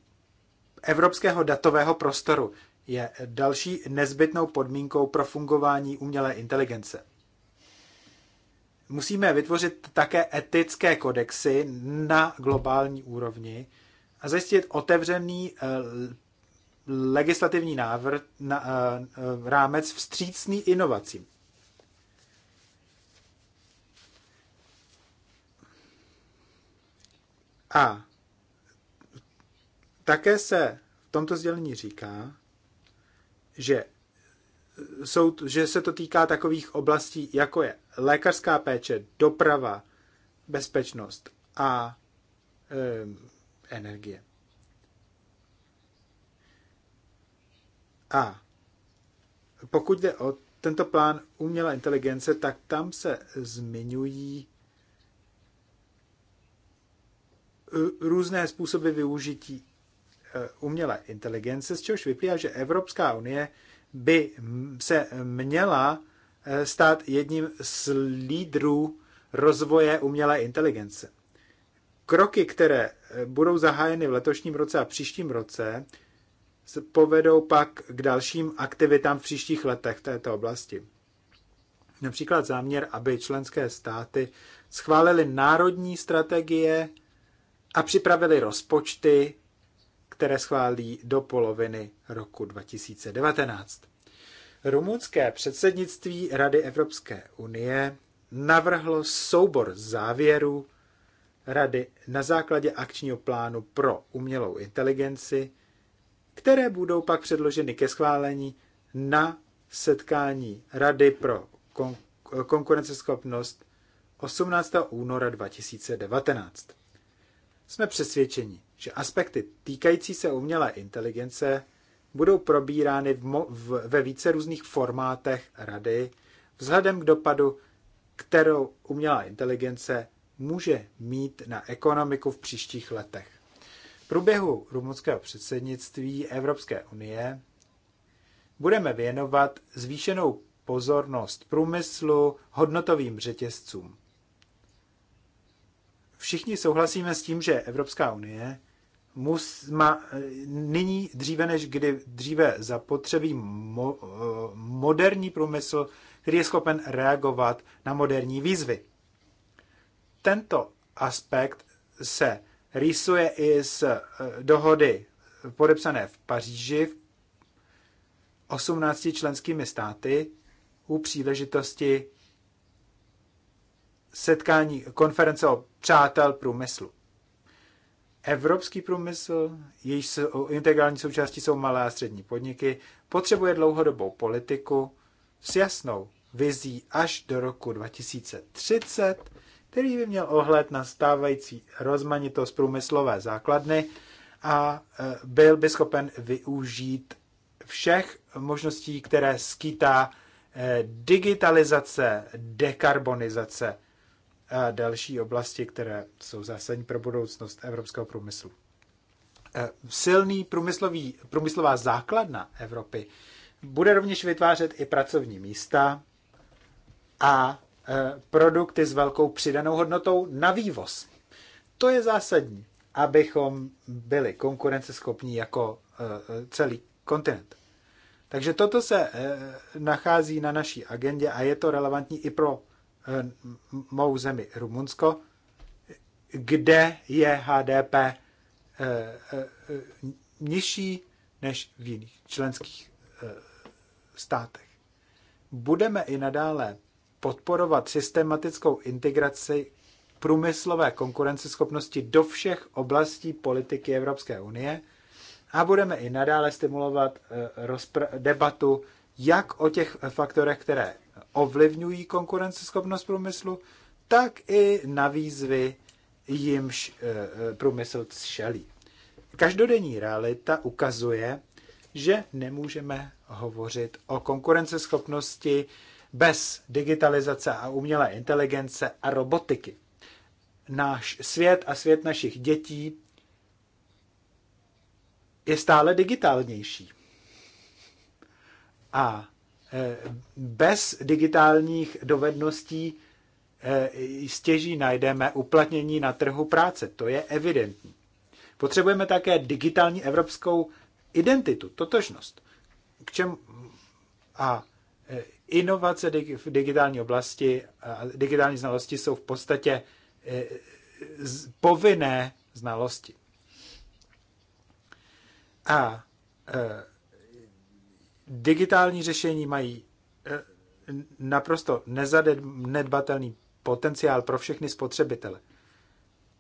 evropského datového prostoru je další nezbytnou podmínkou pro fungování umělé inteligence musíme vytvořit také etické kodexy na globální úrovni a zajistit otevřený eh, legislativní návrh na, eh, eh, rámec vstřícný inovacím. A také se v tomto sdělení říká, že jsou, že se to týká takových oblastí, jako je lékařská péče, doprava, bezpečnost a e, energie. A pokud jde o tento plán umělé inteligence, tak tam se zmiňují e, různé způsoby využití e, umělé inteligence, z čehož vyplývá, že Evropská unie by se měla eh, stát jedním z lídrů rozvoje umělé inteligence. Kroky, které eh, budou zahájeny v letošním roce a příštím roce, povedou pak k dalším aktivitám v příštích letech v této oblasti. Například záměr, aby členské státy schválili národní strategie a připravili rozpočty které schválí do poloviny roku 2019. Rumunské předsednictví Rady Evropské unie navrhlo soubor závěrů Rady na základě akčního plánu pro umělou inteligenci, které budou pak předloženy ke schválení na setkání Rady pro konkurenceschopnost 18. února 2019. Jsme přesvědčeni, že aspekty týkající se umělé inteligence budou probírány v mo- v, ve více různých formátech rady vzhledem k dopadu, kterou umělá inteligence může mít na ekonomiku v příštích letech. V průběhu rumunského předsednictví Evropské unie budeme věnovat zvýšenou pozornost průmyslu hodnotovým řetězcům všichni souhlasíme s tím, že Evropská unie mus, ma, nyní dříve než kdy dříve zapotřebí mo, eh, moderní průmysl, který je schopen reagovat na moderní výzvy. Tento aspekt se rýsuje i z eh, dohody podepsané v Paříži 18 členskými státy u příležitosti setkání konference o přátel průmyslu. Evropský průmysl, jejíž integrální součástí jsou malé a střední podniky, potřebuje dlouhodobou politiku s jasnou vizí až do roku 2030, který by měl ohled na stávající rozmanitost průmyslové základny a e, byl by schopen využít všech možností, které skýtá e, digitalizace, dekarbonizace a další oblasti, které jsou zásadní pro budoucnost evropského průmyslu. E, silný průmyslový, průmyslová základna Evropy bude rovněž vytvářet i pracovní místa a e, produkty s velkou přidanou hodnotou na vývoz. To je zásadní, abychom byli konkurenceschopní jako e, celý kontinent. Takže toto se nachází na naší agendě a je to relevantní i pro Eh, mou zemi Rumunsko, kde je HDP eh, eh, nižší než v jiných členských státech. Budeme i nadále podporovat systematickou integraci průmyslové konkurenceschopnosti do všech oblastí politiky Evropské unie a budeme i nadále stimulovat debatu jak o těch faktorech, které ovlivňují konkurenceschopnost průmyslu, tak i na výzvy, jimž eh, eh, průmysl čelí. Každodenní realita ukazuje, že nemůžeme hovořit o konkurenceschopnosti bez digitalizace a umělé inteligence a robotiky. Náš svět a svět našich dětí je stále digitálnější. A e, bez digitálních dovedností e, stěží najdeme uplatnění na trhu práce. To je evidentní. Potřebujeme také digitální evropskou identitu, totožnost. K čem a e, inovace v digitální oblasti a digitální znalosti jsou v podstatě povinné znalosti. A Digitální řešení mají eh, naprosto nezanedbatelný potenciál pro všechny spotřebitele.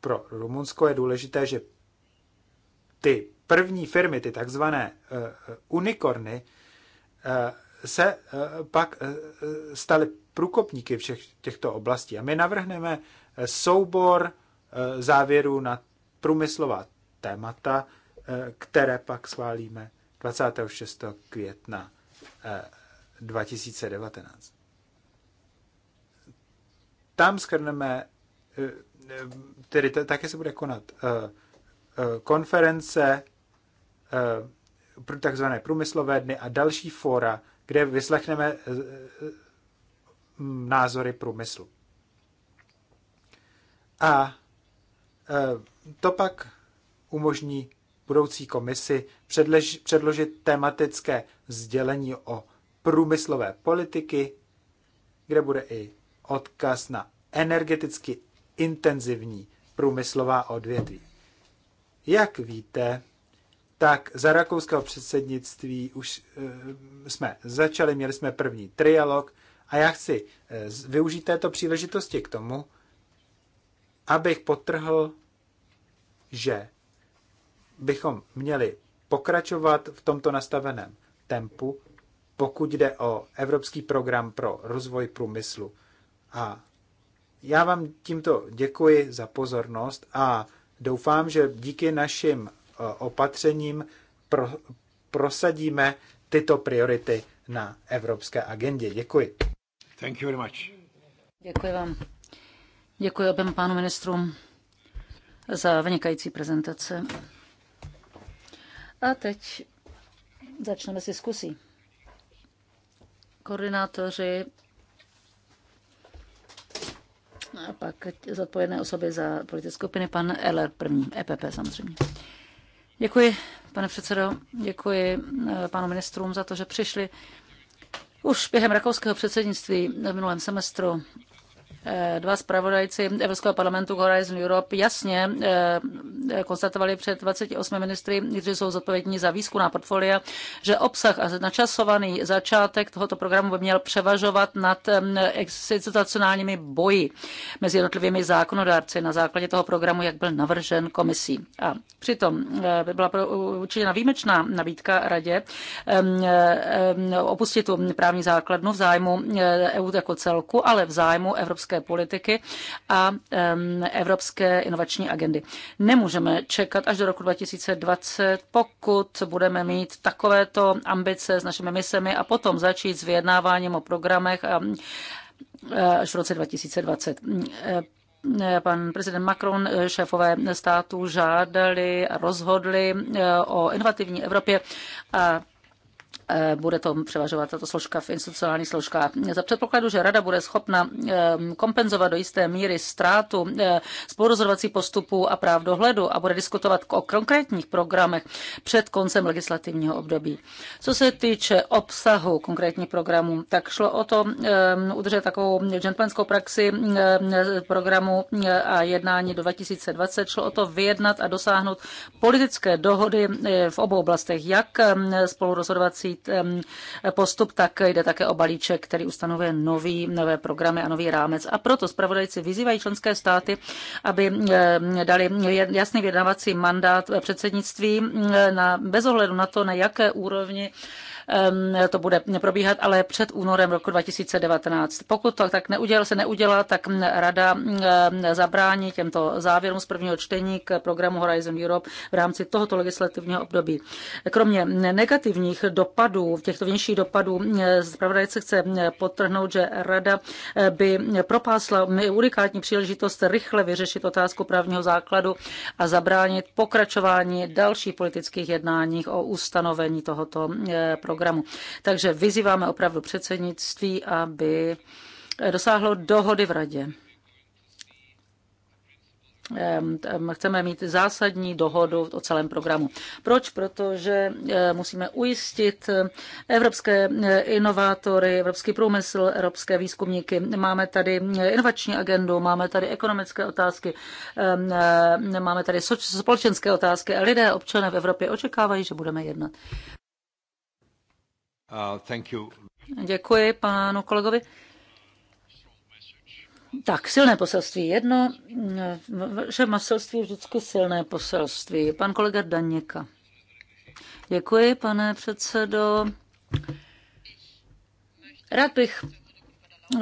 Pro Rumunsko je důležité, že ty první firmy, ty takzvané eh, eh, unikorny, se pak staly průkopníky všech těchto oblastí. A my navrhneme soubor závěrů na průmyslová témata, které pak schválíme 26. května 2019. Eh, Tam skrneme, eh, tedy také se bude konat eh, konference, takzvané průmyslové dny a další fóra, kde vyslechneme názory průmyslu. A to pak umožní budoucí komisi předlež, předložit tematické sdělení o průmyslové politiky, kde bude i odkaz na energeticky intenzivní průmyslová odvětví. Jak víte, tak za rakouského předsednictví už e, jsme začali, měli jsme první trialog a já chci e, využít této příležitosti k tomu, abych potrhl, že bychom měli pokračovat v tomto nastaveném tempu, pokud jde o Evropský program pro rozvoj průmyslu. A já vám tímto děkuji za pozornost a doufám, že díky našim eh, opatřením pro, prosadíme tyto priority na evropské agendě. Děkuji. Thank you very much. Děkuji vám. Děkuji oběma pánu ministrům za vynikající prezentace. A teď začneme s zkusí. Koordinátoři a pak zodpovědné osoby za politické skupiny, pan LR první, EPP samozřejmě. Děkuji, pane předsedo, děkuji eh, panu ministrům za to, že přišli. Už během rakouského předsednictví v minulém semestru Eh, dva zpravodajci Evropského parlamentu Horizon Europe jasně eh, konstatovali před 28 ministry, kteří jsou zodpovědní za výzkumná portfolia, že obsah a načasovaný začátek tohoto programu by měl převažovat nad eh, institucionálními boji mezi jednotlivými zákonodárci na základě toho programu, jak byl navržen komisí. A přitom by byla učiněna výjimečná nabídka radě opustit tu právní základnu v zájmu EU jako celku, ale v zájmu Evropské evropské politiky a evropské inovační agendy. Nemůžeme čekat až do roku 2020, pokud budeme mít takovéto ambice s našimi misemi a potom začít s vyjednáváním o programech až v roce 2020 pan prezident Macron, šéfové států žádali a rozhodli o inovativní Evropě a Eh, bude to převažovat tato složka v institucionálních složkách. Za předpokladu, že rada bude schopna eh, kompenzovat do jisté míry ztrátu eh, spolurozhodovací postupů a práv dohledu a bude diskutovat o konkrétních programech před koncem legislativního období. Co se týče obsahu konkrétních programů, tak šlo o to udržet takovou gentlemanskou praxi programu a jednání do 2020. Šlo o to vyjednat a dosáhnout politické dohody v obou oblastech, jak spolurozhodovací, postup, tak jde také o balíček, který ustanovuje nový, nové programy a nový rámec. A proto zpravodajci vyzývají členské státy, aby dali jasný vědnavací mandát předsednictví na, bez ohledu na to, na jaké úrovni Ehm, to bude probíhat, ale před únorem roku 2019. Pokud to tak neudělal, se neudělá, tak rada ehm, zabrání těmto závěrům z prvního čtení k programu Horizon Europe v rámci tohoto legislativního období. Kromě negativních dopadů, těchto vnějších dopadů, eh, zpravodajce chce eh, potrhnout, že rada eh, by propásla unikátní příležitost rychle vyřešit otázku právního základu a zabránit pokračování dalších politických jednáních o ustanovení tohoto programu programu. Takže vyzýváme opravdu předsednictví, aby dosáhlo dohody v radě. Chceme mít zásadní dohodu o celém programu. Proč? Protože eh, musíme ujistit eh, evropské eh, inovátory, evropský průmysl, evropské výzkumníky. Máme tady inovační agendu, máme tady ekonomické otázky, máme tady společenské otázky a lidé, občané v Evropě očekávají, že budeme jednat. Uh, Děkuji panu kolegovi. Tak, silné poselství. Jedno, že maselství je vždycky silné poselství. Pan kolega Daněka. Děkuji, pane předsedo. Rád bych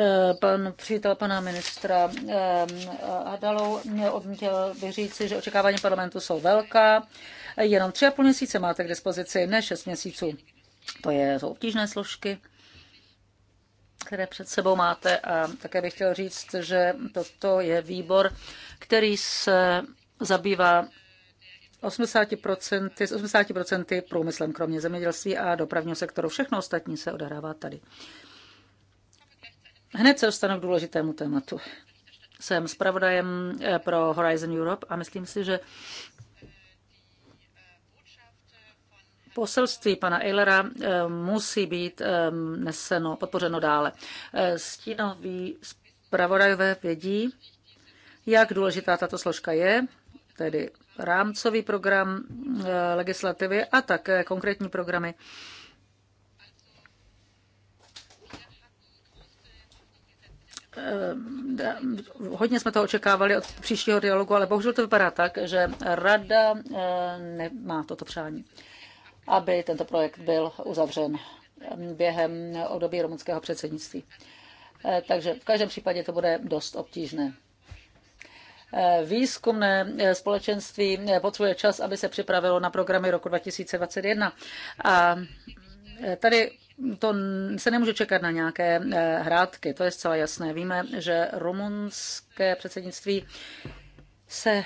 eh, pan přítel pana ministra eh, Adalou mě odmítěl vyříci, že očekávání parlamentu jsou velká. Jenom tři a půl měsíce máte k dispozici, ne šest měsíců. To je, jsou obtížné složky, které před sebou máte a také bych chtěl říct, že toto je výbor, který se zabývá 80%, z 80% průmyslem, kromě zemědělství a dopravního sektoru. Všechno ostatní se odehrává tady. Hned se dostanu k důležitému tématu. Jsem zpravodajem eh, pro Horizon Europe a myslím si, že poselství pana Eilera eh, musí být eh, neseno, podpořeno dále. Eh, stínoví zpravodajové vědí, jak důležitá tato složka je, tedy rámcový program legislativy a také konkrétní programy. hodně jsme to očekávali od příštího dialogu, ale bohužel to vypadá tak, že rada nemá toto přání aby tento projekt byl uzavřen během období rumunského předsednictví. Eh, takže v každém případě to bude dost obtížné. Eh, výzkumné eh, společenství potřebuje čas, aby se připravilo na programy roku 2021. A tady to se nemůže čekat na nějaké hrátky, to je zcela jasné. Víme, že rumunské předsednictví se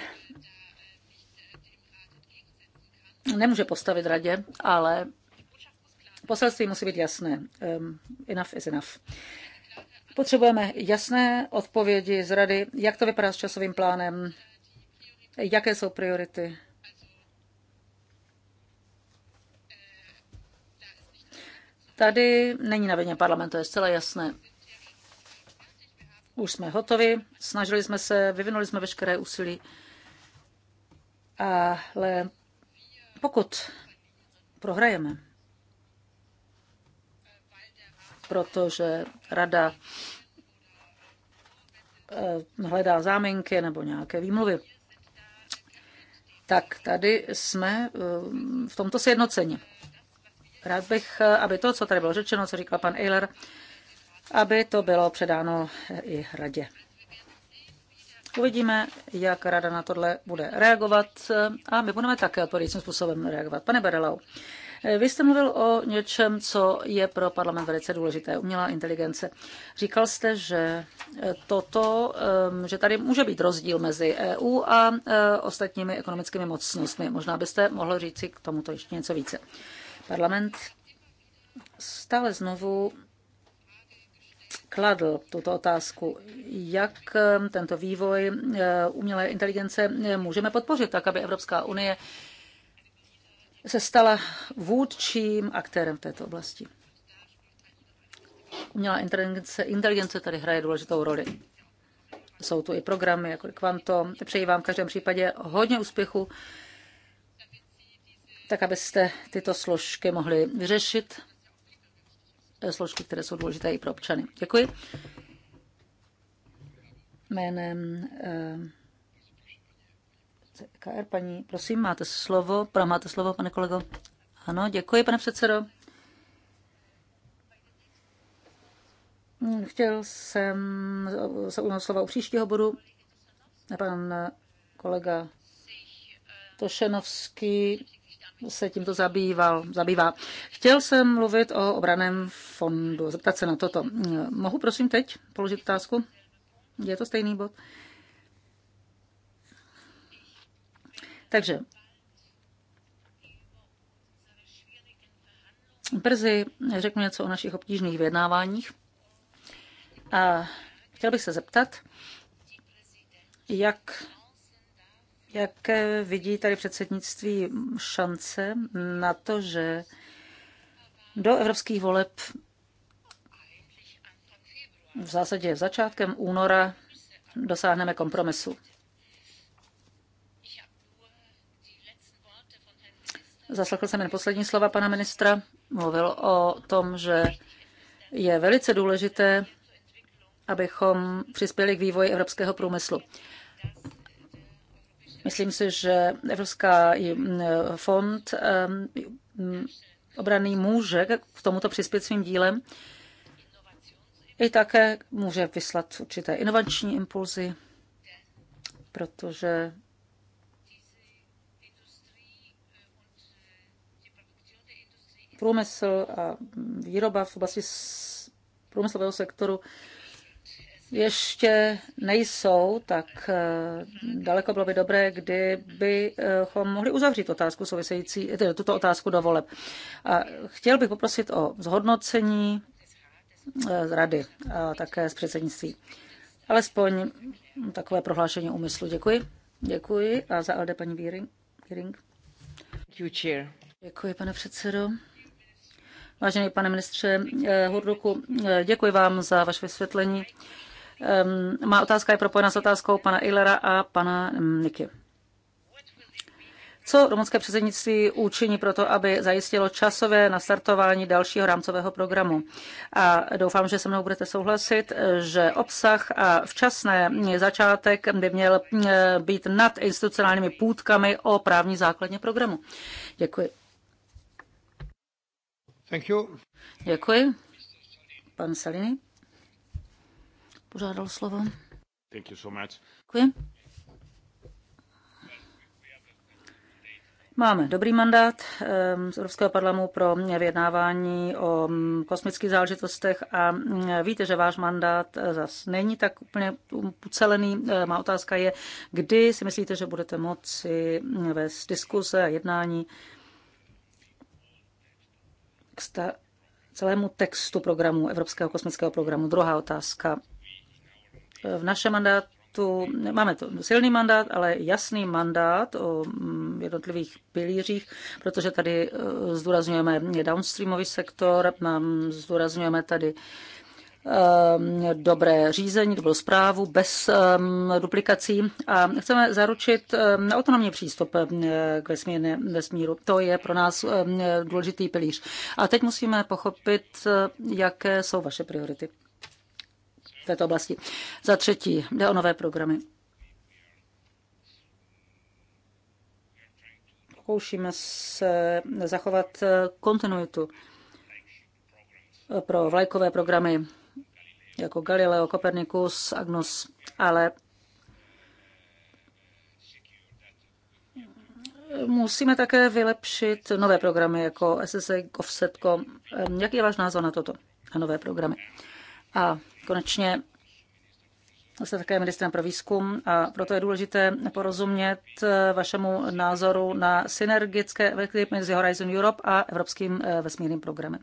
nemůže postavit radě, ale poselství musí být jasné. Ehm, enough is enough. Potřebujeme jasné odpovědi z rady, jak to vypadá s časovým plánem, jaké jsou priority. Tady není na vině parlamentu, je zcela jasné. Už jsme hotovi, snažili jsme se, vyvinuli jsme veškeré úsilí, ale pokud prohrajeme, protože rada eh, hledá záminky nebo nějaké výmluvy, tak tady jsme eh, v tomto sjednocení. Rád bych, eh, aby to, co tady bylo řečeno, co říkal pan Eiler, aby to bylo předáno i radě. Uvidíme, jak rada na tohle bude reagovat a my budeme také odpovědným způsobem reagovat. Pane Berelau, vy jste mluvil o něčem, co je pro parlament velice důležité, umělá inteligence. Říkal jste, že toto, že tady může být rozdíl mezi EU a ostatními ekonomickými mocnostmi. Možná byste mohl říci k tomuto ještě něco více. Parlament stále znovu kladl tuto otázku, jak eh, tento vývoj eh, umělé inteligence eh, můžeme podpořit, tak aby Evropská unie se stala vůdčím aktérem v této oblasti. Umělá inteligence, inteligence tady hraje důležitou roli. Jsou tu i programy, jako Quanto. Přeji vám v každém případě hodně úspěchu, tak abyste tyto složky mohli vyřešit Eh, složky, které jsou důležité i pro občany. Děkuji. Jménem eh, CKR, paní, prosím, máte slovo. Pro, máte slovo, pane kolego. Ano, děkuji, pane předsedo. Hm, chtěl jsem se ujmout slova u příštího bodu. Pan kolega Tošenovský se tímto zabýval, zabývá. Chtěl jsem mluvit o obraném fondu, zeptat se na toto. Mohu prosím teď položit otázku? Je to stejný bod? Takže brzy řeknu něco o našich obtížných vyjednáváních. A chtěl bych se zeptat, jak jak eh, vidí tady předsednictví šance na to, že do evropských voleb v zásadě začátkem února dosáhneme kompromisu. Zaslechl jsem jen poslední slova pana ministra. Mluvil o tom, že je velice důležité, abychom přispěli k vývoji evropského průmyslu. Myslím si, že Evropská eh, fond eh, obraný může k tomuto přispět svým dílem. I také může vyslat určité inovační impulzy, protože průmysl a výroba v oblasti průmyslového sektoru ještě nejsou, tak eh, daleko bylo by dobré, kdybychom mohli uzavřít otázku související, eh, tuto otázku do voleb. A chtěl bych poprosit o zhodnocení eh, z rady a také z předsednictví. Alespoň takové prohlášení úmyslu. Děkuji. Děkuji. A za LD paní Víring. Víring. Děkuji, pane předsedo. Vážený pane ministře Hurduku, děkuji vám za vaše vysvětlení. Má otázka je propojena s otázkou pana Ilera a pana Niky. Co rumunské předsednictví učiní pro to, aby zajistilo časové nastartování dalšího rámcového programu? A doufám, že se mnou budete souhlasit, že obsah a včasné začátek by měl být nad institucionálními půdkami o právní základně programu. Děkuji. Thank you. Děkuji. Pan Salini požádal slovo. Děkuji. Máme dobrý mandát ehm, z Evropského parlamentu pro vyjednávání o mm, kosmických záležitostech a mm, víte, že váš mandát eh, zas není tak úplně ucelený. Eh, má otázka je, kdy si myslíte, že budete moci mm, vést diskuse a jednání k celému textu programu Evropského kosmického programu. Druhá otázka v našem mandátu, máme to silný mandát, ale jasný mandát o mm, jednotlivých pilířích, protože tady e, zdůrazňujeme downstreamový sektor, zdůrazňujeme tady e, dobré řízení, dobrou zprávu bez e, duplikací a chceme zaručit autonomní přístup k vesmírné, vesmíru. To je pro nás důležitý pilíř. A teď musíme pochopit, jaké jsou vaše priority v této oblasti. Za třetí, jde o nové programy. Pokoušíme se zachovat kontinuitu pro vlajkové programy jako Galileo, Copernicus, Agnus, ale musíme také vylepšit nové programy jako SSA, Offsetcom. Jaký je váš názor na toto, na nové programy? A konečně jste také ministrem pro výzkum a proto je důležité porozumět eh, vašemu názoru na synergické efekty mezi Horizon Europe a Evropským eh, vesmírným programem.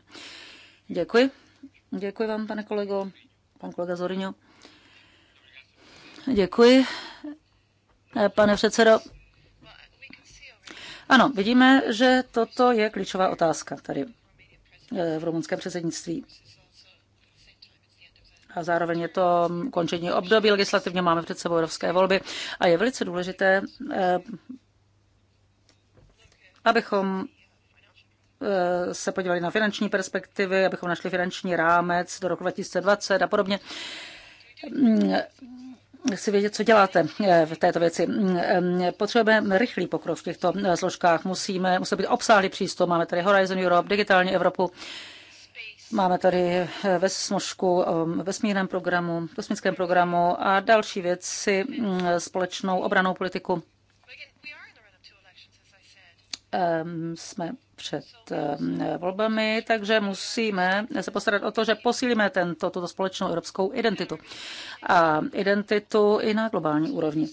Děkuji. Děkuji vám, pane kolego, pan kolega Zorino. Děkuji, eh, pane předsedo. Ano, vidíme, že toto je klíčová otázka tady v rumunském předsednictví a zároveň je to mm, končení období legislativně, máme před sebou evropské volby a je velice důležité, eh, abychom eh, se podívali na finanční perspektivy, abychom našli finanční rámec do roku 2020 a podobně mm, chci vědět, co děláte eh, v této věci. Mm, potřebujeme rychlý pokrok v těchto složkách. Musíme, musí být obsáhlý přístup. Máme tady Horizon Europe, digitální Evropu. Máme tady eh, ve smožku eh, vesmírném programu, kosmickém programu a další věci, mm, společnou obranou politiku. Ehm, jsme před ehm, volbami, takže musíme se postarat o to, že posílíme tento, tuto společnou evropskou identitu. A identitu i na globální úrovni.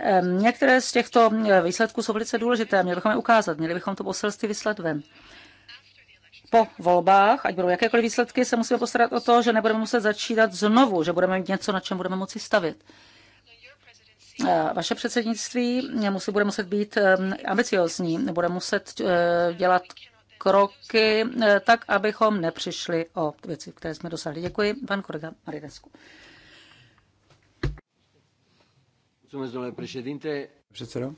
Ehm, některé z těchto eh, výsledků jsou velice důležité. Měli bychom je ukázat, měli bychom to poselství vyslat ven po volbách, ať budou jakékoliv výsledky, se musíme postarat o to, že nebudeme muset začítat znovu, že budeme mít něco, na čem budeme moci stavit. Eh, vaše předsednictví musí, bude muset být eh, ambiciozní, bude muset eh, dělat kroky tak, abychom nepřišli o věci, které jsme dosáhli. Děkuji, pan kolega Marinescu. Předsedo.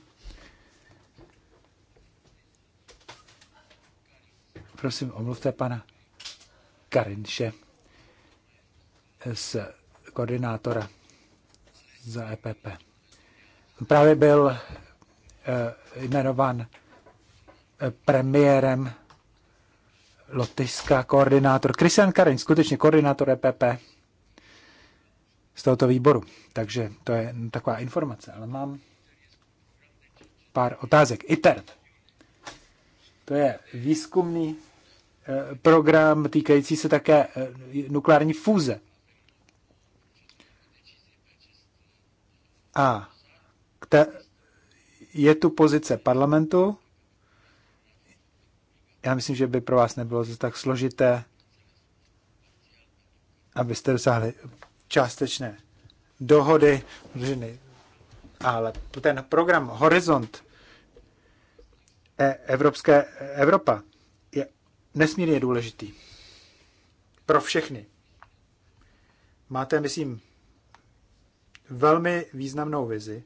Prosím, omluvte pana Karinše z koordinátora za EPP. Právě byl eh, jmenován eh, premiérem Lotyšská koordinátor. Christian Karin, skutečně koordinátor EPP z tohoto výboru. Takže to je taková informace, ale mám pár otázek. ITERT. E to je výzkumný Eh, program týkající se také eh, nukleární fúze. A je tu pozice parlamentu. Já myslím, že by pro vás nebylo to tak složité, abyste dosáhli částečné dohody, ale ten program Horizont e- Evropské Evropa nesmírně důležitý. Pro všechny. Máte, myslím, velmi významnou vizi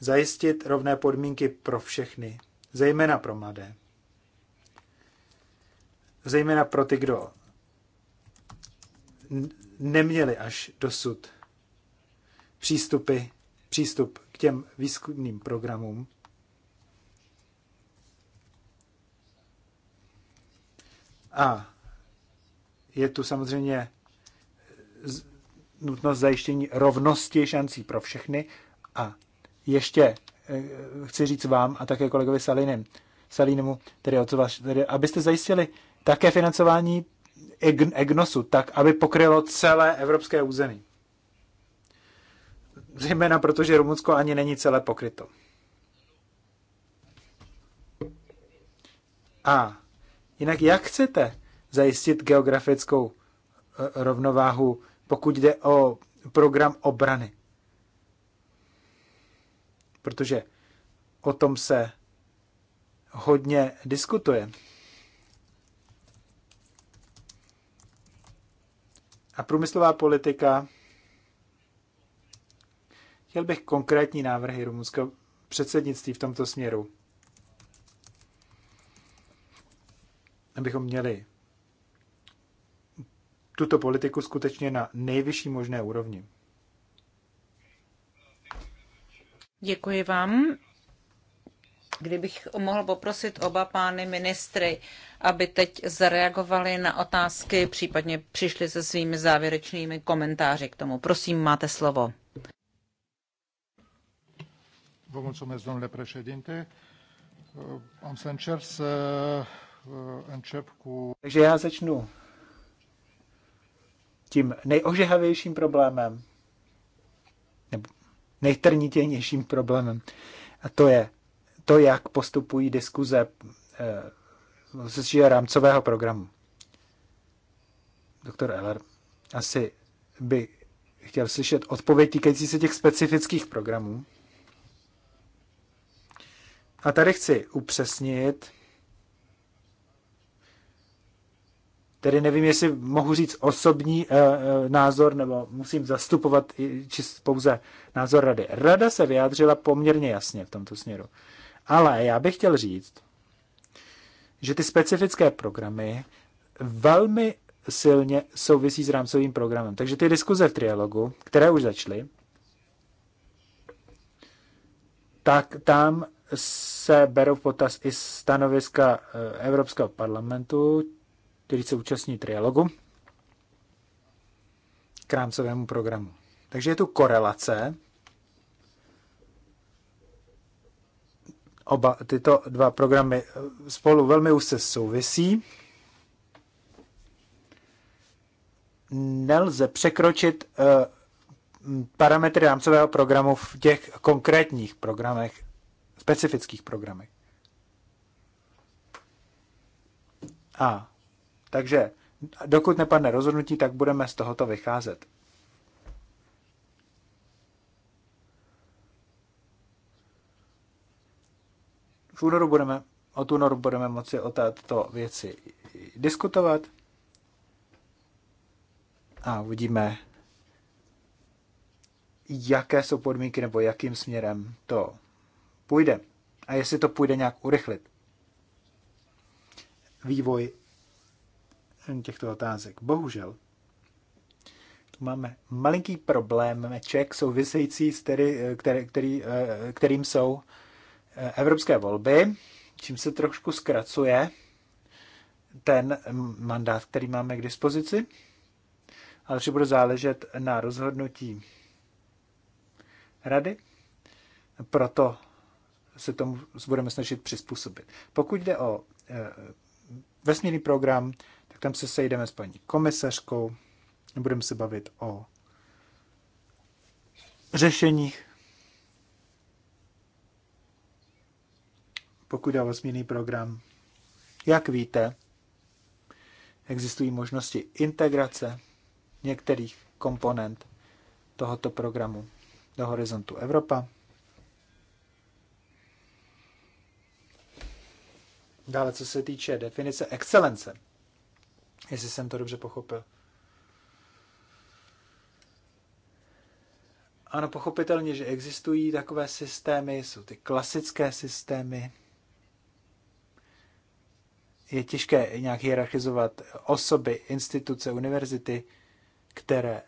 zajistit rovné podmínky pro všechny, zejména pro mladé. Zejména pro ty, kdo neměli až dosud přístupy, přístup k těm výzkumným programům, A je tu samozřejmě nutnost zajištění rovnosti šancí pro všechny. A ještě eh, chci říct vám a také kolegovi Salinem, Salinemu, tedy, vás, tedy abyste zajistili také financování EGNOSu, tak aby pokrylo celé evropské území. Zejména protože Rumunsko ani není celé pokryto. A Jinak jak chcete zajistit geografickou e, rovnováhu, pokud jde o program obrany? Protože o tom se hodně diskutuje. A průmyslová politika. Chtěl bych konkrétní návrhy rumunského předsednictví v tomto směru. abychom měli tuto politiku skutečně na nejvyšší možné úrovni. Děkuji vám. Kdybych mohl poprosit oba pány ministry, aby teď zareagovali na otázky, případně přišli se svými závěrečnými komentáři k tomu. Prosím, máte slovo. Vă mulțumesc, domnule președinte. Am să încerc să Eh, Takže já začnu tím nejožehavějším problémem, nebo nejtrnitějnějším problémem. A to je to, jak postupují diskuze e, rámcového programu. Doktor Eller asi by chtěl slyšet odpověď týkající se těch specifických programů. A tady chci upřesnit, Tedy nevím, jestli mohu říct osobní e, názor, nebo musím zastupovat či pouze názor rady. Rada se vyjádřila poměrně jasně v tomto směru. Ale já bych chtěl říct, že ty specifické programy velmi silně souvisí s rámcovým programem. Takže ty diskuze v trialogu, které už začaly, tak tam se berou potaz i stanoviska eh, Evropského parlamentu, který se účastní trialogu k rámcovému programu. Takže je tu korelace. Oba tyto dva programy eh, spolu velmi úzce souvisí. Nelze překročit eh, parametry rámcového programu v těch konkrétních programech, specifických programech. A takže dokud nepadne rozhodnutí, tak budeme z tohoto vycházet. V únoru budeme, od únoru budeme moci o této věci diskutovat a uvidíme, jaké jsou podmínky nebo jakým směrem to půjde a jestli to půjde nějak urychlit. Vývoj těchto otázek. Bohužel, tu máme malinký problém Meček související s který, který, eh, který, kterým jsou eh, evropské volby, čím se trošku zkracuje ten mandát, který máme k dispozici, ale že bude záležet na rozhodnutí rady, proto se tomu budeme snažit přizpůsobit. Pokud jde o eh, vesmírný program, tak tam se sejdeme s paní komisařkou a budeme se bavit o řešeních. Pokud dá o vesmírný program, jak víte, existují možnosti integrace některých komponent tohoto programu do horizontu Evropa. Dále, co se týče definice excelence, jestli jsem to dobře pochopil. Ano, pochopitelně, že existují takové systémy, jsou ty klasické systémy. Je těžké nějak hierarchizovat osoby, instituce, univerzity, které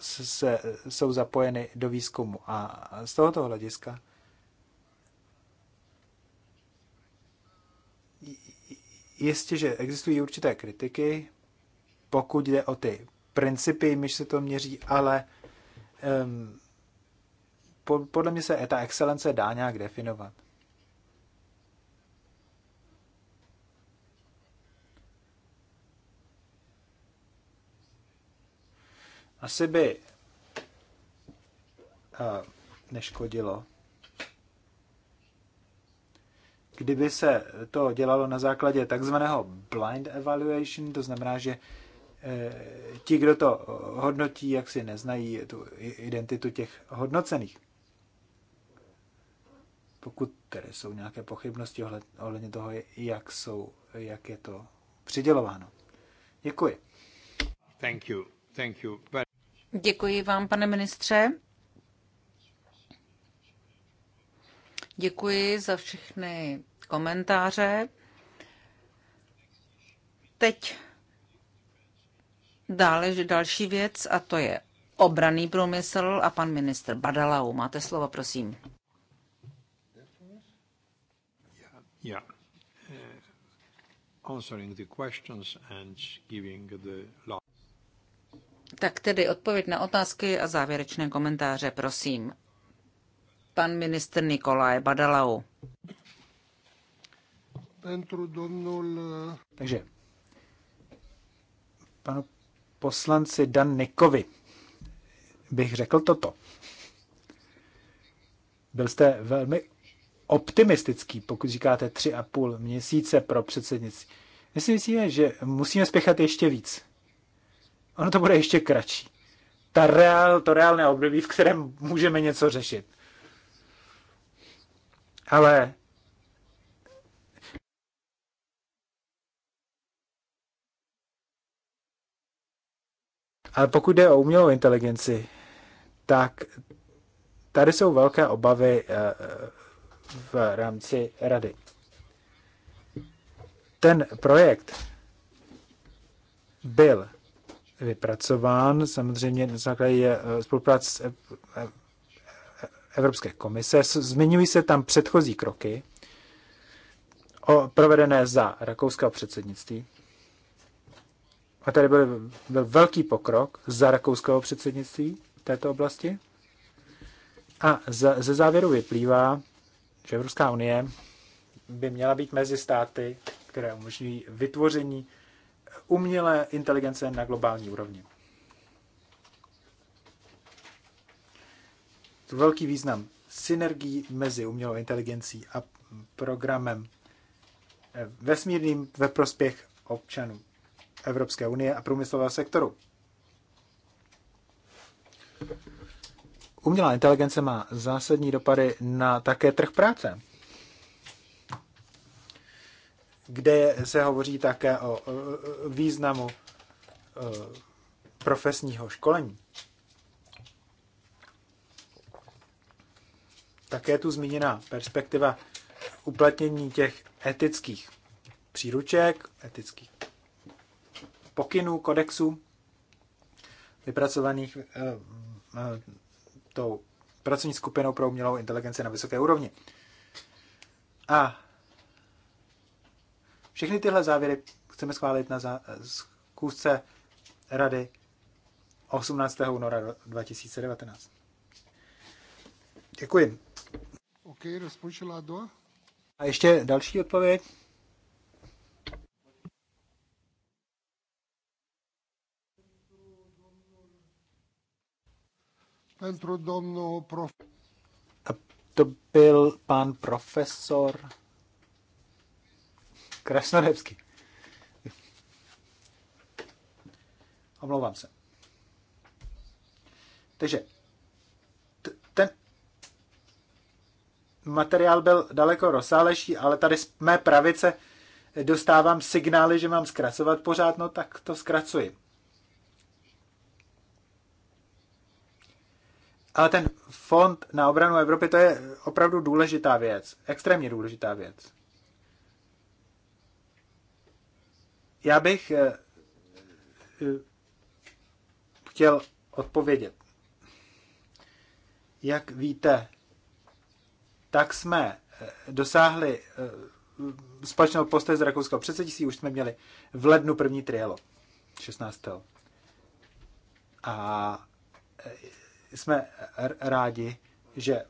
se, jsou zapojeny do výzkumu. A z tohoto hlediska jistě, že existují určité kritiky, pokud jde o ty principy, myž se to měří, ale um, po, podle mě se ta excelence dá nějak definovat. Asi by uh, neškodilo Kdyby se to dělalo na základě takzvaného blind evaluation, to znamená, že eh, ti, kdo to hodnotí, jak si neznají tu identitu těch hodnocených. Pokud tedy jsou nějaké pochybnosti ohledně toho, jak, jsou, jak je to přidělováno. Děkuji. Thank you. Thank you. Děkuji vám, pane ministře. Děkuji za všechny komentáře. Teď dále že další věc a to je obraný průmysl a pan ministr Badalau. Máte slovo, prosím. Yeah. Uh, answering the questions and giving the tak tedy odpověď na otázky a závěrečné komentáře, prosím pan ministr Nikolaj Badalau. Takže panu poslanci Dan Nikovi bych řekl toto. Byl jste velmi optimistický, pokud říkáte tři a půl měsíce pro předsednictví. My si myslíme, že musíme spěchat ještě víc. Ono to bude ještě kratší. Ta reál, to reálné období, v kterém můžeme něco řešit. Ale Ale pokud jde o umělou inteligenci, tak tady jsou velké obavy eh, v rámci rady. Ten projekt byl vypracován samozřejmě na základě eh, spolupráce s eh, Evropské komise. Zmiňují se tam předchozí kroky o, provedené za rakouského předsednictví. A tady byl, byl velký pokrok za rakouského předsednictví této oblasti. A za, ze závěru vyplývá, že Evropská unie by měla být mezi státy, které umožňují vytvoření umělé inteligence na globální úrovni. velký význam synergii mezi umělou inteligencí a programem eh, vesmírným ve prospěch občanů Evropské unie a průmyslového sektoru. Umělá inteligence má zásadní dopady na také trh práce, kde se hovoří také o významu eh, profesního školení. také tu zmíněná perspektiva uplatnění těch etických příruček, etických pokynů, kodexů, vypracovaných eh, eh, tou pracovní skupinou pro umělou inteligenci na vysoké úrovni. A všechny tyhle závěry chceme schválit na zkusce rady 18. února 2019. Děkuji a ještě další odpověď? Pentru domnul prof. A to byl pan profesor Krasnodebský. Omlouvám se. Takže materiál byl daleko rozsálejší, ale tady z mé pravice dostávám signály, že mám zkracovat pořád, no tak to zkracuji. Ale ten fond na obranu Evropy, to je opravdu důležitá věc. Extrémně důležitá věc. Já bych eh, eh, chtěl odpovědět. Jak víte, tak jsme eh, dosáhli eh, společného postoje z rakouského předsednictví, už jsme měli v lednu první trielo, 16. A eh, jsme rádi, že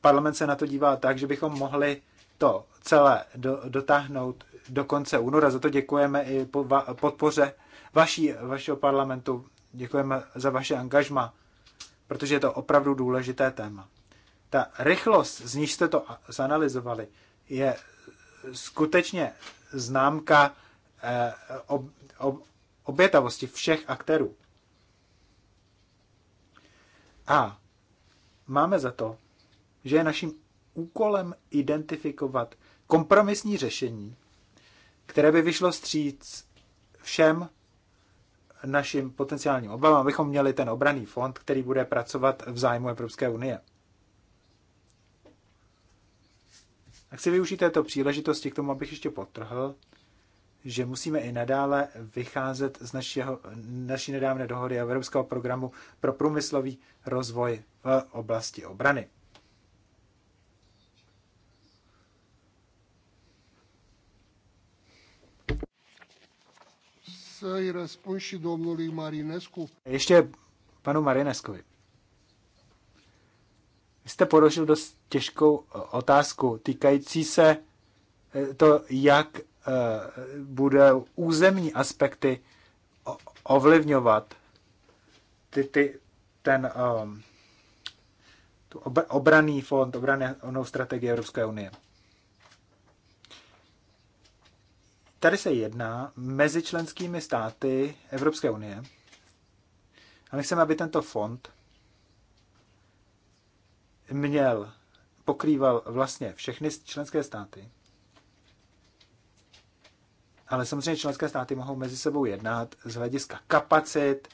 parlament se na to dívá tak, že bychom mohli to celé do, dotáhnout do konce února. Za to děkujeme i po, va, podpoře vaší, vašeho parlamentu. Děkujeme za vaše angažma, protože je to opravdu důležité téma ta rychlost, z níž jste to zanalizovali, je skutečně známka eh, obětavosti všech aktérů. A máme za to, že je naším úkolem identifikovat kompromisní řešení, které by vyšlo stříc všem našim potenciálním obavám, abychom měli ten obraný fond, který bude pracovat v zájmu Evropské unie. A chci využít této příležitosti k tomu, abych ještě potrhl, že musíme i nadále vycházet z našeho, naší nedávné dohody a Evropského programu pro průmyslový rozvoj v oblasti obrany. Ještě panu Marineskovi. Vy jste položil dost těžkou e, otázku týkající se e, to, jak e, bude územní aspekty ovlivňovat ty, ty, ten um, tu obraný fond, obranou strategii Evropské unie. Tady se jedná mezi členskými státy Evropské unie. A my chceme, aby tento fond měl, pokrýval vlastně všechny členské státy. Ale samozřejmě členské státy mohou mezi sebou jednat z hlediska kapacit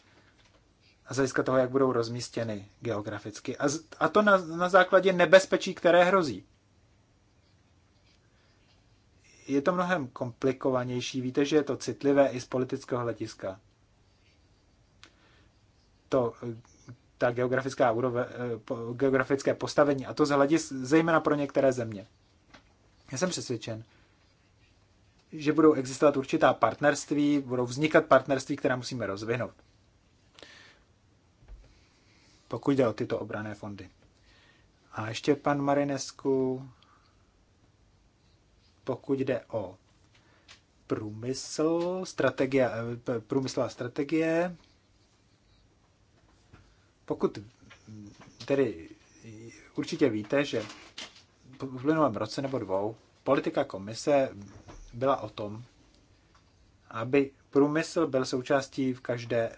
a z hlediska toho, jak budou rozmístěny geograficky. A, z, a to na, na základě nebezpečí, které hrozí. Je to mnohem komplikovanější. Víte, že je to citlivé i z politického hlediska. To ta geografická úrove, eh, geografické postavení, a to z hledis, zejména pro některé země. Já jsem přesvědčen, že budou existovat určitá partnerství, budou vznikat partnerství, která musíme rozvinout. Pokud jde o tyto obrané fondy. A ještě pan Marinesku, pokud jde o průmysl, strategie, eh, průmyslová strategie, pokud tedy určitě víte, že v minulém roce nebo dvou politika komise byla o tom, aby průmysl byl součástí v každé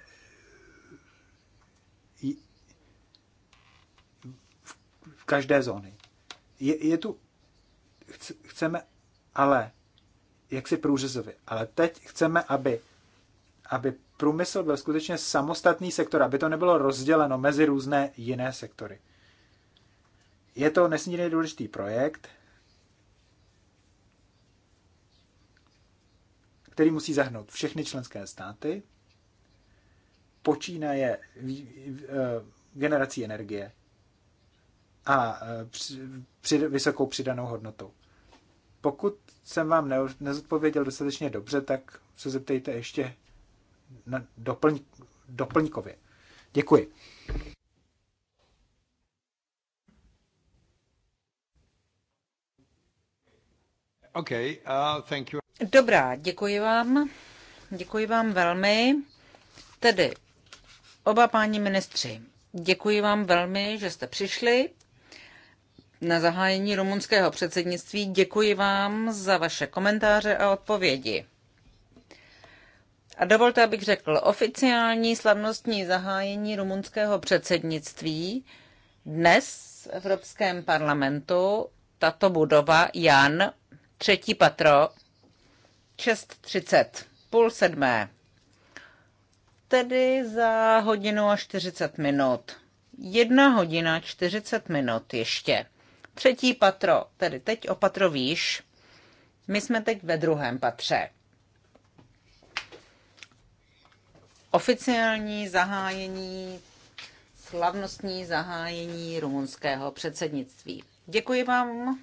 v každé zóny. Je, je tu, chceme ale jak si průřezově, ale teď chceme, aby aby průmysl byl skutečně samostatný sektor, aby to nebylo rozděleno mezi různé jiné sektory. Je to nesmírně důležitý projekt, který musí zahrnout všechny členské státy, počínaje eh, generací energie a eh, při, vysokou přidanou hodnotou. Pokud jsem vám nezodpověděl dostatečně dobře, tak se zeptejte ještě doplň, doplňkově. Děkuji. Okay, uh, thank you. Dobrá, děkuji vám. Děkuji vám velmi. Tedy oba páni ministři, děkuji vám velmi, že jste přišli na zahájení rumunského předsednictví. Děkuji vám za vaše komentáře a odpovědi. A dovolte, abych řekl, oficiální slavnostní zahájení rumunského předsednictví dnes v Evropském parlamentu, tato budova Jan, třetí patro, 6.30, půl sedmé. Tedy za hodinu a 40 minut. Jedna hodina 40 minut ještě. Třetí patro, tedy teď o patro výš. My jsme teď ve druhém patře. oficiální zahájení, slavnostní zahájení rumunského předsednictví. Děkuji vám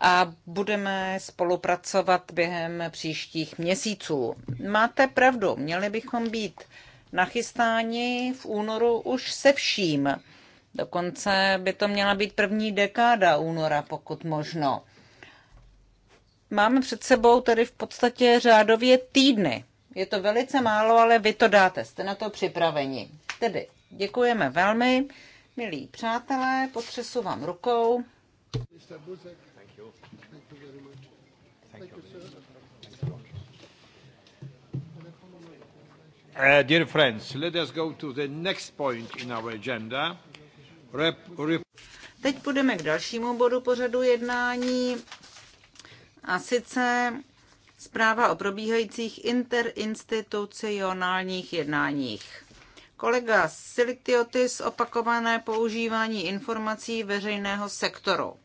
a budeme spolupracovat během příštích měsíců. Máte pravdu, měli bychom být nachystáni v únoru už se vším. Dokonce by to měla být první dekáda února, pokud možno. Máme před sebou tedy v podstatě řádově týdny. Je to velice málo, ale vy to dáte, jste na to připraveni. Tedy děkujeme velmi, milí přátelé, potřesu vám rukou. Uh, dear friends, let us go to the next point in our agenda. Rep, rep... Teď půjdeme k dalšímu bodu pořadu jednání. A sice Zpráva o probíhajících interinstitucionálních jednáních. Kolega Siliktiotis opakované používání informací veřejného sektoru.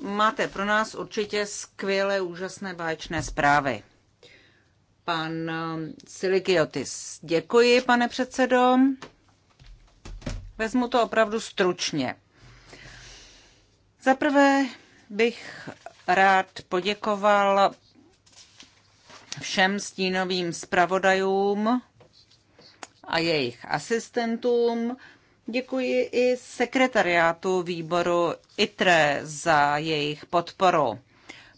Máte pro nás určitě skvělé, úžasné, báječné zprávy. Pan um, Silikiotis, děkuji, pane předsedo. Vezmu to opravdu stručně. Za prvé bych rád poděkoval všem stínovým zpravodajům a jejich asistentům. Děkuji i sekretariátu výboru ITRE za jejich podporu.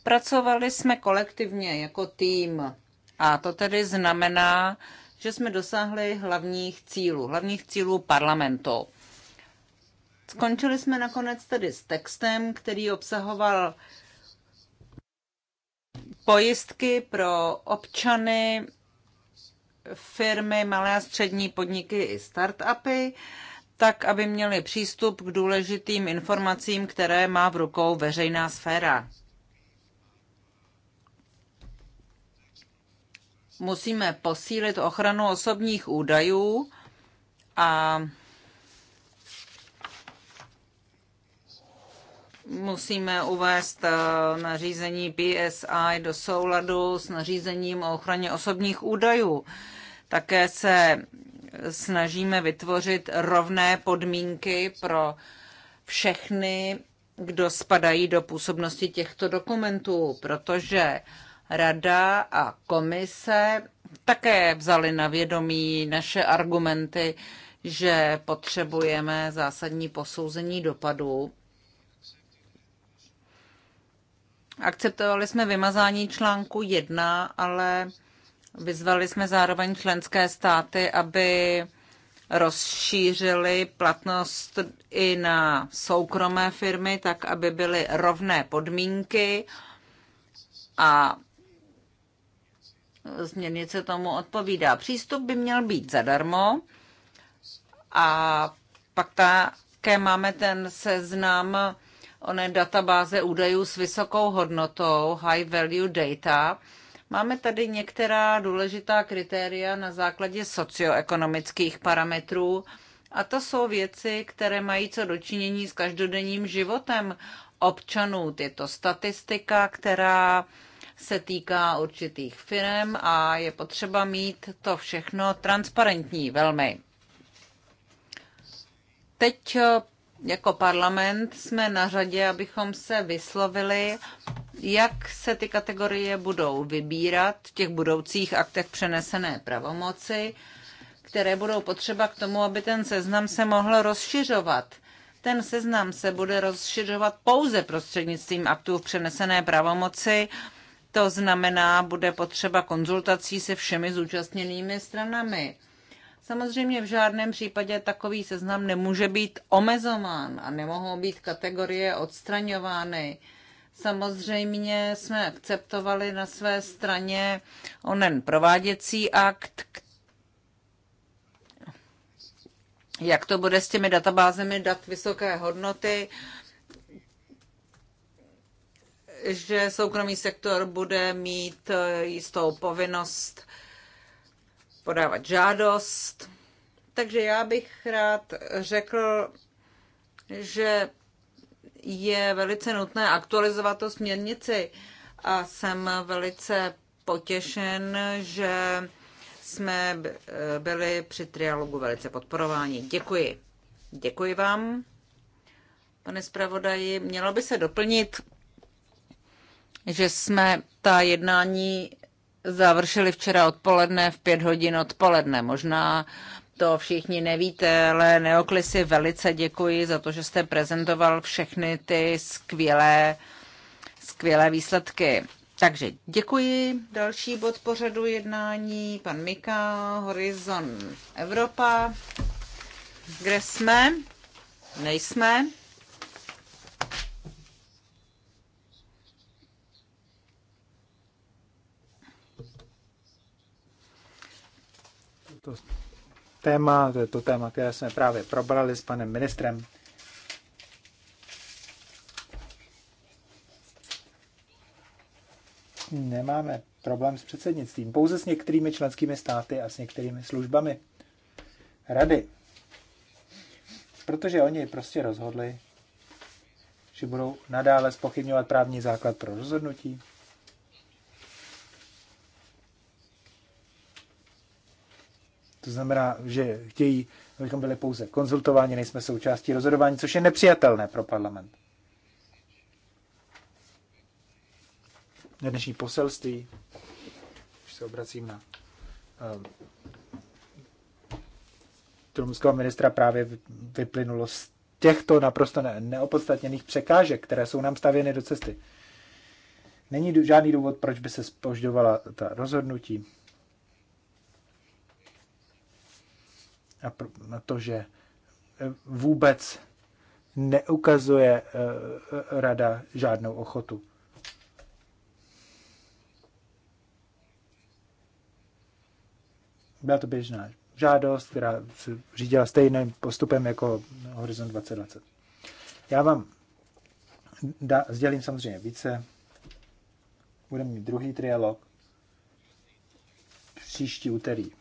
Pracovali jsme kolektivně jako tým a to tedy znamená, že jsme dosáhli hlavních cílů, hlavních cílů parlamentu. Skončili jsme nakonec tedy s textem, který obsahoval pojistky pro občany, firmy, malé a střední podniky i startupy, tak aby měli přístup k důležitým informacím, které má v rukou veřejná sféra. Musíme posílit ochranu osobních údajů a musíme uvést eh, nařízení BSI do souladu s nařízením o ochraně osobních údajů. Také se snažíme vytvořit rovné podmínky pro všechny, kdo spadají do působnosti těchto dokumentů, protože Rada a komise také vzali na vědomí naše argumenty, že potřebujeme zásadní posouzení dopadů Akceptovali jsme vymazání článku 1, ale vyzvali jsme zároveň členské státy, aby rozšířili platnost i na soukromé firmy, tak aby byly rovné podmínky a změnice tomu odpovídá. Přístup by měl být zadarmo a pak také máme ten seznam oné databáze údajů s vysokou hodnotou, high value data. Máme tady některá důležitá kritéria na základě socioekonomických parametrů a to jsou věci, které mají co dočinění s každodenním životem občanů. Je to statistika, která se týká určitých firm a je potřeba mít to všechno transparentní velmi. Teď jako parlament jsme na řadě, abychom se vyslovili, jak se ty kategorie budou vybírat v těch budoucích aktech přenesené pravomoci, které budou potřeba k tomu, aby ten seznam se mohl rozšiřovat. Ten seznam se bude rozšiřovat pouze prostřednictvím aktů v přenesené pravomoci, to znamená, bude potřeba konzultací se všemi zúčastněnými stranami. Samozřejmě v žádném případě takový seznam nemůže být omezován a nemohou být kategorie odstraňovány. Samozřejmě jsme akceptovali na své straně onen prováděcí akt, jak to bude s těmi databázemi dat vysoké hodnoty, že soukromý sektor bude mít jistou povinnost podávat žádost. Takže já bych rád řekl, že je velice nutné aktualizovat to směrnici a jsem velice potěšen, že jsme byli při trialogu velice podporováni. Děkuji. Děkuji vám, pane zpravodaji. Mělo by se doplnit, že jsme ta jednání završili včera odpoledne v pět hodin odpoledne. Možná to všichni nevíte, ale neoklisy velice děkuji za to, že jste prezentoval všechny ty skvělé, skvělé výsledky. Takže děkuji. Další bod pořadu jednání, pan Mika, Horizon Evropa. Kde jsme? Nejsme. to téma, to je to téma, které jsme právě probrali s panem ministrem. Nemáme problém s předsednictvím, pouze s některými členskými státy a s některými službami rady. Protože oni prostě rozhodli, že budou nadále spochybňovat právní základ pro rozhodnutí, To znamená, že chtějí, abychom byli pouze konzultováni, nejsme součástí rozhodování, což je nepřijatelné pro parlament. Dnešní poselství, už se obracím na um, ehm, rumunského ministra právě vyplynulo z těchto naprosto ne- neopodstatněných překážek, které jsou nám stavěny do cesty. Není žádný důvod, proč by se spožďovala ta rozhodnutí. a na to, že eh, vůbec neukazuje eh, eh, rada žádnou ochotu. Byla to běžná žádost, která se řídila stejným postupem jako Horizon 2020. Já vám da, sdělím samozřejmě více. Budeme mít druhý trialog příští úterý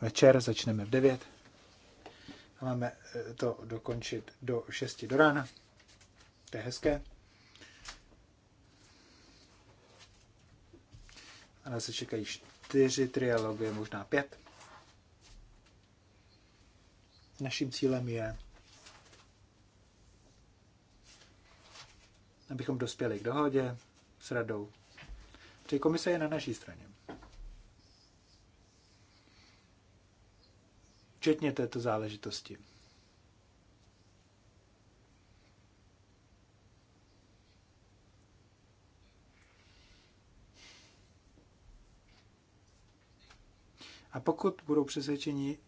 večer, začneme v 9. A máme eh, to dokončit do 6 do rána. To je hezké. A nás se čekají 4 trialogy, možná 5. Naším cílem je, abychom dospěli k dohodě s radou. Čili komise je na naší straně. včetně této záležitosti. A pokud budou přesvědčeni,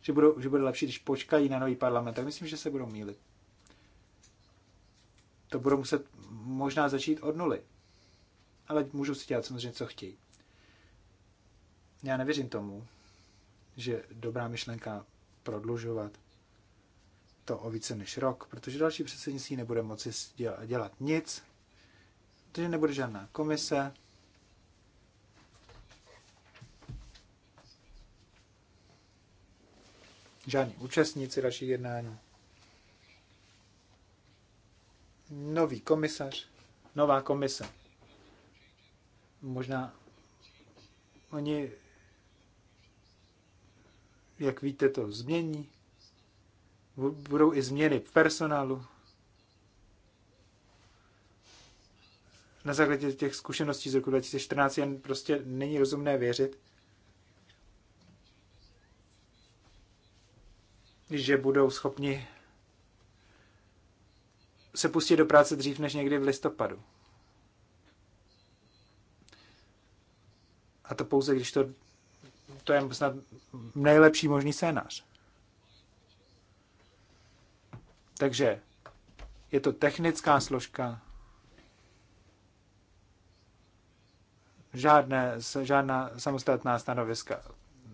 že, budou, že bude lepší, když počkají na nový parlament, tak myslím, že se budou mílit. To budou muset možná začít od nuly. Ale můžou si dělat samozřejmě, co chtějí. Já nevěřím tomu, že dobrá myšlenka prodlužovat to o více než rok, protože další předsednictví nebude moci dělat nic, protože nebude žádná komise. Žádní účastníci dalších jednání. Nový komisař, nová komise. Možná oni jak víte, to změní. Budou i změny v personálu. Na základě těch zkušeností z roku 2014 jen prostě není rozumné věřit, že budou schopni se pustit do práce dřív než někdy v listopadu. A to pouze, když to to je snad nejlepší možný scénář. Takže je to technická složka, žádné, žádná samostatná stanoviska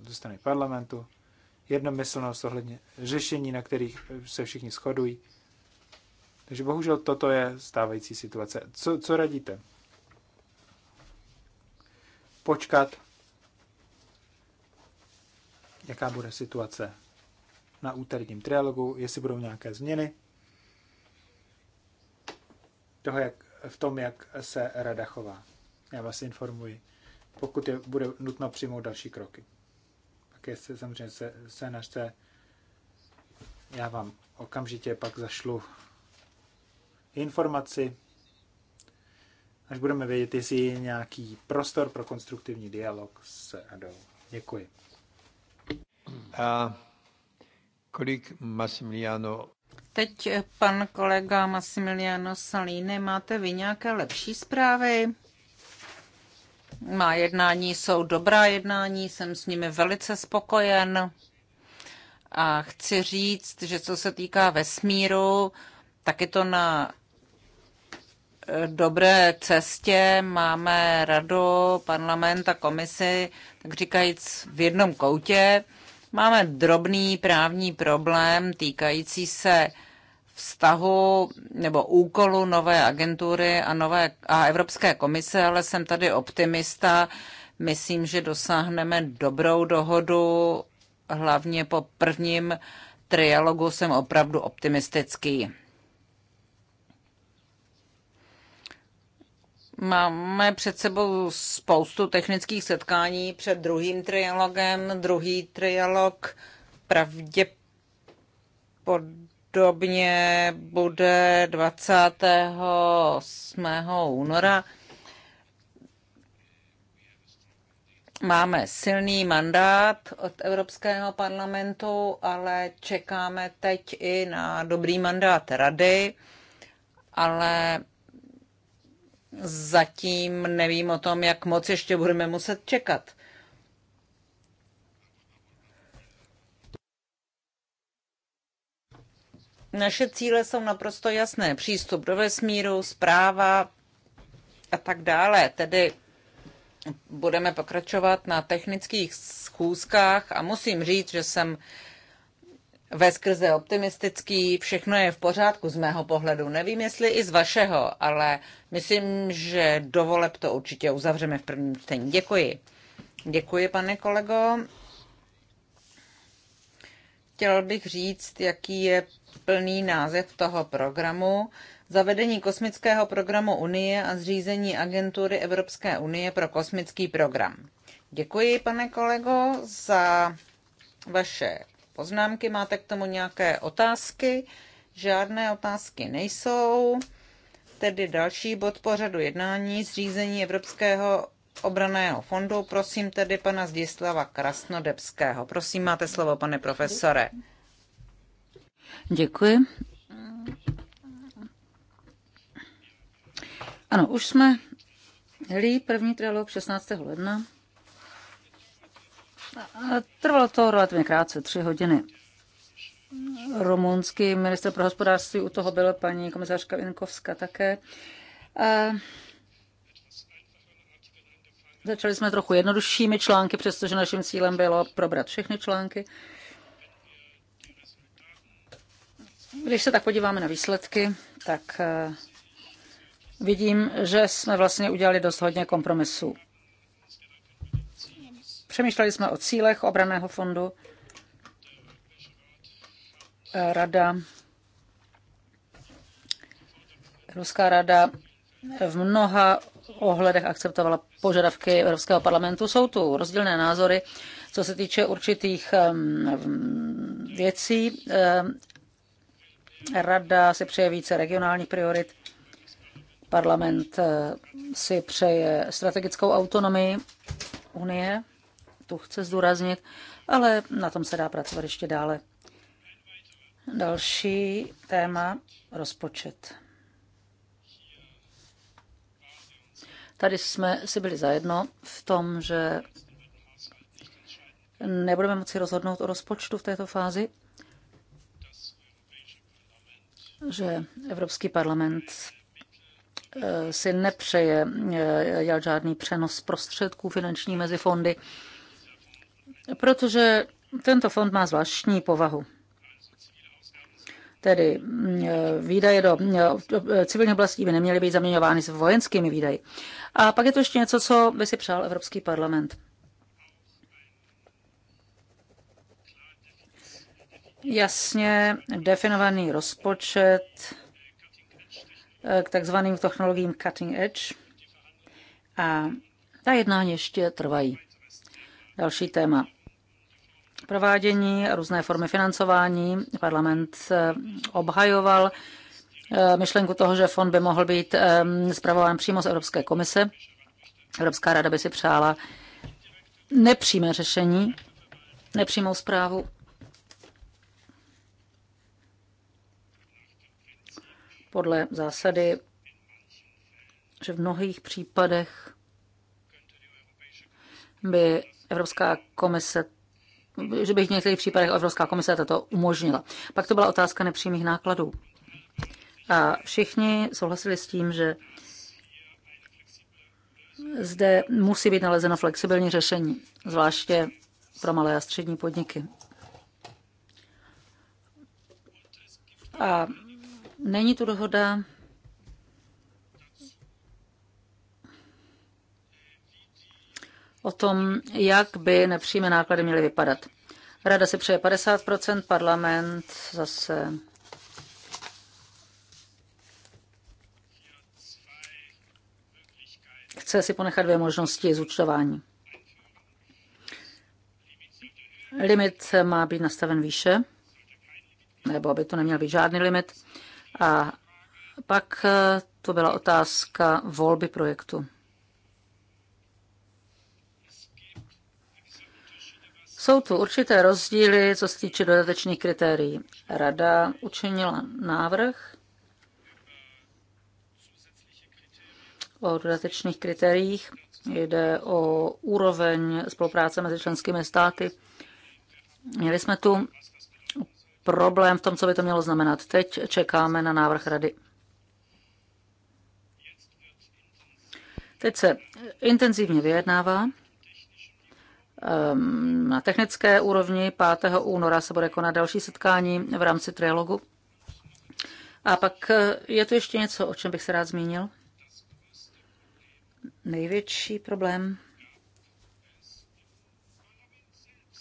ze strany parlamentu, jednomyslnost ohledně řešení, na kterých se všichni shodují. Takže bohužel toto je stávající situace. Co, co radíte? Počkat jaká bude situace na úterním trialogu, jestli budou nějaké změny toho, jak, v tom, jak se rada chová. Já vás informuji, pokud je, bude nutno přijmout další kroky. Pak jestli samozřejmě se, se našte, já vám okamžitě pak zašlu informaci, až budeme vědět, jestli je nějaký prostor pro konstruktivní dialog s radou. Děkuji. A kolik Massimiliano Teď eh, pan kolega Massimiliano Saline máte vy nějaké lepší zprávy? Má jednání jsou dobrá jednání, jsem s nimi velice spokojen. A chci říct, že co se týká vesmíru, tak je to na eh, dobré cestě. Máme radu, parlament a komisi, tak říkajíc, v jednom koutě. Máme drobný právní problém týkající se vztahu nebo úkolu nové agentury a, nové, a Evropské komise, ale jsem tady optimista. Myslím, že dosáhneme dobrou dohodu, hlavně po prvním trialogu jsem opravdu optimistický. Máme před sebou spoustu technických setkání před druhým trialogem. Druhý trialog pravděpodobně bude 28. února. Máme silný mandát od Evropského parlamentu, ale čekáme teď i na dobrý mandát rady, ale zatím nevím o tom, jak moc ještě budeme muset čekat. Naše cíle jsou naprosto jasné. Přístup do vesmíru, zpráva a tak dále. Tedy budeme pokračovat na technických schůzkách a musím říct, že jsem ve skrze optimistický, všechno je v pořádku z mého pohledu. Nevím, jestli i z vašeho, ale myslím, že dovoleb to určitě uzavřeme v prvním čtení. Děkuji. Děkuji, pane kolego. Chtěl bych říct, jaký je plný název toho programu. Zavedení kosmického programu Unie a zřízení agentury Evropské unie pro kosmický program. Děkuji, pane kolego, za vaše poznámky. Máte k tomu nějaké otázky? Žádné otázky nejsou. Tedy další bod pořadu jednání zřízení Evropského obraného fondu. Prosím tedy pana Zdislava Krasnodebského. Prosím, máte slovo, pane profesore. Děkuji. Ano, už jsme měli první trialog 16. ledna Trvalo to relativně krátce, tři hodiny. Rumunský minister pro hospodářství, u toho byla paní komisařka Vinkovská také. A začali jsme trochu jednoduššími články, přestože naším cílem bylo probrat všechny články. Když se tak podíváme na výsledky, tak eh, vidím, že jsme vlastně udělali dost hodně kompromisů. Přemýšleli jsme o cílech obraného fondu. Rada, Ruská rada v mnoha ohledech akceptovala požadavky Evropského parlamentu. Jsou tu rozdílné názory, co se týče určitých věcí. Rada si přeje více regionálních priorit. Parlament si přeje strategickou autonomii Unie tu chce zdůraznit, ale na tom se dá pracovat ještě dále. Další téma rozpočet. Tady jsme si byli zajedno v tom, že nebudeme moci rozhodnout o rozpočtu v této fázi, že Evropský parlament eh, si nepřeje eh, žádný přenos prostředků finanční mezi fondy protože tento fond má zvláštní povahu tedy mm, e, výdaje do mm, e, e, civilní oblasti by neměly být zaměňovány s vojenskými výdaji. A pak je to ještě něco, co by si přál Evropský parlament. Jasně definovaný rozpočet k takzvaným technologiím cutting edge. A ta jednání ještě trvají. Další téma provádění, různé formy financování. Parlament eh, obhajoval eh, myšlenku toho, že fond by mohl být ehm, zpravován přímo z Evropské komise. Evropská rada by si přála nepřímé řešení, nepřímou zprávu. Podle zásady, že v mnohých případech by Evropská komise že bych v některých případech Evropská komise toto umožnila. Pak to byla otázka nepřímých nákladů. A všichni souhlasili s tím, že zde musí být nalezeno flexibilní řešení, zvláště pro malé a střední podniky. A není tu dohoda o tom, jak by nepřímé náklady měly vypadat. Rada si přeje 50%, parlament zase chce si ponechat dvě možnosti zúčtování. Limit má být nastaven výše, nebo aby to neměl být žádný limit. A pak to byla otázka volby projektu. Jsou tu určité rozdíly, co se týče dodatečných kritérií. Rada učinila návrh o dodatečných kritériích. Jde o úroveň spolupráce mezi členskými státy. Měli jsme tu problém v tom, co by to mělo znamenat. Teď čekáme na návrh rady. Teď se intenzivně vyjednává. Ehm, na technické úrovni 5. února se bude konat další setkání v rámci trialogu. A pak eh, je tu ještě něco, o čem bych se rád zmínil. Největší problém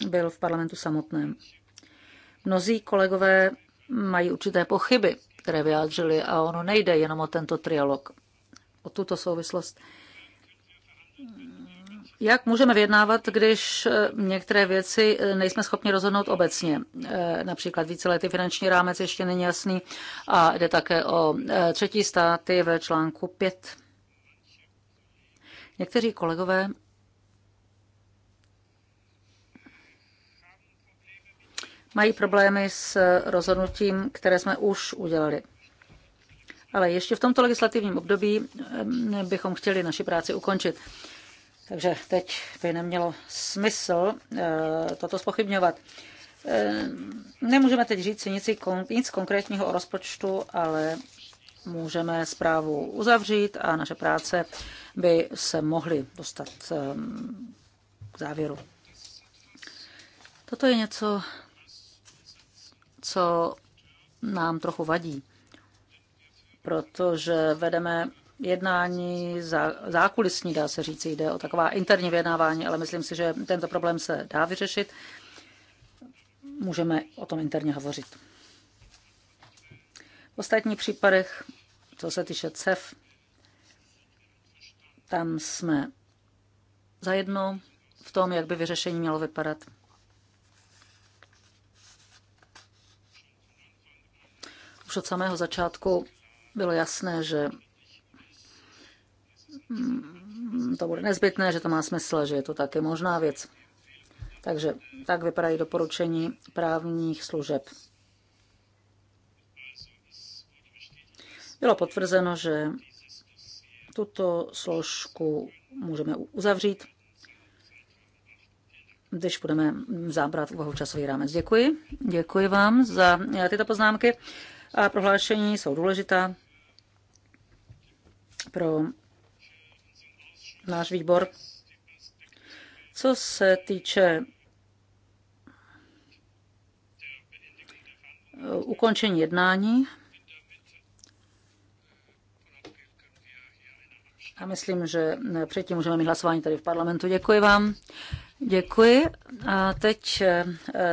byl v parlamentu samotném. Mnozí kolegové mají určité pochyby, které vyjádřili, a ono nejde jenom o tento trialog, o tuto souvislost. Jak můžeme vyjednávat, když eh, některé věci eh, nejsme schopni rozhodnout obecně? Eh, například víceletý finanční rámec ještě není jasný a jde také o třetí státy ve článku 5. Někteří kolegové mají problémy s rozhodnutím, které jsme už udělali. Ale ještě v tomto legislativním období bychom chtěli naši práci ukončit. Takže teď by nemělo smysl eh, toto spochybňovat. Eh, nemůžeme teď říct nic, nic konkrétního o rozpočtu, ale můžeme zprávu uzavřít a naše práce by se mohly dostat ehm, k závěru. Toto je něco, co nám trochu vadí, protože vedeme jednání za, zákulisní, dá se říci, jde o taková interní vyjednávání, ale myslím si, že tento problém se dá vyřešit. Můžeme o tom interně hovořit. V ostatních případech, co se týče CEF, tam jsme zajedno v tom, jak by vyřešení mělo vypadat. Už od samého začátku bylo jasné, že Hmm, to bude nezbytné, že to má smysl, že je to taky možná věc. Takže tak vypadají doporučení právních služeb. Bylo potvrzeno, že tuto složku můžeme uzavřít, když budeme zábrat úvahu časový rámec. Děkuji. Děkuji vám za eh, tyto poznámky. A prohlášení jsou důležitá pro náš výbor. Co se týče eh, ukončení jednání, a myslím, že eh, předtím můžeme mít hlasování tady v parlamentu. Děkuji vám. Děkuji. A teď eh,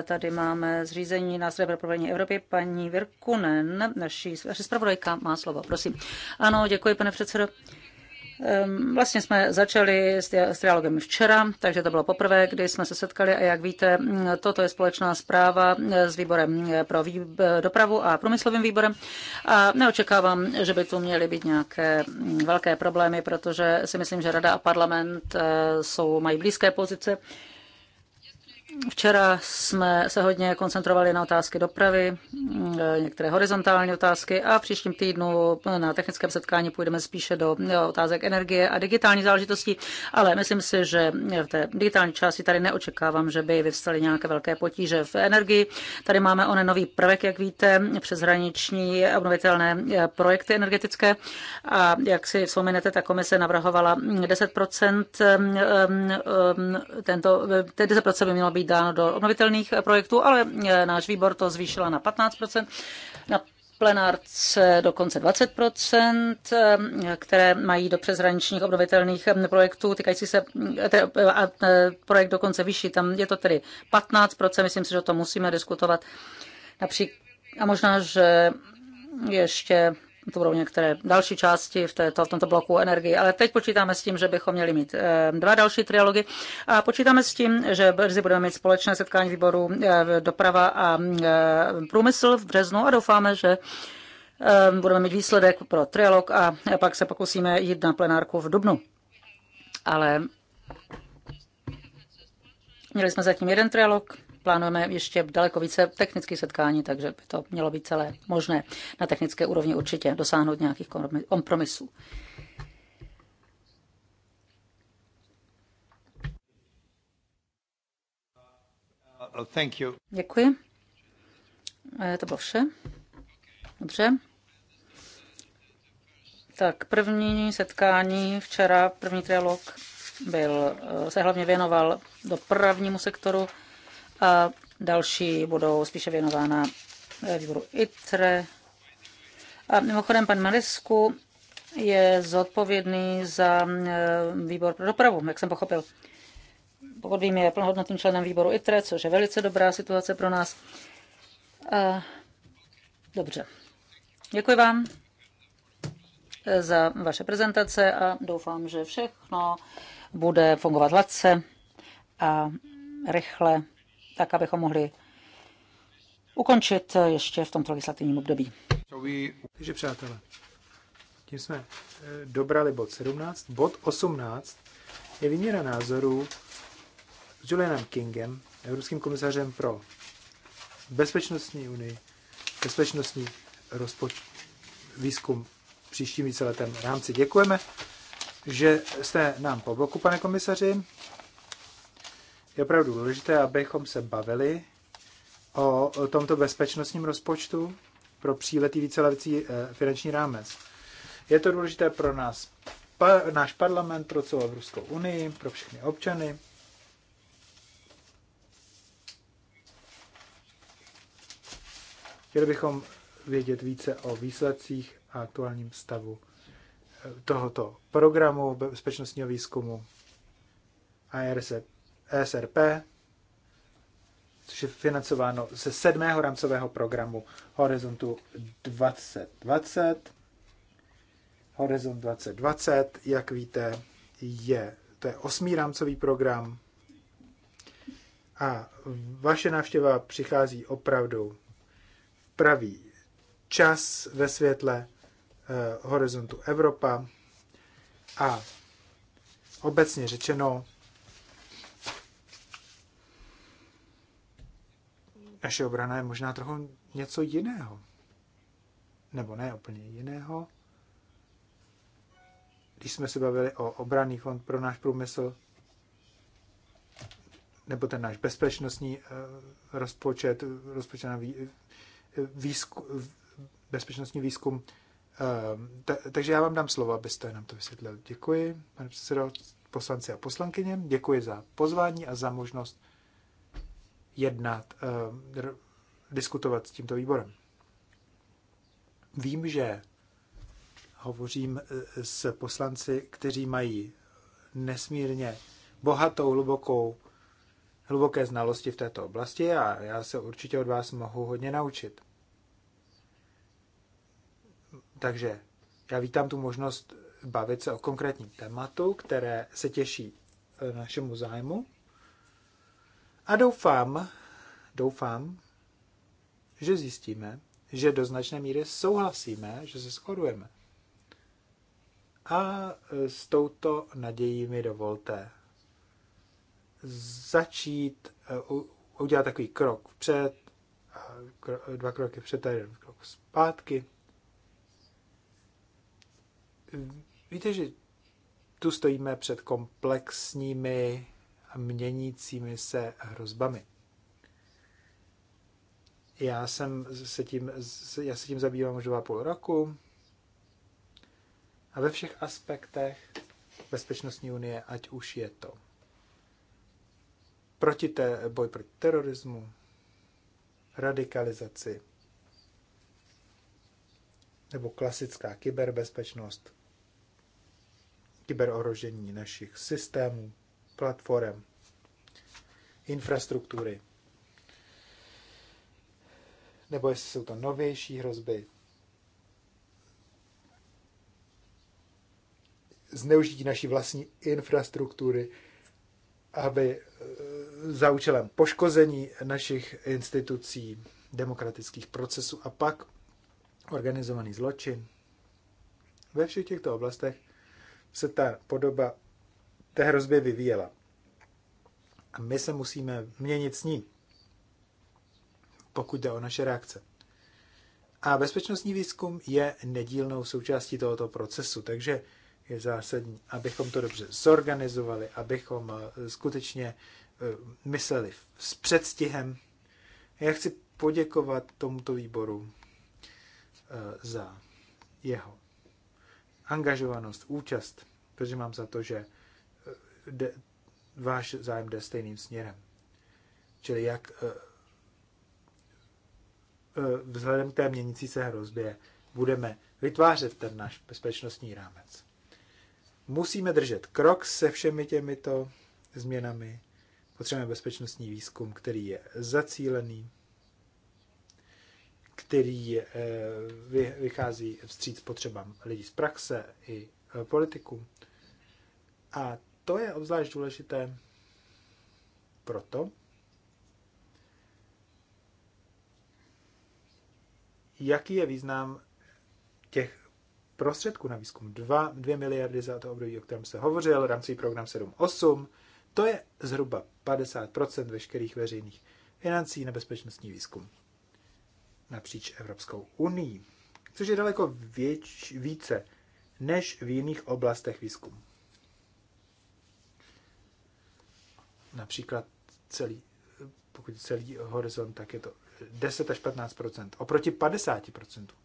tady máme zřízení nástroje pro provedení Evropy. Paní Virkunen, naší zpravodajka, má slovo. Prosím. Ano, děkuji, pane předsedo. Vlastně jsme začali s dialogem včera, takže to bylo poprvé, kdy jsme se setkali a jak víte, toto je společná zpráva s výborem pro dopravu a průmyslovým výborem a neočekávám, že by tu měly být nějaké velké problémy, protože si myslím, že Rada a parlament e, jsou, mají blízké pozice. Včera jsme se hodně koncentrovali na otázky dopravy, mm, některé horizontální otázky a v příštím týdnu na technickém setkání půjdeme spíše do otázek energie a digitální záležitostí, ale myslím si, že v té digitální části tady neočekávám, že by vyvstaly nějaké velké potíže v energii. Tady máme onen nový prvek, jak víte, přeshraniční obnovitelné eh, projekty energetické a jak si vzpomenete, ta komise navrhovala 10%, eh, mm, eh, mm, tento, 10% by mělo být být dáno do obnovitelných projektů, ale e, náš výbor to zvýšila na 15%. Na plenárce dokonce 20 e, které mají do přezraničních obnovitelných e, projektů týkající se a projekt dokonce vyšší. Tam je to tedy 15 myslím si, že o musíme diskutovat. Například, a možná, že ještě to budou některé další části v, této, v tomto bloku energie. Ale teď počítáme s tím, že bychom měli mít eh, dva další trialogy a počítáme s tím, že brzy budeme mít společné setkání výboru eh, doprava a eh, průmysl v březnu a doufáme, že budeme mít výsledek pro trialog a pak se pokusíme jít na plenárku v Dubnu. Ale měli jsme zatím jeden trialog plánujeme ještě daleko více technických setkání, takže by to mělo být celé možné na technické úrovni určitě dosáhnout nějakých kompromisů. Uh, uh, thank you. Děkuji. Eh, to bylo vše. Dobře. Tak první setkání včera, první trialog, byl, eh, se hlavně věnoval dopravnímu sektoru a další budou spíše věnována eh, výboru ITRE. A mimochodem pan Manesku je zodpovědný za eh, výbor pro dopravu, jak jsem pochopil. Pokud vím, je plnohodnotným členem výboru ITRE, což je velice dobrá situace pro nás. A, dobře. Děkuji vám eh, za vaše prezentace a doufám, že všechno bude fungovat hladce a rychle tak abychom mohli ukončit ještě v tomto legislativním období. Takže přátelé, tím jsme eh, dobrali bod 17. Bod 18 je výměna názorů s Julianem Kingem, evropským komisařem pro bezpečnostní unii, bezpečnostní rozpoč- výzkum v příštím víceletém rámci. Děkujeme, že jste nám po bloku, pane komisaři je opravdu důležité, abychom se bavili o tomto bezpečnostním rozpočtu pro příletý víceletý eh, finanční rámec. Je to důležité pro nás, pa, náš parlament, pro celou Evropskou unii, pro všechny občany. Chtěli bychom vědět více o výsledcích a aktuálním stavu eh, tohoto programu bezpečnostního výzkumu ARZ ESRP, což je financováno ze sedmého rámcového programu Horizontu 2020. Horizont 2020, jak víte, je, to je osmý rámcový program a vaše návštěva přichází opravdu v pravý čas ve světle eh, Horizontu Evropa a obecně řečeno, naše obrana je možná trochu něco jiného. Nebo ne úplně jiného. Když jsme se bavili o obraný fond pro náš průmysl, nebo ten náš bezpečnostní eh, rozpočet, rozpočet na eh, výzku, bezpečnostní výzkum. Eh, takže já vám dám slovo, abyste nám to vysvětlil. Děkuji, pane předsedo, poslanci a poslankyně. Děkuji za pozvání a za možnost jednat, eh, diskutovat s tímto výborem. Vím, že hovořím eh, s poslanci, kteří mají nesmírně bohatou, hlubokou, hluboké znalosti v této oblasti a já se určitě od vás mohu hodně naučit. Takže já vítám tu možnost bavit se o konkrétním tématu, které se těší eh, našemu zájmu. A doufám, doufám, že zjistíme, že do značné míry souhlasíme, že se shodujeme. A e, s touto nadějí mi dovolte začít e, udělat takový krok vpřed, dva kroky vpřed a jeden krok zpátky. Víte, že tu stojíme před komplexními měnícími se hrozbami. Já jsem se tím, já se tím zabývám už dva půl roku a ve všech aspektech bezpečnostní unie, ať už je to proti té, boj proti terorismu, radikalizaci, nebo klasická kyberbezpečnost, kyberorožení našich systémů, platform, infrastruktury, nebo jestli jsou to novější hrozby, zneužití naší vlastní infrastruktury, aby e, za účelem poškození našich institucí, demokratických procesů a pak organizovaný zločin. Ve všech těchto oblastech se ta podoba té hrozbě vyvíjela. A my se musíme měnit s ní, pokud jde o naše reakce. A bezpečnostní výzkum je nedílnou součástí tohoto procesu, takže je zásadní, abychom to dobře zorganizovali, abychom eh, skutečně eh, mysleli s předstihem. Já chci poděkovat tomuto výboru eh, za jeho angažovanost, účast, protože mám za to, že jde, váš zájem jde stejným směrem. Čili jak eh, eh, vzhledem k té měnící se hrozbě budeme vytvářet ten náš bezpečnostní rámec. Musíme držet krok se všemi těmito změnami. Potřebujeme bezpečnostní výzkum, který je zacílený, který eh, vychází vstříc potřebám lidí z praxe i politiků. A to je obzvlášť důležité proto, jaký je význam těch prostředků na výzkum. 2, 2 miliardy za to období, o kterém se hovořil, rámcový program 7.8, to je zhruba 50% veškerých veřejných financí na bezpečnostní výzkum napříč Evropskou unii, což je daleko věč, více než v jiných oblastech výzkumu. například celý, pokud celý horizont, tak je to 10 až 15 oproti 50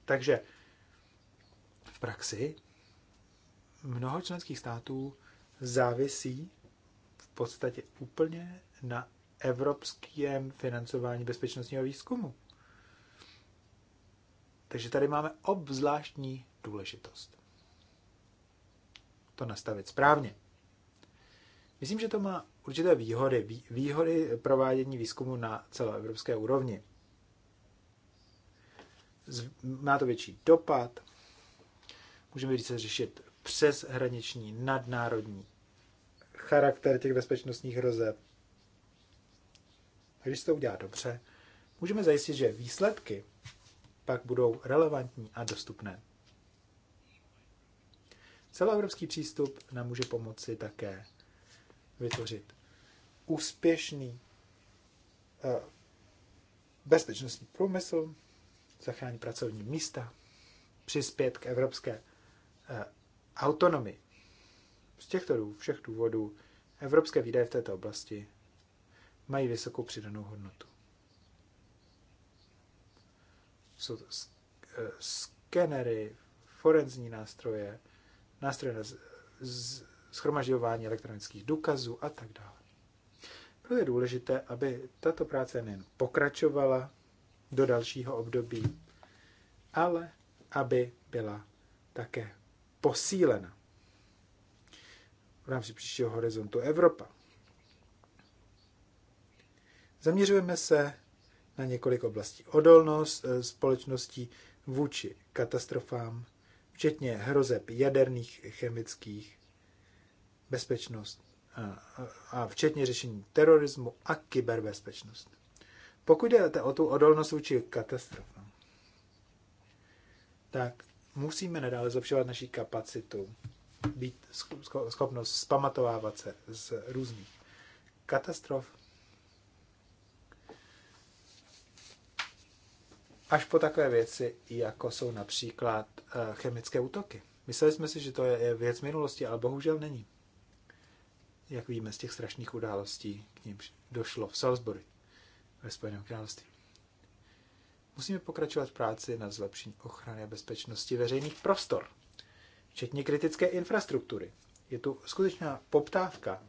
Takže v praxi mnoho členských států závisí v podstatě úplně na evropském financování bezpečnostního výzkumu. Takže tady máme obzvláštní důležitost. To nastavit správně. Myslím, že to má určité výhody, výhody provádění výzkumu na celoevropské úrovni. Má to větší dopad, můžeme více řešit přes hraniční, nadnárodní charakter těch bezpečnostních hrozeb. A když se to udělá dobře, můžeme zajistit, že výsledky pak budou relevantní a dostupné. Celoevropský přístup nám může pomoci také vytvořit úspěšný eh, bezpečnostní průmysl, zachrání pracovní místa, přispět k evropské eh, autonomii. Z těchto všech důvodů evropské výdaje v této oblasti mají vysokou přidanou hodnotu. Jsou to eh, skenery, forenzní nástroje, nástroje na schromažďování elektronických důkazů a tak dále. To je důležité, aby tato práce nejen pokračovala do dalšího období, ale aby byla také posílena v rámci příštího horizontu Evropa. Zaměřujeme se na několik oblastí. Odolnost eh, společností vůči katastrofám, včetně hrozeb jaderných, chemických, bezpečnost a včetně řešení terorismu a kyberbezpečnost. Pokud jde o tu odolnost vůči katastrofám, tak musíme nadále zlepšovat naší kapacitu, být schopnost zpamatovávat se z různých katastrof, až po takové věci, jako jsou například eh, chemické útoky. Mysleli jsme si, že to je věc minulosti, ale bohužel není jak víme z těch strašných událostí, k nímž došlo v Salisbury ve Spojeném království. Musíme pokračovat v práci na zlepšení ochrany a bezpečnosti veřejných prostor, včetně kritické infrastruktury. Je tu skutečná poptávka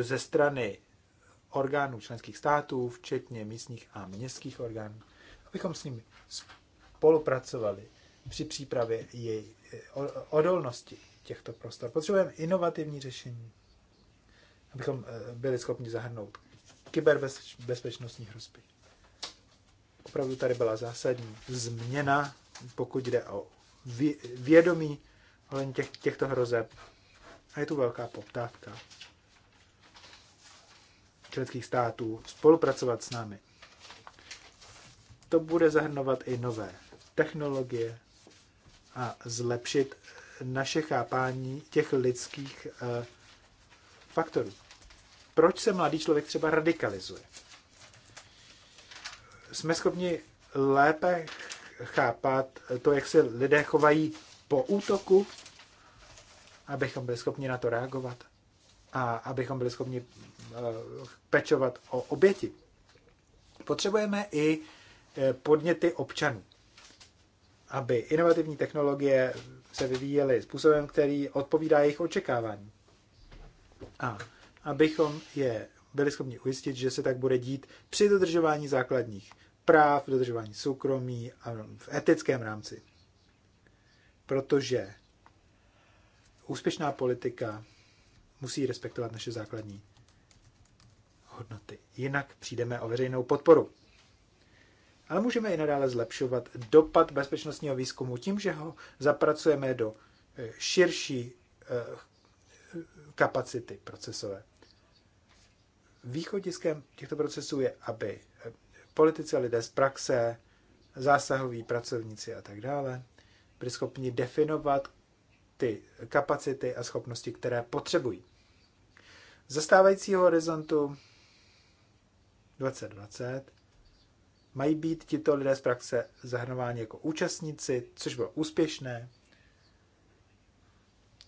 ze strany orgánů členských států, včetně místních a městských orgánů, abychom s nimi spolupracovali při přípravě její eh, odolnosti těchto prostor. Potřebujeme inovativní řešení, abychom eh, byli schopni zahrnout kyberbezpečnostní hrozby. Opravdu tady byla zásadní změna, pokud jde o vědomí ohledně těch, těchto hrozeb. A je tu velká poptávka členských států spolupracovat s námi. To bude zahrnovat i nové technologie a zlepšit naše chápání těch lidských eh, faktorů proč se mladý člověk třeba radikalizuje. Jsme schopni lépe chápat to, jak se lidé chovají po útoku, abychom byli schopni na to reagovat a abychom byli schopni eh, pečovat o oběti. Potřebujeme i eh, podněty občanů, aby inovativní technologie se vyvíjely způsobem, který odpovídá jejich očekávání. A abychom je byli schopni ujistit, že se tak bude dít při dodržování základních práv, dodržování soukromí a v etickém rámci. Protože úspěšná politika musí respektovat naše základní hodnoty. Jinak přijdeme o veřejnou podporu. Ale můžeme i nadále zlepšovat dopad bezpečnostního výzkumu tím, že ho zapracujeme do eh, širší eh, kapacity procesové. Východiskem těchto procesů je, aby politici a lidé z praxe, zásahoví pracovníci a tak dále byli schopni definovat ty kapacity a schopnosti, které potřebují. Zastávající horizontu 2020 mají být tito lidé z praxe zahrnováni jako účastníci, což bylo úspěšné.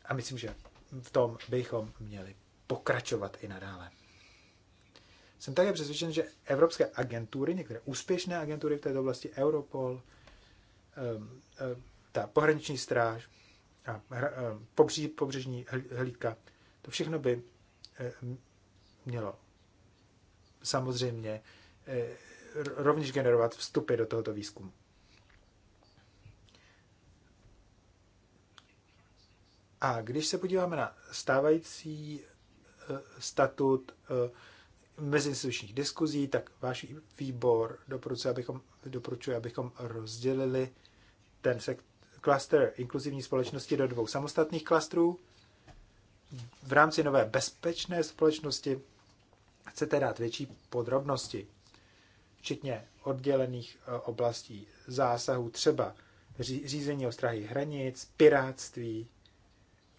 A myslím, že v tom bychom měli pokračovat i nadále. Jsem také přesvědčen, že evropské agentury, některé úspěšné agentury v této oblasti, Europol, ehm, ehm, ta pohraniční stráž, a ehm, pobří, pobřežní hlídka, to všechno by mělo samozřejmě eh, rovněž generovat vstupy do tohoto výzkumu. A když se podíváme na stávající eh, statut eh, mezinstitučních diskuzí, tak váš výbor doporučuje, abychom, doporučuje, abychom rozdělili ten klaster inkluzivní společnosti do dvou samostatných klastrů. V rámci nové bezpečné společnosti chcete dát větší podrobnosti, včetně oddělených e, oblastí zásahů, třeba řízení ostrahy hranic, piráctví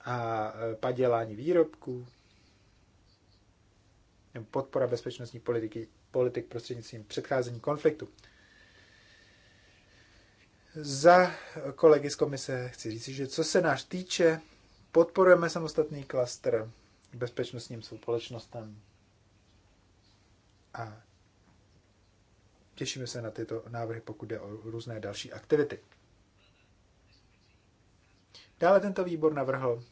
a e, padělání výrobků, podpora bezpečnostní politiky, politik prostřednictvím předcházení konfliktu. Za kolegy z komise chci říct, že co se náš týče, podporujeme samostatný klaster bezpečnostním společnostem a těšíme se na tyto návrhy, pokud jde o různé další aktivity. Dále tento výbor navrhl,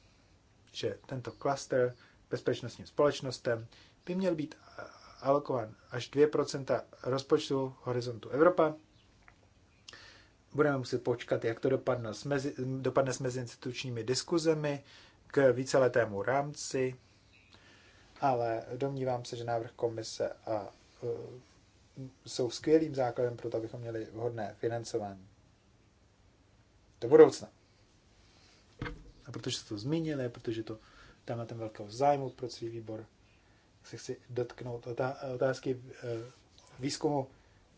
že tento klaster bezpečnostním společnostem by měl být eh, alokován až 2% rozpočtu horizontu Evropa. Budeme muset počkat, jak to dopadne s, mezi, dopadne s meziinstitučními diskuzemi k víceletému rámci, ale domnívám se, že návrh komise a, uh, jsou skvělým základem pro to, abychom měli vhodné financování do budoucna. A protože jste to zmínili, protože to ten velkého zájmu pro svý výbor, se chci dotknout otázky eh, výzkumu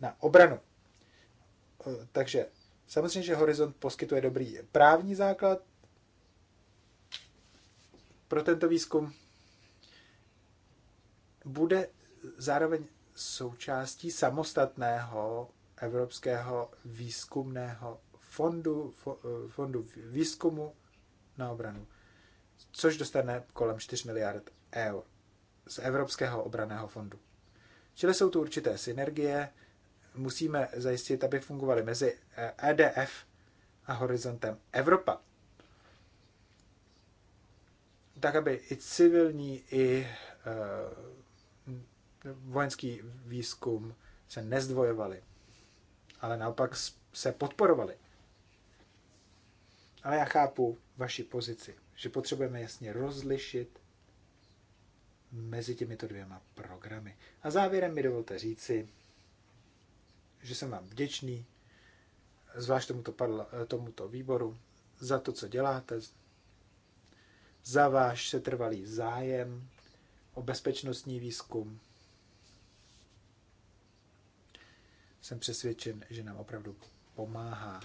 na obranu. Eh, takže samozřejmě, že Horizont poskytuje dobrý právní základ pro tento výzkum. Bude zároveň součástí samostatného Evropského výzkumného fondu, eh, fondu výzkumu na obranu, což dostane kolem 4 miliard eur z Evropského obraného fondu. Čili jsou tu určité synergie, musíme zajistit, aby fungovaly mezi EDF eh, e a horizontem Evropa. Tak, aby i civilní, i eh, vojenský výzkum se nezdvojovaly, ale naopak se podporovaly. Ale já chápu vaši pozici, že potřebujeme jasně rozlišit mezi těmito dvěma programy. A závěrem mi dovolte říci, že jsem vám vděčný, zvlášť tomuto, parla, eh, tomuto výboru, za to, co děláte, za váš setrvalý zájem o bezpečnostní výzkum. Jsem přesvědčen, že nám opravdu pomáhá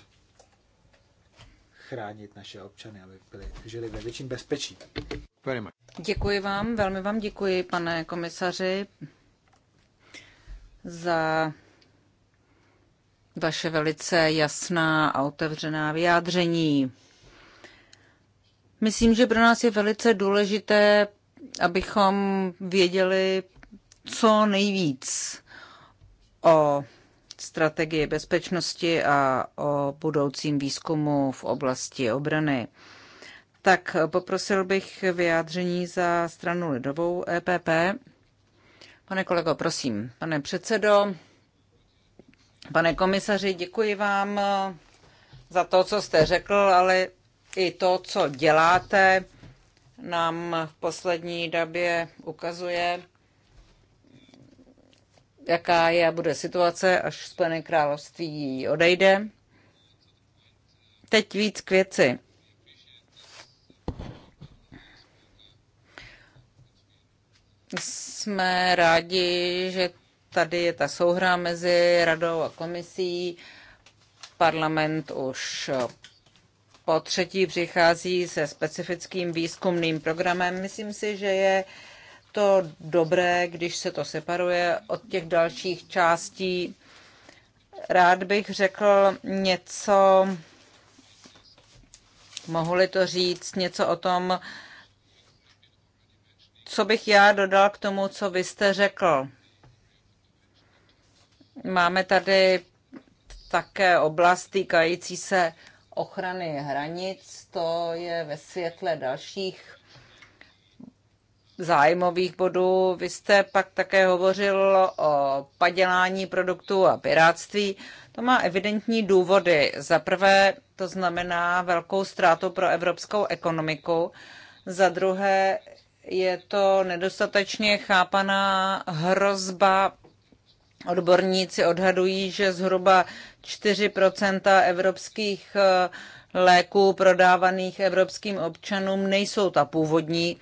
chránit naše občany, aby byli, žili ve větším bezpečí. Děkuji vám, velmi vám děkuji, pane komisaři, za vaše velice jasná a otevřená vyjádření. Myslím, že pro nás je velice důležité, abychom věděli co nejvíc o strategii bezpečnosti a o budoucím výzkumu v oblasti obrany. Tak poprosil bych vyjádření za stranu lidovou EPP. Pane kolego, prosím. Pane předsedo, pane komisaři, děkuji vám za to, co jste řekl, ale i to, co děláte, nám v poslední době ukazuje, jaká je a bude situace, až Spojené království odejde. Teď víc k věci. Jsme rádi, že tady je ta souhra mezi radou a komisí. Parlament už po třetí přichází se specifickým výzkumným programem. Myslím si, že je uh, to dobré, když se to separuje od těch dalších částí. Rád bych řekl něco, mohu-li to říct, něco o tom, co bych já dodal k tomu, co vy jste řekl. Máme tady také oblast týkající se ochrany hranic. To je ve světle dalších zájmových bodů. Vy jste pak také hovořil o padělání produktů a piráctví. To má evidentní důvody. Za prvé to znamená velkou ztrátu pro evropskou ekonomiku. Za druhé je to nedostatečně chápaná hrozba. Odborníci odhadují, že zhruba 4 evropských eh, léků prodávaných evropským občanům nejsou ta původní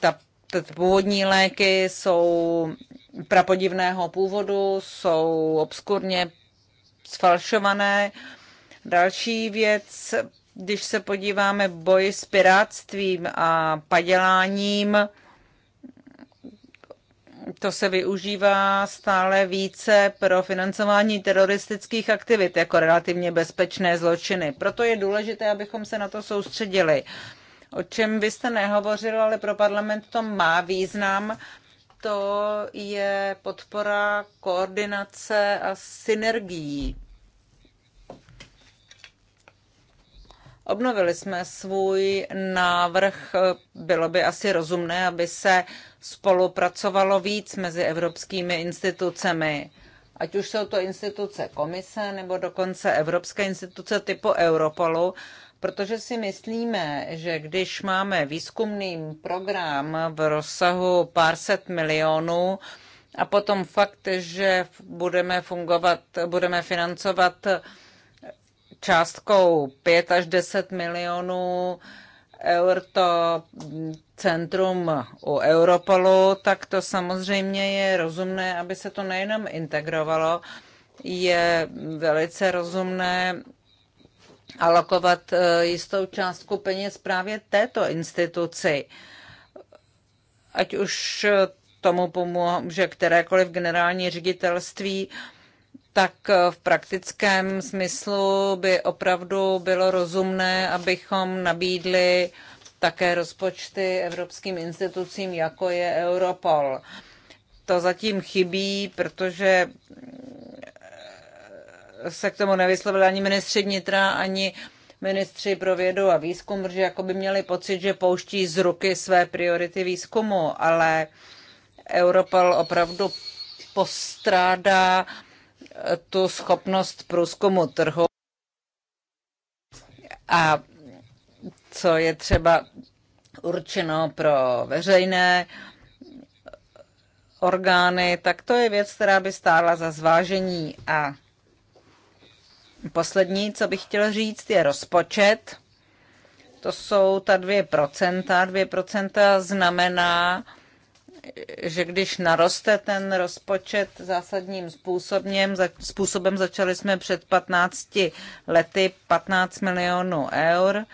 ta původní léky jsou prapodivného původu, jsou obskurně sfalšované. Další věc, když se podíváme boj s pirátstvím a paděláním, to se využívá stále více pro financování teroristických aktivit jako relativně bezpečné zločiny. Proto je důležité, abychom se na to soustředili. Uh, o čem vy jste nehovořil, ale pro parlament to má význam, to je podpora koordinace a synergií. Obnovili jsme svůj návrh. Bylo by asi rozumné, aby se spolupracovalo víc mezi evropskými institucemi. Ať už jsou to instituce komise nebo dokonce evropské instituce typu Europolu, protože si myslíme, že když máme výzkumný program v rozsahu pár set milionů a potom fakt, že budeme fungovat, budeme financovat částkou 5 až 10 milionů eur to centrum u Europolu, tak to samozřejmě je rozumné, aby se to nejenom integrovalo, je velice rozumné, alokovat eh, jistou částku peněz právě této instituci. Ať už eh, tomu pomůže kterékoliv generální ředitelství, tak eh, v praktickém smyslu by opravdu bylo rozumné, abychom nabídli také rozpočty evropským institucím, jako je Europol. To zatím chybí, protože se k tomu nevyslovili ani ministři vnitra, ani ministři pro vědu a výzkum, protože jako by měli pocit, že pouští z ruky své priority výzkumu, ale Europol opravdu postrádá eh, tu schopnost průzkumu trhu a co je třeba určeno pro veřejné eh, orgány, tak to je věc, která by stála za zvážení a Poslední, co bych chtěl říct, je rozpočet. To jsou ta procenta. Dvě procenta znamená, že když naroste ten rozpočet zásadním způsobem, způsobem začali jsme před 15 lety 15 milionů eur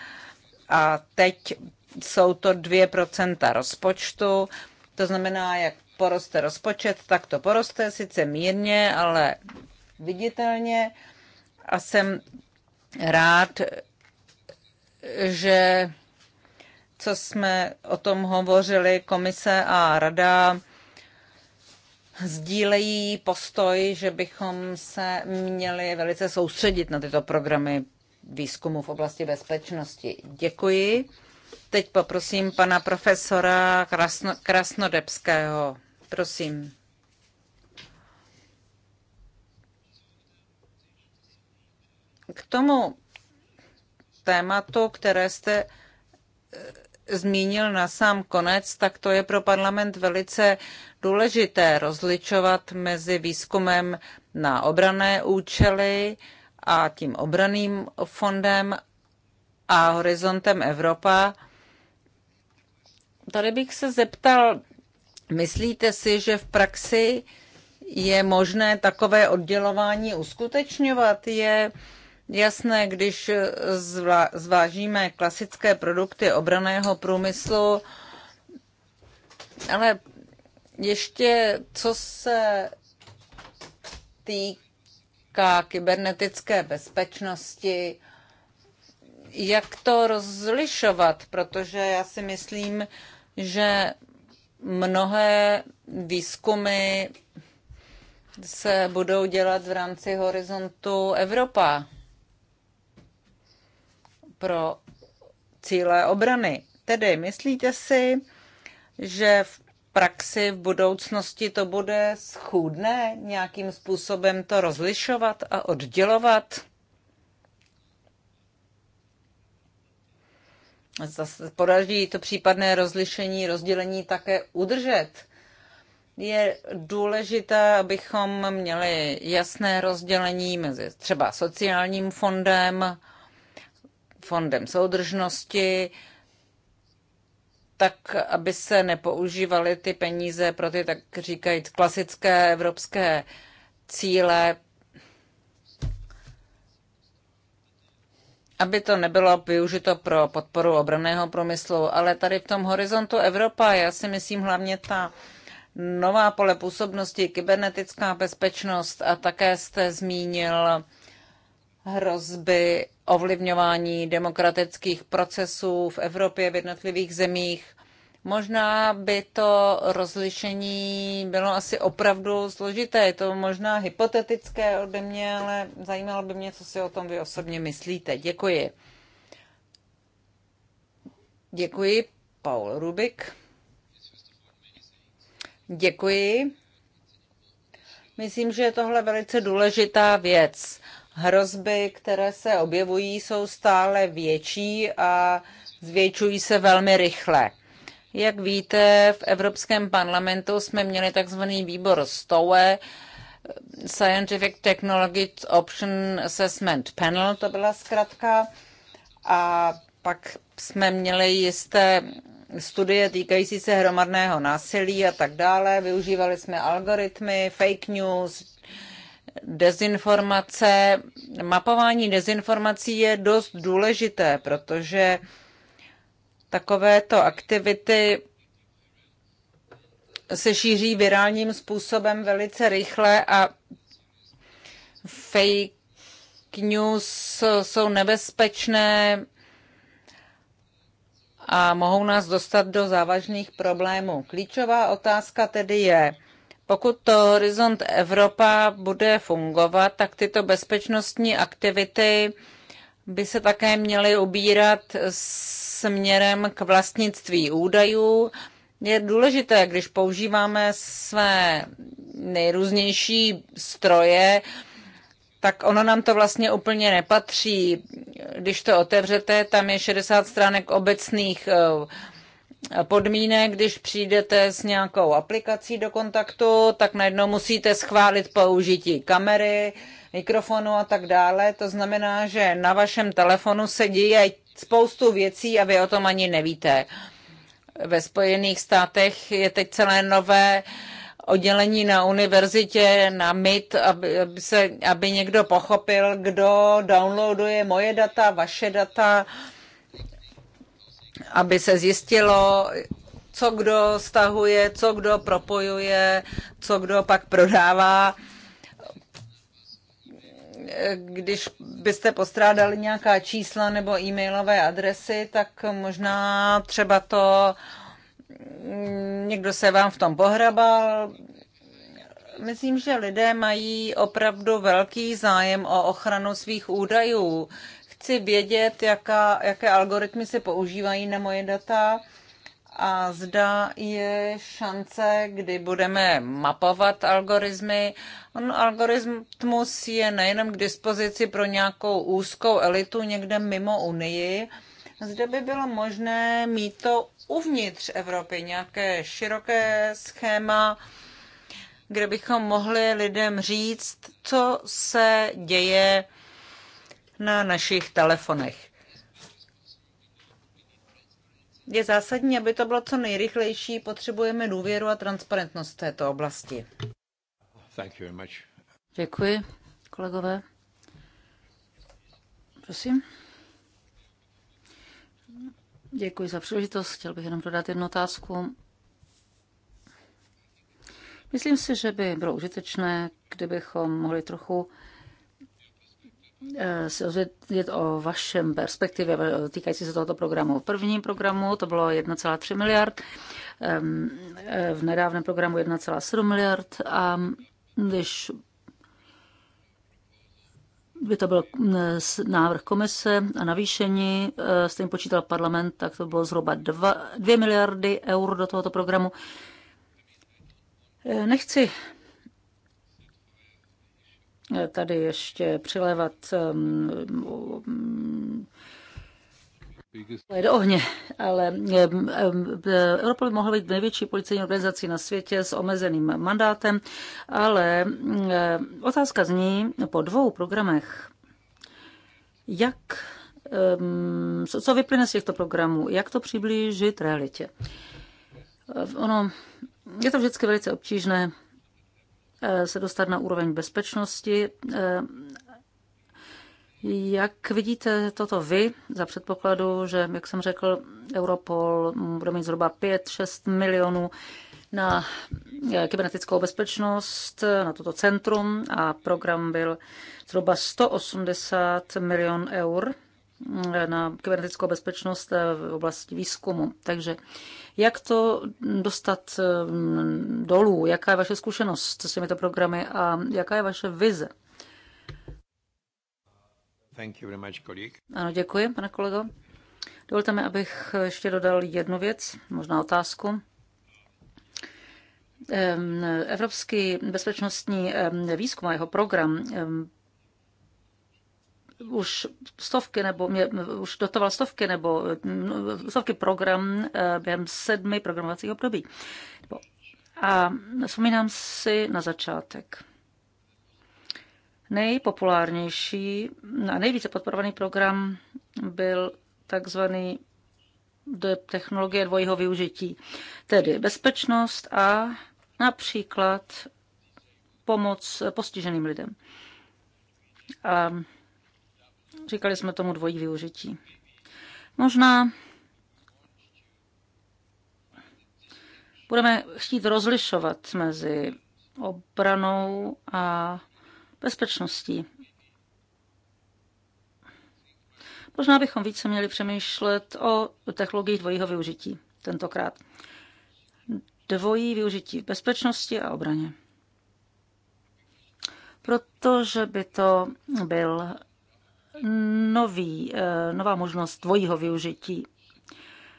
a teď jsou to 2% rozpočtu, to znamená, jak poroste rozpočet, tak to poroste, sice mírně, ale viditelně. A jsem rád, že co jsme o tom hovořili, komise a rada sdílejí postoj, že bychom se měli velice soustředit na tyto programy výzkumu v oblasti bezpečnosti. Děkuji. Teď poprosím pana profesora Krasno, Krasnodebského. Prosím. K tomu tématu, které jste eh, zmínil na sám konec, tak to je pro parlament velice důležité rozličovat mezi výzkumem na obrané účely a tím obraným fondem a horizontem Evropa. Tady bych se zeptal, myslíte si, že v praxi je možné takové oddělování uskutečňovat? Je uh, jasné, když zvážíme klasické produkty obraného průmyslu, ale ještě co se týká kybernetické bezpečnosti, jak to rozlišovat, protože já si myslím, že mnohé výzkumy se budou dělat v rámci horizontu Evropa pro cíle obrany. Tedy myslíte si, že v praxi v budoucnosti to bude schůdné nějakým způsobem to rozlišovat a oddělovat? Zase podaří to případné rozlišení, rozdělení také udržet. Je důležité, abychom měli jasné rozdělení mezi třeba sociálním fondem, fondem soudržnosti, tak aby se nepoužívaly ty peníze pro ty, tak říkajíc, klasické evropské cíle, aby to nebylo využito pro podporu obraného průmyslu, ale tady v tom horizontu Evropa, já si myslím hlavně ta nová pole působnosti, kybernetická bezpečnost a také jste zmínil hrozby ovlivňování demokratických procesů v Evropě, v jednotlivých zemích. Možná by to rozlišení bylo asi opravdu složité. Je to možná hypotetické ode mě, ale zajímalo by mě, co si o tom vy osobně myslíte. Děkuji. Děkuji, Paul Rubik. Děkuji. Myslím, že je tohle velice důležitá věc hrozby, které se objevují, jsou stále větší a zvětšují se velmi rychle. Jak víte, v Evropském parlamentu jsme měli takzvaný výbor STOE, Scientific Technology Option Assessment Panel, to byla zkratka, a pak jsme měli jisté studie týkající se hromadného násilí a tak dále. Využívali jsme algoritmy, fake news, dezinformace, mapování dezinformací je dost důležité, protože takovéto aktivity se šíří virálním způsobem velice rychle a fake news jsou nebezpečné a mohou nás dostat do závažných problémů. Klíčová otázka tedy je, pokud to Horizont Evropa bude fungovat, tak tyto bezpečnostní aktivity by se také měly ubírat směrem k vlastnictví údajů. Je důležité, když používáme své nejrůznější stroje, tak ono nám to vlastně úplně nepatří. Když to otevřete, tam je 60 stránek obecných eh, podmínek, když přijdete s nějakou aplikací do kontaktu, tak najednou musíte schválit použití kamery, mikrofonu a tak dále. To znamená, že na vašem telefonu se děje spoustu věcí a vy o tom ani nevíte. Ve Spojených státech je teď celé nové oddělení na univerzitě, na MIT, aby, aby, se, aby někdo pochopil, kdo downloaduje moje data, vaše data, aby se zjistilo, co kdo stahuje, co kdo propojuje, co kdo pak prodává. Když byste postrádali nějaká čísla nebo e-mailové adresy, tak možná třeba to mm, někdo se vám v tom pohrabal. Myslím, že lidé mají opravdu velký zájem o ochranu svých údajů chci vědět, jaká, jaké algoritmy se používají na moje data a zda je šance, kdy budeme mapovat algoritmy. On algoritmus je nejenom k dispozici pro nějakou úzkou elitu někde mimo Unii, zde by bylo možné mít to uvnitř Evropy, nějaké široké schéma, kde bychom mohli lidem říct, co se děje na našich telefonech. Je zásadní, aby to bylo co nejrychlejší. Potřebujeme důvěru a transparentnost v této oblasti. Thank you very much. Děkuji, kolegové. Prosím. Děkuji za příležitost. Chtěl bych jenom dodat jednu otázku. Myslím si, že by bylo užitečné, kdybychom mohli trochu Eh, se ozvědět o vašem perspektivě eh, týkající se tohoto programu. V prvním programu to bylo 1,3 miliard, eh, v nedávném programu 1,7 miliard a když by to byl mm, návrh komise a navýšení, s tím počítal parlament, tak to bylo zhruba 2, 2 miliardy eur do tohoto programu. Nechci tady ještě přilévat um, um, do ohně, ale um, Europol by mohl být největší policejní organizací na světě s omezeným mandátem, ale otázka zní po dvou programech, jak co vyplyne z těchto programů, jak to přiblížit realitě. Ono, je to vždycky velice obtížné Eh, se dostat na úroveň bezpečnosti. Eh, jak vidíte toto vy, za předpokladu, že, jak jsem řekl, Europol bude mít zhruba 5-6 milionů na eh, kybernetickou bezpečnost, na toto centrum a program byl zhruba 180 milion eur na kybernetickou bezpečnost eh, v oblasti výzkumu. Takže jak to dostat mm, dolů? Jaká je vaše zkušenost s těmito programy a jaká je vaše vize? Thank you very much, Ano, děkuji, pane kolego. Dovolte mi, abych ještě dodal jednu věc, možná otázku. Evropský bezpečnostní výzkum a jeho program už stovky nebo mě, už dotoval stovky nebo mm, stovky program eh, během sedmi programovacích období. A vzpomínám si na začátek. Nejpopulárnější a nejvíce podporovaný program byl takzvaný technologie dvojího využití, tedy bezpečnost a například pomoc postiženým lidem. A Říkali jsme tomu dvojí využití. Možná budeme chtít rozlišovat mezi obranou a bezpečností. Možná bychom více měli přemýšlet o technologiích dvojího využití tentokrát. Dvojí využití v bezpečnosti a obraně. Protože by to byl nový, eh, nová možnost dvojího využití.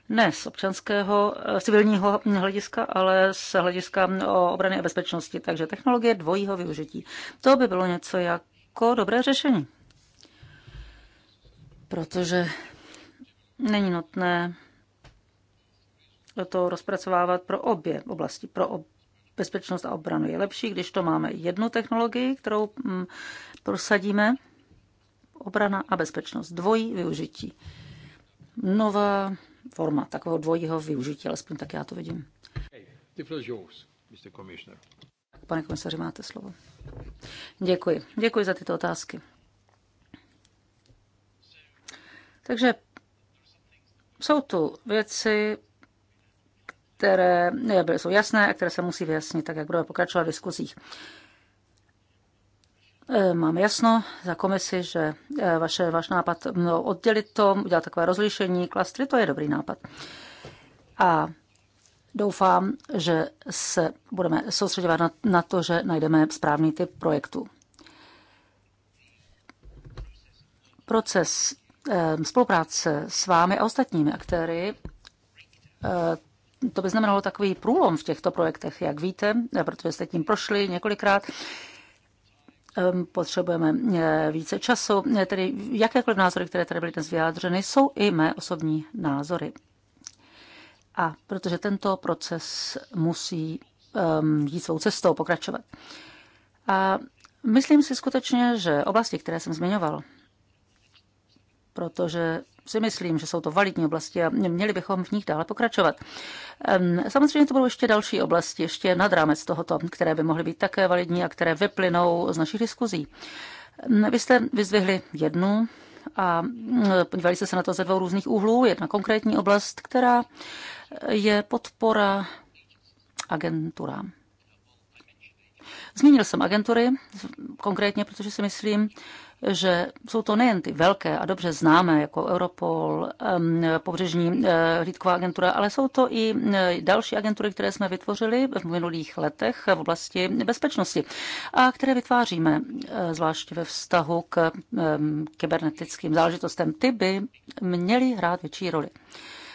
Ne z občanského eh, civilního hlediska, ale z hlediska hm, obrany a bezpečnosti. Takže technologie dvojího využití. To by bylo něco jako dobré řešení. Protože není nutné to rozpracovávat pro obě oblasti, pro ob- bezpečnost a obranu. Je lepší, když to máme jednu technologii, kterou hm, prosadíme obrana a bezpečnost. Dvojí využití. Nová forma takového dvojího využití, alespoň tak já to vidím. Pane komisaři, máte slovo. Děkuji. Děkuji za tyto otázky. Takže jsou tu věci, které jsou jasné a které se musí vyjasnit, tak jak budeme pokračovat v diskuzích. E, Mám jasno za komisi, že e, vaše, váš nápad no, oddělit to, udělat takové rozlišení, klastry, to je dobrý nápad. A doufám, že se budeme soustředovat na, na to, že najdeme správný typ projektu. Proces e, spolupráce s vámi a ostatními aktéry to by znamenalo takový průlom v těchto projektech, jak víte, protože jste tím prošli několikrát potřebujeme eh, více času. Eh, tedy jakékoliv názory, které tady byly dnes vyjádřeny, jsou i mé osobní názory. A protože tento proces musí jít svou cestou, pokračovat. A myslím si skutečně, že oblasti, které jsem zmiňoval, protože si myslím, že jsou to validní oblasti a měli bychom v nich dále pokračovat. Samozřejmě to budou ještě další oblasti, ještě nad rámec tohoto, které by mohly být také validní a které vyplynou z našich diskuzí. Vy jste vyzvihli jednu a mm, podívali jste se na to ze dvou různých úhlů. Jedna konkrétní oblast, která je podpora agenturám. Zmínil jsem agentury konkrétně, protože si myslím, že jsou to nejen ty velké a dobře známé, jako Europol, pobřežní eh, hlídková agentura, ale jsou to i eh, další agentury, které jsme vytvořili v minulých letech v oblasti bezpečnosti a které vytváříme, eh, zvláště ve vztahu k kybernetickým záležitostem. Ty by měly hrát větší roli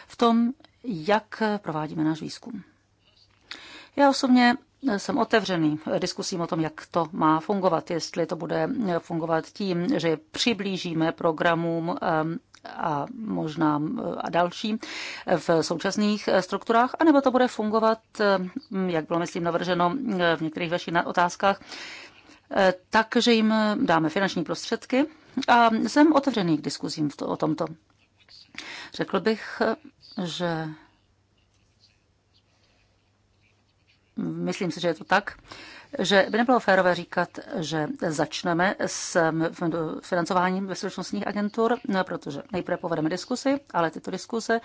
v tom, jak provádíme náš výzkum. Já osobně jsem otevřený diskusím o tom, jak to má fungovat, jestli to bude fungovat tím, že přiblížíme programům eh, a možná eh, a další v současných strukturách, anebo to bude fungovat, eh, jak bylo, myslím, navrženo v některých vašich otázkách, takže jim dáme finanční prostředky a jsem otevřený k diskuzím o tomto. Řekl bych, že myslím si, že je to tak, že by nebylo férové říkat, že začneme s financováním bezpečnostních agentur, protože nejprve povedeme diskusy, ale tyto diskuse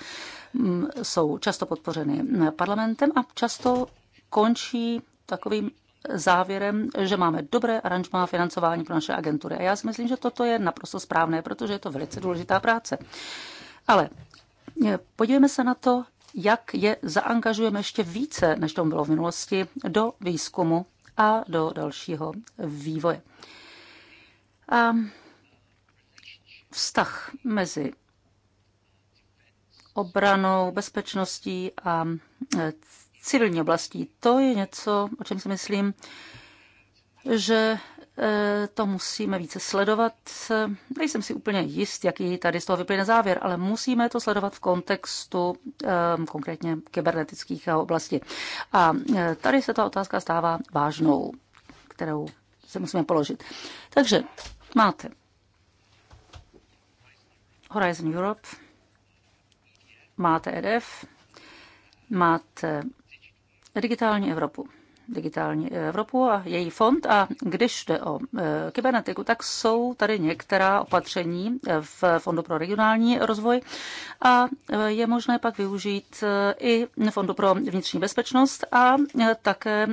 mm, jsou často podpořeny parlamentem a často končí takovým závěrem, že máme dobré aranžmá financování pro naše agentury. A já si myslím, že toto je naprosto správné, protože je to velice důležitá práce. Ale eh, podívejme se na to jak je zaangažujeme ještě více, než tomu bylo v minulosti, do výzkumu a do dalšího vývoje. A vztah mezi obranou, bezpečností a e, civilní oblastí, to je něco, o čem si myslím, že Eh, to musíme více sledovat. Nejsem si úplně jist, jaký tady z toho vyplyne závěr, ale musíme to sledovat v kontextu eh, konkrétně kybernetických oblastí. A eh, tady se ta otázka stává vážnou, kterou se musíme položit. Takže máte Horizon Europe, máte EDF, máte digitální Evropu digitální Evropu a její fond. A když jde o eh, kybernetiku, tak jsou tady některá opatření eh, v Fondu pro regionální rozvoj a eh, je možné pak využít i Fondu pro vnitřní bezpečnost a také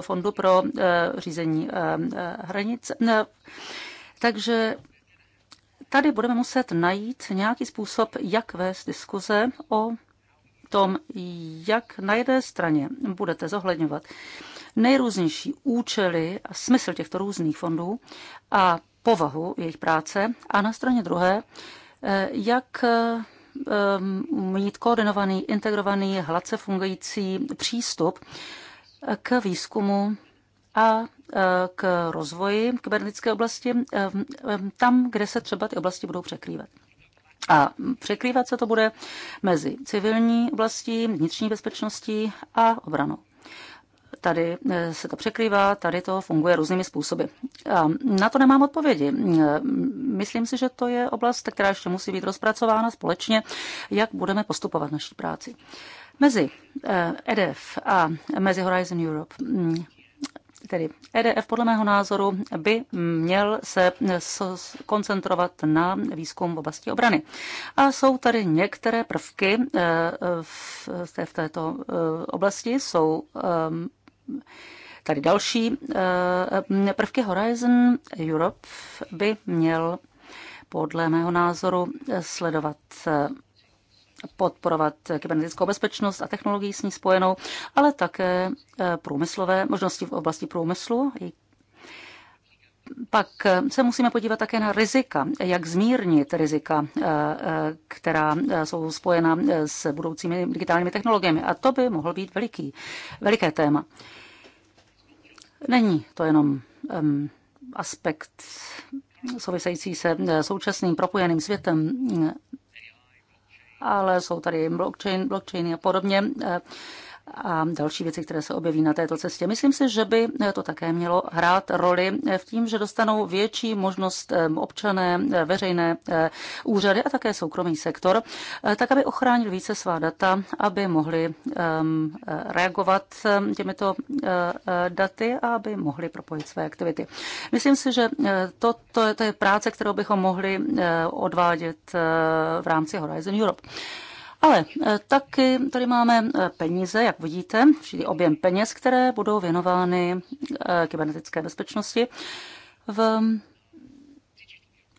Fondu pro řízení hranic. Takže tady budeme muset najít nějaký způsob, jak vést diskuze o tom, jak na jedné straně budete zohledňovat nejrůznější účely a smysl těchto různých fondů a povahu jejich práce a na straně druhé, eh, jak eh, mít koordinovaný, integrovaný, hladce fungující přístup k výzkumu a eh, k rozvoji kybernetické oblasti tam, kde se třeba ty oblasti budou překrývat. A překrývat se to bude mezi civilní oblastí, vnitřní bezpečností a obranou tady eh, se to překrývá, tady to funguje různými způsoby. A na to nemám odpovědi. Eh, myslím si, že to je oblast, která ještě musí být rozpracována společně, jak budeme postupovat v naší práci. Mezi EDF eh, e a mezi Horizon Europe hm, tedy EDF podle mého názoru by měl se koncentrovat na výzkum v oblasti obrany. A jsou tady některé prvky v této oblasti, jsou ehm, tady další eh, prvky Horizon Europe by měl podle mého názoru sledovat eh, podporovat kybernetickou bezpečnost a technologii s ní spojenou, ale také eh, průmyslové možnosti v oblasti průmyslu. Pak se musíme podívat také na rizika, jak zmírnit rizika, která jsou spojena s budoucími digitálními technologiemi. A to by mohl být veliký, veliké téma. Není to jenom um, aspekt související se eh, současným propojeným světem, eh, ale jsou tady blockchain, blockchainy a podobně. Eh, a další věci, které se objeví na této cestě. Myslím si, že by to také mělo hrát roli v tím, že dostanou větší možnost eh, občané, eh, veřejné eh, úřady a také soukromý sektor, tak aby ochránil více svá data, aby mohli ehm, reagovat ehm, těmito daty a aby mohli propojit své aktivity. Myslím si, že to, to, to je práce, kterou bychom mohli odvádět v rámci Horizon Europe. Ale taky tady máme peníze, jak vidíte, čili objem peněz, které budou věnovány kybernetické bezpečnosti v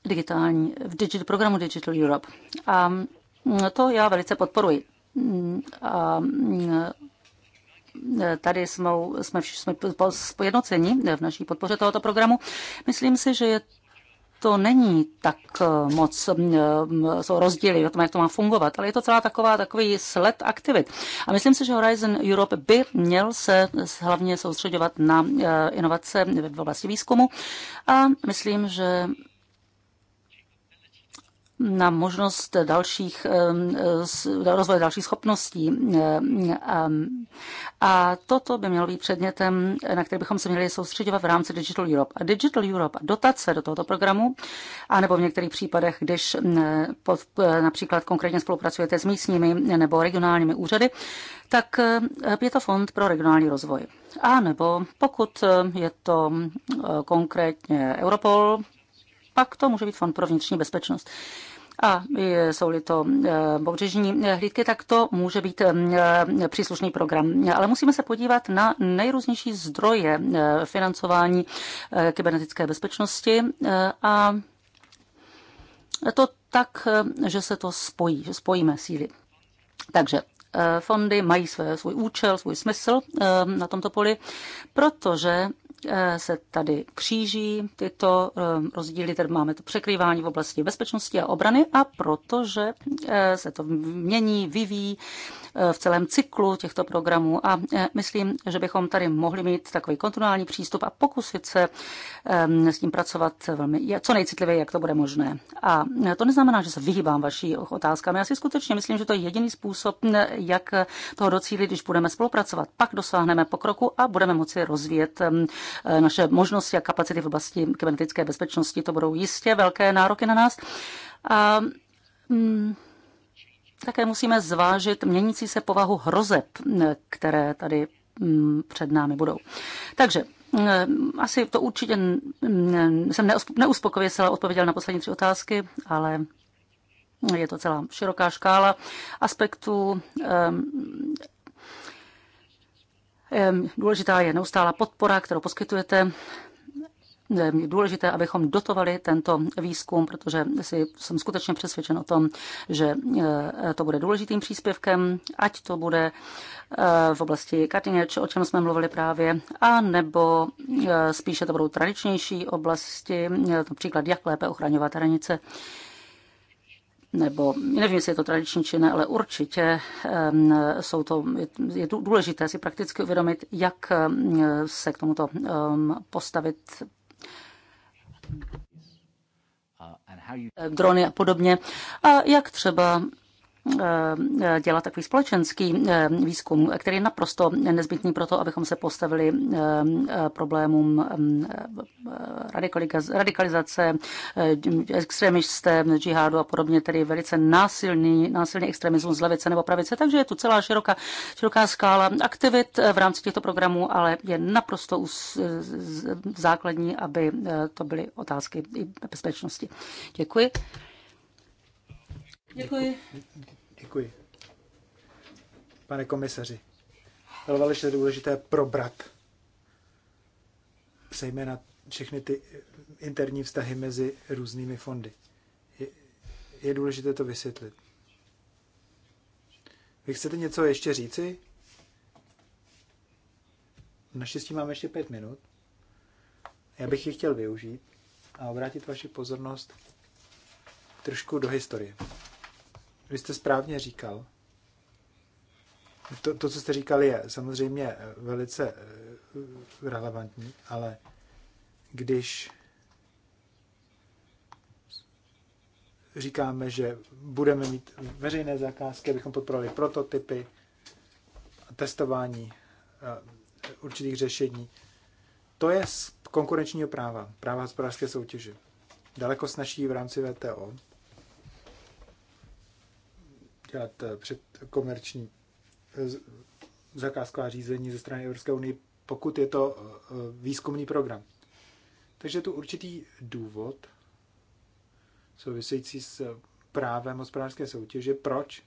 digitální, v digital, programu Digital Europe. A to já velice podporuji. A tady jsme, jsme, jsme spojednoceni v naší podpoře tohoto programu. Myslím si, že je to není tak eh, moc mm, eh, jsou rozdíly o tom, jak to má fungovat, ale je to celá taková takový sled aktivit. A myslím si, že Horizon Europe by měl se hlavně soustředovat na eh, inovace v oblasti výzkumu a myslím, že na možnost dalších, rozvoje dalších schopností. A, toto by mělo být předmětem, na který bychom se měli soustředovat v rámci Digital Europe. A Digital Europe a dotace do tohoto programu, anebo v některých případech, když například konkrétně spolupracujete s místními nebo regionálními úřady, tak je to fond pro regionální rozvoj. A nebo pokud je to konkrétně Europol, pak to může být fond pro vnitřní bezpečnost a jsou-li to pobřežní eh, eh, hlídky, tak to může být eh, příslušný program. Ale musíme se podívat na nejrůznější zdroje financování kybernetické bezpečnosti a to tak, že se to spojí, že spojíme síly. Takže fondy mají své, svůj účel, svůj smysl na tomto poli, protože Eh, se tady kříží tyto eh, rozdíly, tedy máme to překrývání v oblasti bezpečnosti a obrany a protože eh, se to mění, vyvíjí v celém cyklu těchto programů a myslím, že bychom tady mohli mít takový kontinuální přístup a pokusit se s tím pracovat velmi, co nejcitlivěji, jak to bude možné. A to neznamená, že se vyhýbám vaší otázkám. Já si skutečně myslím, že to je jediný způsob, jak toho docílit, když budeme spolupracovat. Pak dosáhneme pokroku a budeme moci rozvíjet Eh, naše možnosti a kapacity v oblasti kybernetické bezpečnosti. To budou jistě velké nároky na nás. A, mm, také musíme zvážit měnící se povahu hrozeb, eh, které tady mm, před námi budou. Takže eh, asi to určitě jsem neuspokojivě celá odpověděl na poslední tři otázky, ale je to celá široká škála aspektů. Důležitá je neustálá podpora, kterou poskytujete je důležité, abychom dotovali tento výzkum, protože si jsem skutečně přesvědčen o tom, že eh, to bude důležitým příspěvkem, ať to bude eh, v oblasti cutting o čem jsme mluvili právě, a nebo eh, spíše to budou tradičnější oblasti, například jak lépe ochraňovat hranice nebo nevím, jestli je to tradiční či ne, ale určitě jsou to, je důležité si prakticky uvědomit, jak se k tomuto postavit uh, drony a podobně. A jak třeba Eh, dělat takový společenský eh, výzkum, který je naprosto nezbytný pro to, abychom se postavili eh, problémům radikalizace, extremisté, džihádu a podobně, tedy velice násilný, násilný extremismus z levice nebo pravice. Takže je tu celá široká, široká skála aktivit v rámci těchto programů, ale je naprosto základní, aby to byly otázky i bezpečnosti. Děkuji. Děkuji. Děkuji. Pane komisaři, Elvališ velice důležité probrat zejména všechny ty interní vztahy mezi různými fondy. Je, je důležité to vysvětlit. Vy chcete něco ještě říci? Naštěstí máme ještě pět minut. Já bych ji chtěl využít a obrátit vaši pozornost trošku do historie. Vy jste správně říkal. To, to, co jste říkal, je samozřejmě eh, velice eh, relevantní, ale když říkáme, že budeme mít veřejné zakázky, abychom podporovali prototypy, testování eh, určitých řešení. To je z konkurenčního práva, práva hospodářské soutěže. Daleko snaží v rámci VTO, dělat eh, před komerční eh, zakázková řízení ze strany Evropské unie, pokud je to eh, výzkumný program. Takže tu určitý důvod související s právem hospodářské soutěže, proč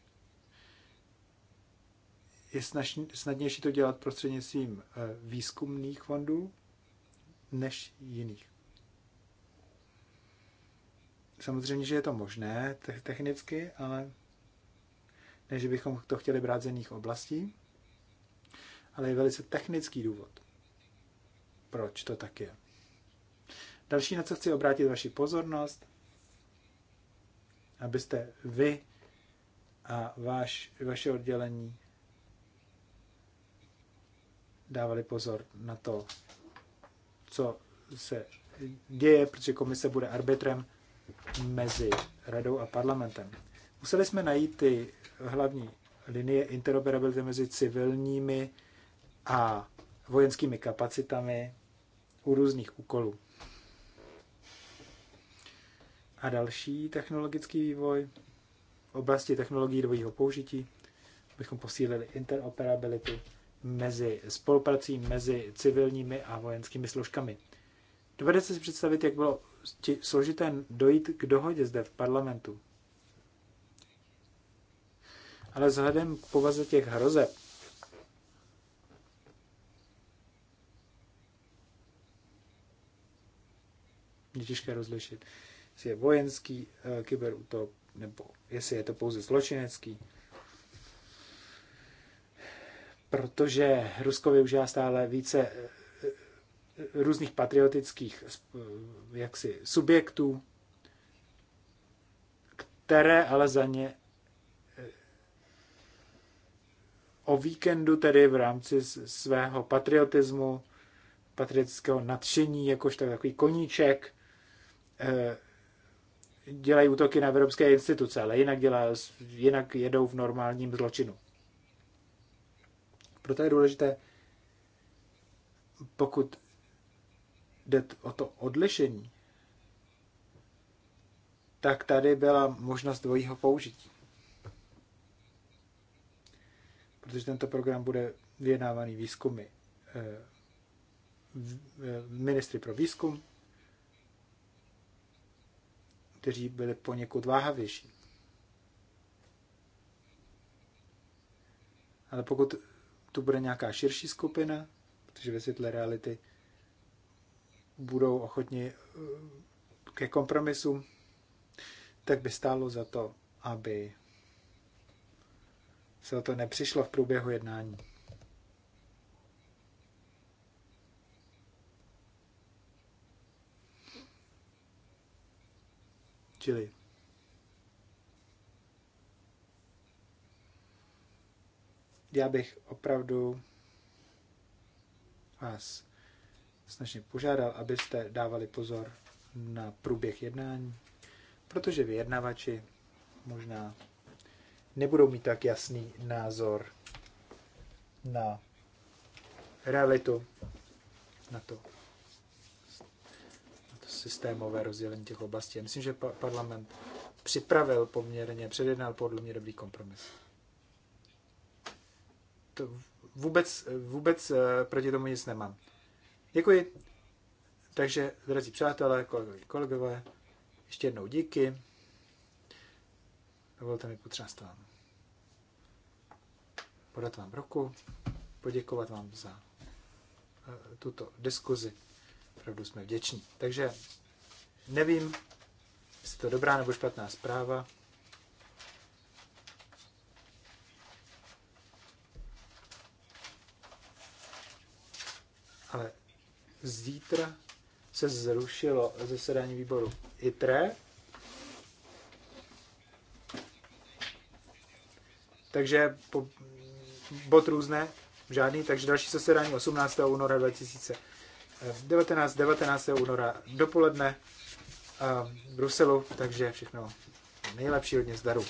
je snadnější to dělat prostřednictvím výzkumných fondů než jiných. Samozřejmě, že je to možné technicky, ale ne, že bychom to chtěli brát z jiných oblastí, ale je velice technický důvod, proč to tak je. Další, na co chci obrátit vaši pozornost, abyste vy a vaš, vaše oddělení dávali pozor na to, co se děje, protože komise bude arbitrem mezi radou a parlamentem. Museli jsme najít ty hlavní linie interoperability mezi civilními a vojenskými kapacitami u různých úkolů. A další technologický vývoj v oblasti technologií dvojího použití bychom posílili interoperabilitu mezi spoluprací mezi civilními a vojenskými složkami. Dovedete si představit, jak bylo složité dojít k dohodě zde v parlamentu ale vzhledem k povaze těch hrozeb, je těžké rozlišit, jestli je vojenský e, kyberútok, nebo jestli je to pouze zločinecký. Protože Rusko využívá stále více eh, eh, různých patriotických jaksi, subjektů, které ale za ně o víkendu tedy v rámci svého patriotismu, patriotického nadšení, jakož tak takový koníček, eh, dělají útoky na evropské instituce, ale jinak, dělá, jinak jedou v normálním zločinu. Proto je důležité, pokud jde o to odlišení, tak tady byla možnost dvojího použití protože tento program bude vyjednávaný výzkumy eh, eh, ministry pro výzkum, kteří byli poněkud váhavější. Ale pokud tu bude nějaká širší skupina, protože ve světle reality budou ochotni eh, ke kompromisu, tak by stálo za to, aby se o to nepřišlo v průběhu jednání. Čili já bych opravdu vás snažně požádal, abyste dávali pozor na průběh jednání, protože vyjednavači možná nebudou mít tak jasný názor na realitu, na to, na to systémové rozdělení těch oblastí. Já myslím, že parlament připravil poměrně, předjednal podle mě dobrý kompromis. To vůbec, vůbec eh, proti tomu nic nemám. Děkuji. Takže, drazí přátelé, kolegové, ještě jednou díky. Dovolte mi potřást vám. Podat vám roku, poděkovat vám za eh, tuto diskuzi. Opravdu jsme vděční. Takže nevím, jestli to dobrá nebo špatná zpráva. Ale zítra se zrušilo zasedání výboru ITRE, Takže po, bod různé, žádný, takže další zasedání 18. února 2019, 19. února dopoledne v Bruselu, takže všechno nejlepší hodně zdaru.